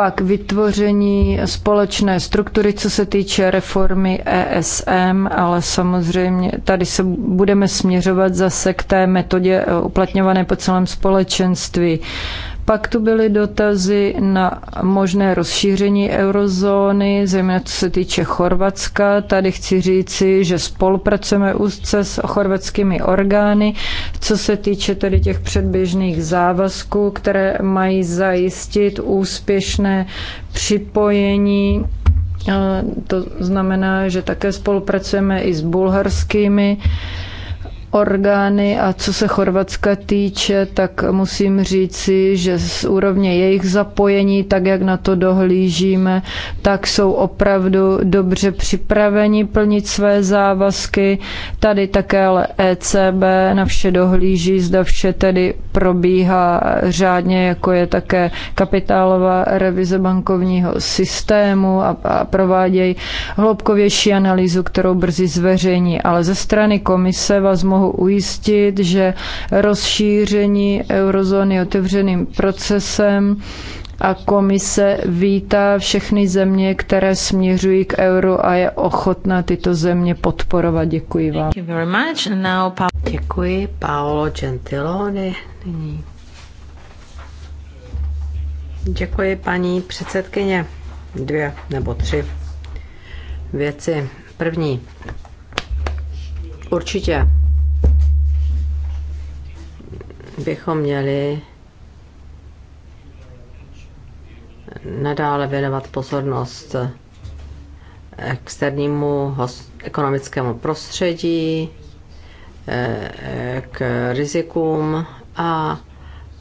pak vytvoření společné struktury, co se týče reformy ESM, ale samozřejmě tady se budeme směřovat zase k té metodě eh, uplatňované po celém společenství. Pak tu byly dotazy na možné rozšíření eurozóny, zejména co se týče Chorvatska. Tady chci říci, že spolupracujeme úzce s chorvatskými orgány, co se týče tedy těch předběžných závazků, které mají zajistit úspěšné připojení eh, to znamená, že také spolupracujeme i s bulharskými orgány a co se Chorvatska týče, tak musím říci, že z úrovně jejich zapojení, tak jak na to dohlížíme, tak jsou opravdu dobře připraveni plnit své závazky. Tady také ale ECB na vše dohlíží, zda vše tedy probíhá řádně, jako je také kapitálová revize bankovního systému a, a provádějí hloubkovější analýzu, kterou brzy zveřejní. Ale ze strany komise vás mohu mohu ujistit, že rozšíření eurozóny otevřeným procesem a komise vítá všechny země, které směřují k euru a je ochotná tyto země podporovat. Děkuji vám. Now, Děkuji, Paolo Gentiloni. Nyní. Děkuji, paní předsedkyně. Dvě nebo tři věci. První. Určitě bychom měli nadále věnovat pozornost externímu ekonomickému prostředí, eh, k rizikům a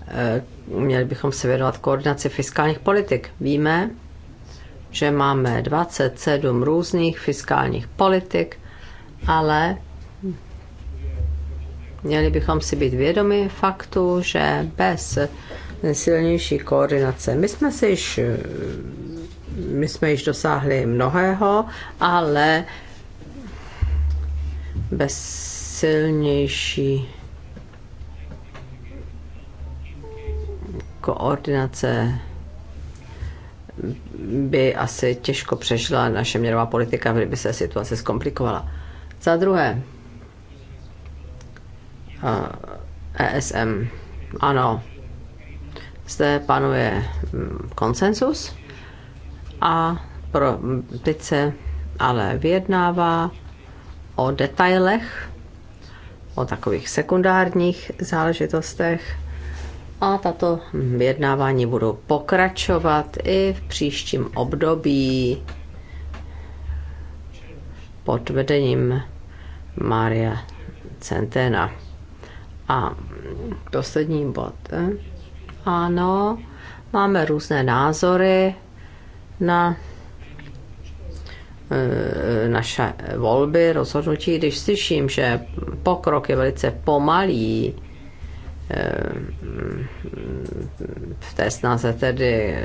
eh, měli bychom se věnovat koordinaci fiskálních politik. Víme, že máme 27 různých fiskálních politik, ale Měli bychom si být vědomi faktu, že bez silnější koordinace. My jsme si již, my jsme již dosáhli mnohého, ale bez silnější koordinace by asi těžko přežila naše měrová politika, kdyby se situace zkomplikovala. Za druhé, ESM. Eh, e ano, zde panuje mm, konsensus a pro, teď se ale vyjednává o detailech, o takových sekundárních záležitostech a tato vyjednávání budou pokračovat i v příštím období pod vedením Maria Centena. A poslední bod. Ano, máme různé názory na eh, naše volby, rozhodnutí, když slyším, že pokrok je velice pomalý eh, v té snaze tedy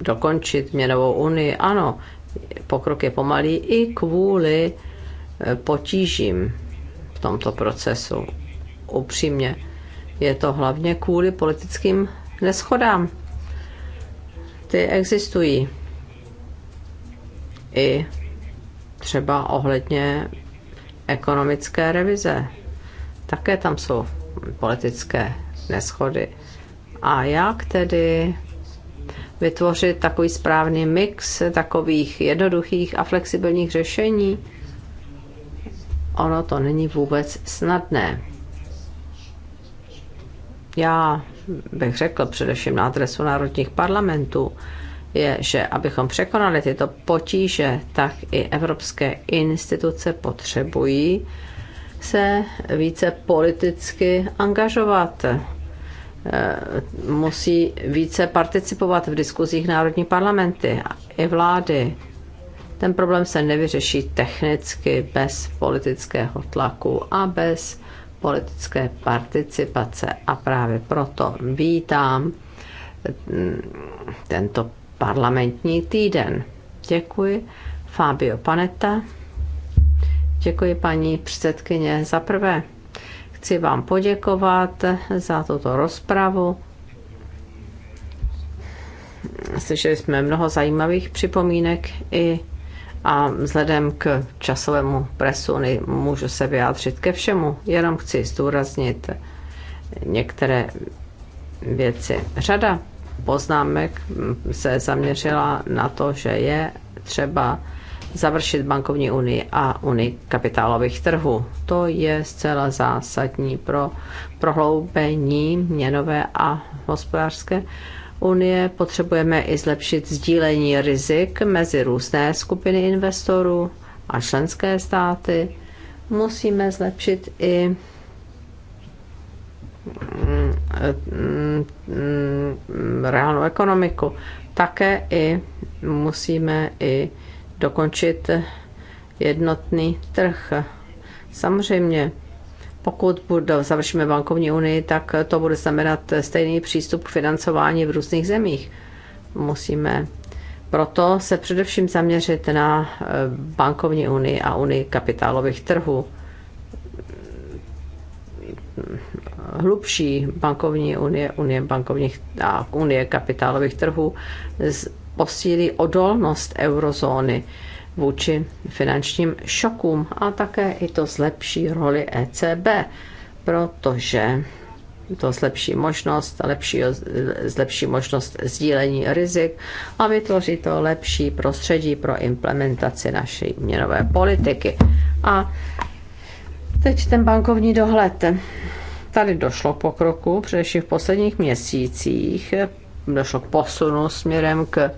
dokončit měnovou unii. Ano, pokrok je pomalý i kvůli eh, potížím v tomto procesu upřímně. Je to hlavně kvůli politickým neschodám. Ty existují. I třeba ohledně ekonomické revize. Také tam jsou politické neschody. A jak tedy vytvořit takový správný mix takových jednoduchých a flexibilních řešení? Ono to není vůbec snadné já bych řekl především na adresu národních parlamentů, je, že abychom překonali tyto potíže, tak i evropské instituce potřebují se více politicky angažovat. E, musí více participovat v diskuzích národní parlamenty i vlády. Ten problém se nevyřeší technicky bez politického tlaku a bez politické participace a právě proto vítám mm, tento parlamentní týden. Děkuji. Fabio Panetta. Děkuji paní předsedkyně. Za prvé chci vám poděkovat za tuto rozpravu. Slyšeli jsme mnoho zajímavých připomínek i a vzhledem k časovému presu můžu se vyjádřit ke všemu, jenom chci zdůraznit některé věci. Řada poznámek se zaměřila na to, že je třeba završit bankovní unii a unii kapitálových trhů. To je zcela zásadní pro prohloubení měnové a hospodářské unie, potřebujeme i zlepšit sdílení rizik mezi různé skupiny investorů a členské státy. Musíme zlepšit i mm, mm, reálnou ekonomiku. Také i musíme i dokončit jednotný trh. Samozřejmě pokud bude, završíme bankovní unii, tak to bude znamenat stejný přístup k financování v různých zemích. Musíme proto se především zaměřit na eh, bankovní unii a unii kapitálových trhů. Hlubší bankovní unie, unie bankovních a unie kapitálových trhů posílí odolnost eurozóny vůči finančním šokům a také i to zlepší roli ECB, protože to zlepší možnost, lepší, zlepší možnost sdílení rizik a vytvoří to lepší prostředí pro implementaci naší měnové politiky. A teď ten bankovní dohled. Tady došlo k pokroku, především v posledních měsících, došlo k posunu směrem k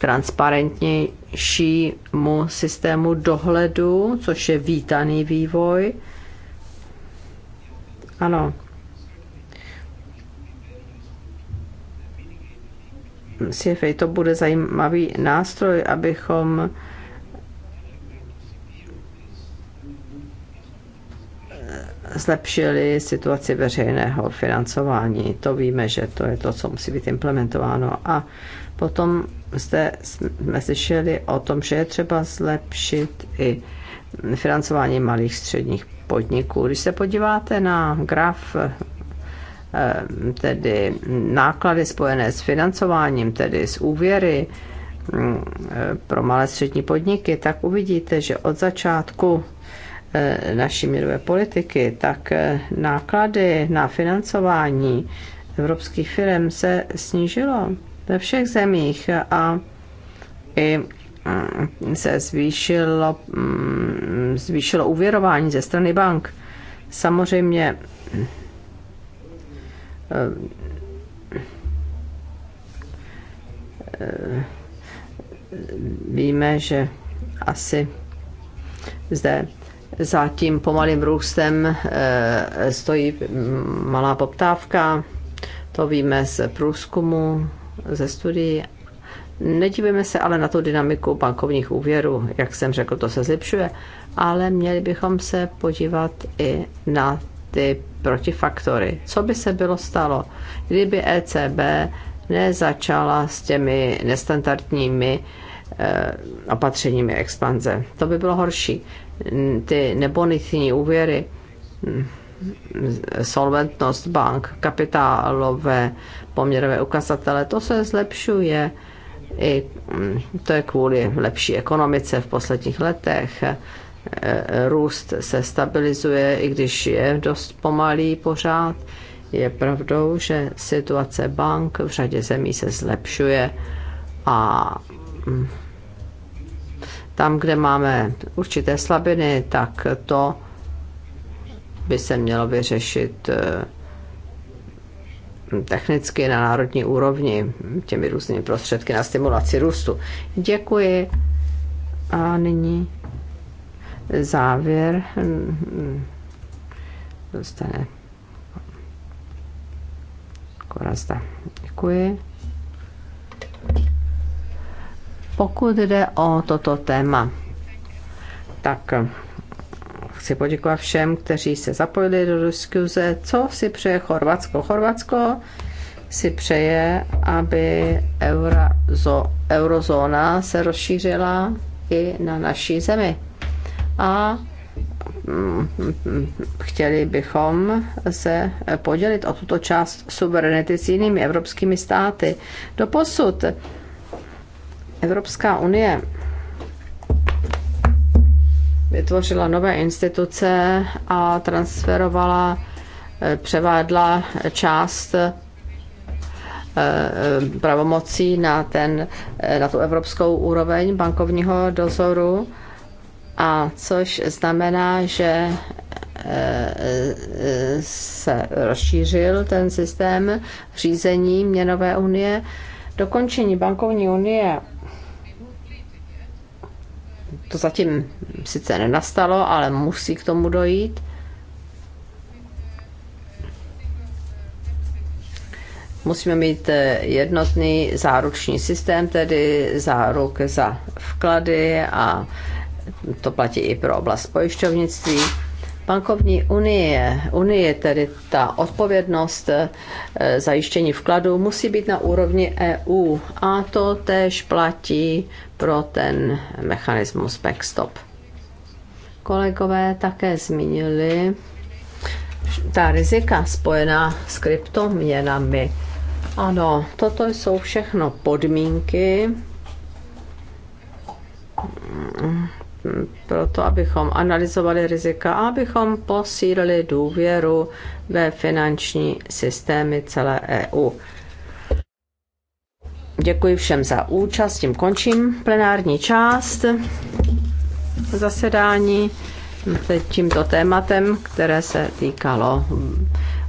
transparentnějšímu systému dohledu, což je vítaný vývoj. Ano. CFA to bude zajímavý nástroj, abychom zlepšili situaci veřejného financování. To víme, že to je to, co musí být implementováno. A potom jste, jsme slyšeli o tom, že je třeba zlepšit i financování malých středních podniků. Když se podíváte na graf eh, tedy náklady spojené s financováním, tedy s úvěry mm, eh, pro malé střední podniky, tak uvidíte, že od začátku eh, naší mírové politiky, tak náklady na financování evropských firm se snížilo ve všech zemích a i se zvýšilo, mm, zvýšilo uvěrování ze strany bank. Samozřejmě eh, víme, že asi zde za tím pomalým růstem eh, stojí malá poptávka. To víme z průzkumu ze studií. Nedívejme se ale na tu dynamiku bankovních úvěrů, jak jsem řekl, to se zlepšuje, ale měli bychom se podívat i na ty protifaktory. Co by se bylo stalo, kdyby ECB nezačala s těmi nestandardními eh, opatřeními expanze. To by bylo horší. Ty nebonitní úvěry, hm, solventnost bank, kapitálové poměrové ukazatele, to se zlepšuje. I mm, to je kvůli lepší ekonomice v posledních letech. E, růst se stabilizuje, i když je dost pomalý pořád. Je pravdou, že situace bank v řadě zemí se zlepšuje a mm, tam, kde máme určité slabiny, tak to by se mělo vyřešit eh, technicky na národní úrovni těmi různými prostředky na stimulaci růstu. Děkuji. A nyní závěr hm, hm, dostane Korazda. Děkuji. Pokud jde o toto téma, tak chci poděkovat všem, kteří se zapojili do diskuze, co si přeje Chorvatsko. Chorvatsko si přeje, aby eurozo, eurozóna se rozšířila i na naší zemi. A mm, mm, chtěli bychom se podělit o tuto část suverenity s jinými evropskými státy. Doposud Evropská unie vytvořila nové instituce a transferovala, eh, převádla část eh, eh, pravomocí na, ten, na tu evropskou úroveň bankovního dozoru, a což znamená, že se rozšířil ten systém řízení měnové unie. Dokončení bankovní unie to zatím sice nenastalo, ale musí k tomu dojít. Musíme mít eh, jednotný záruční systém, tedy záruk za vklady a to platí i pro oblast pojišťovnictví Bankovní unie, unie tedy ta odpovědnost eh, zajištění vkladu musí být na úrovni EU a to též platí pro ten mechanismus backstop. Kolegové také zmínili ta rizika spojená s kryptoměnami. Ano, toto jsou všechno podmínky proto, abychom analyzovali rizika a abychom posílili důvěru ve finanční systémy celé EU. Děkuji všem za účast, tím končím plenární část zasedání tímto tématem, které se týkalo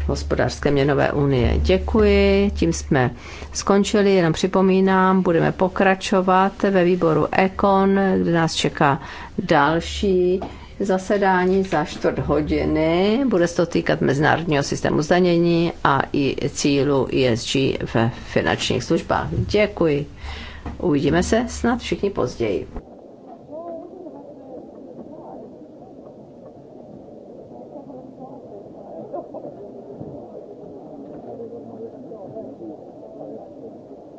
hospodářské měnové unie. Děkuji, tím jsme skončili, jenom připomínám, budeme pokračovat ve výboru Ekon, kde nás čeká další zasedání za čtvrt hodiny. Bude se to týkat mezinárodního systému zdanění a i cílu ESG ve finančních službách. Děkuji. Uvidíme se snad všichni později.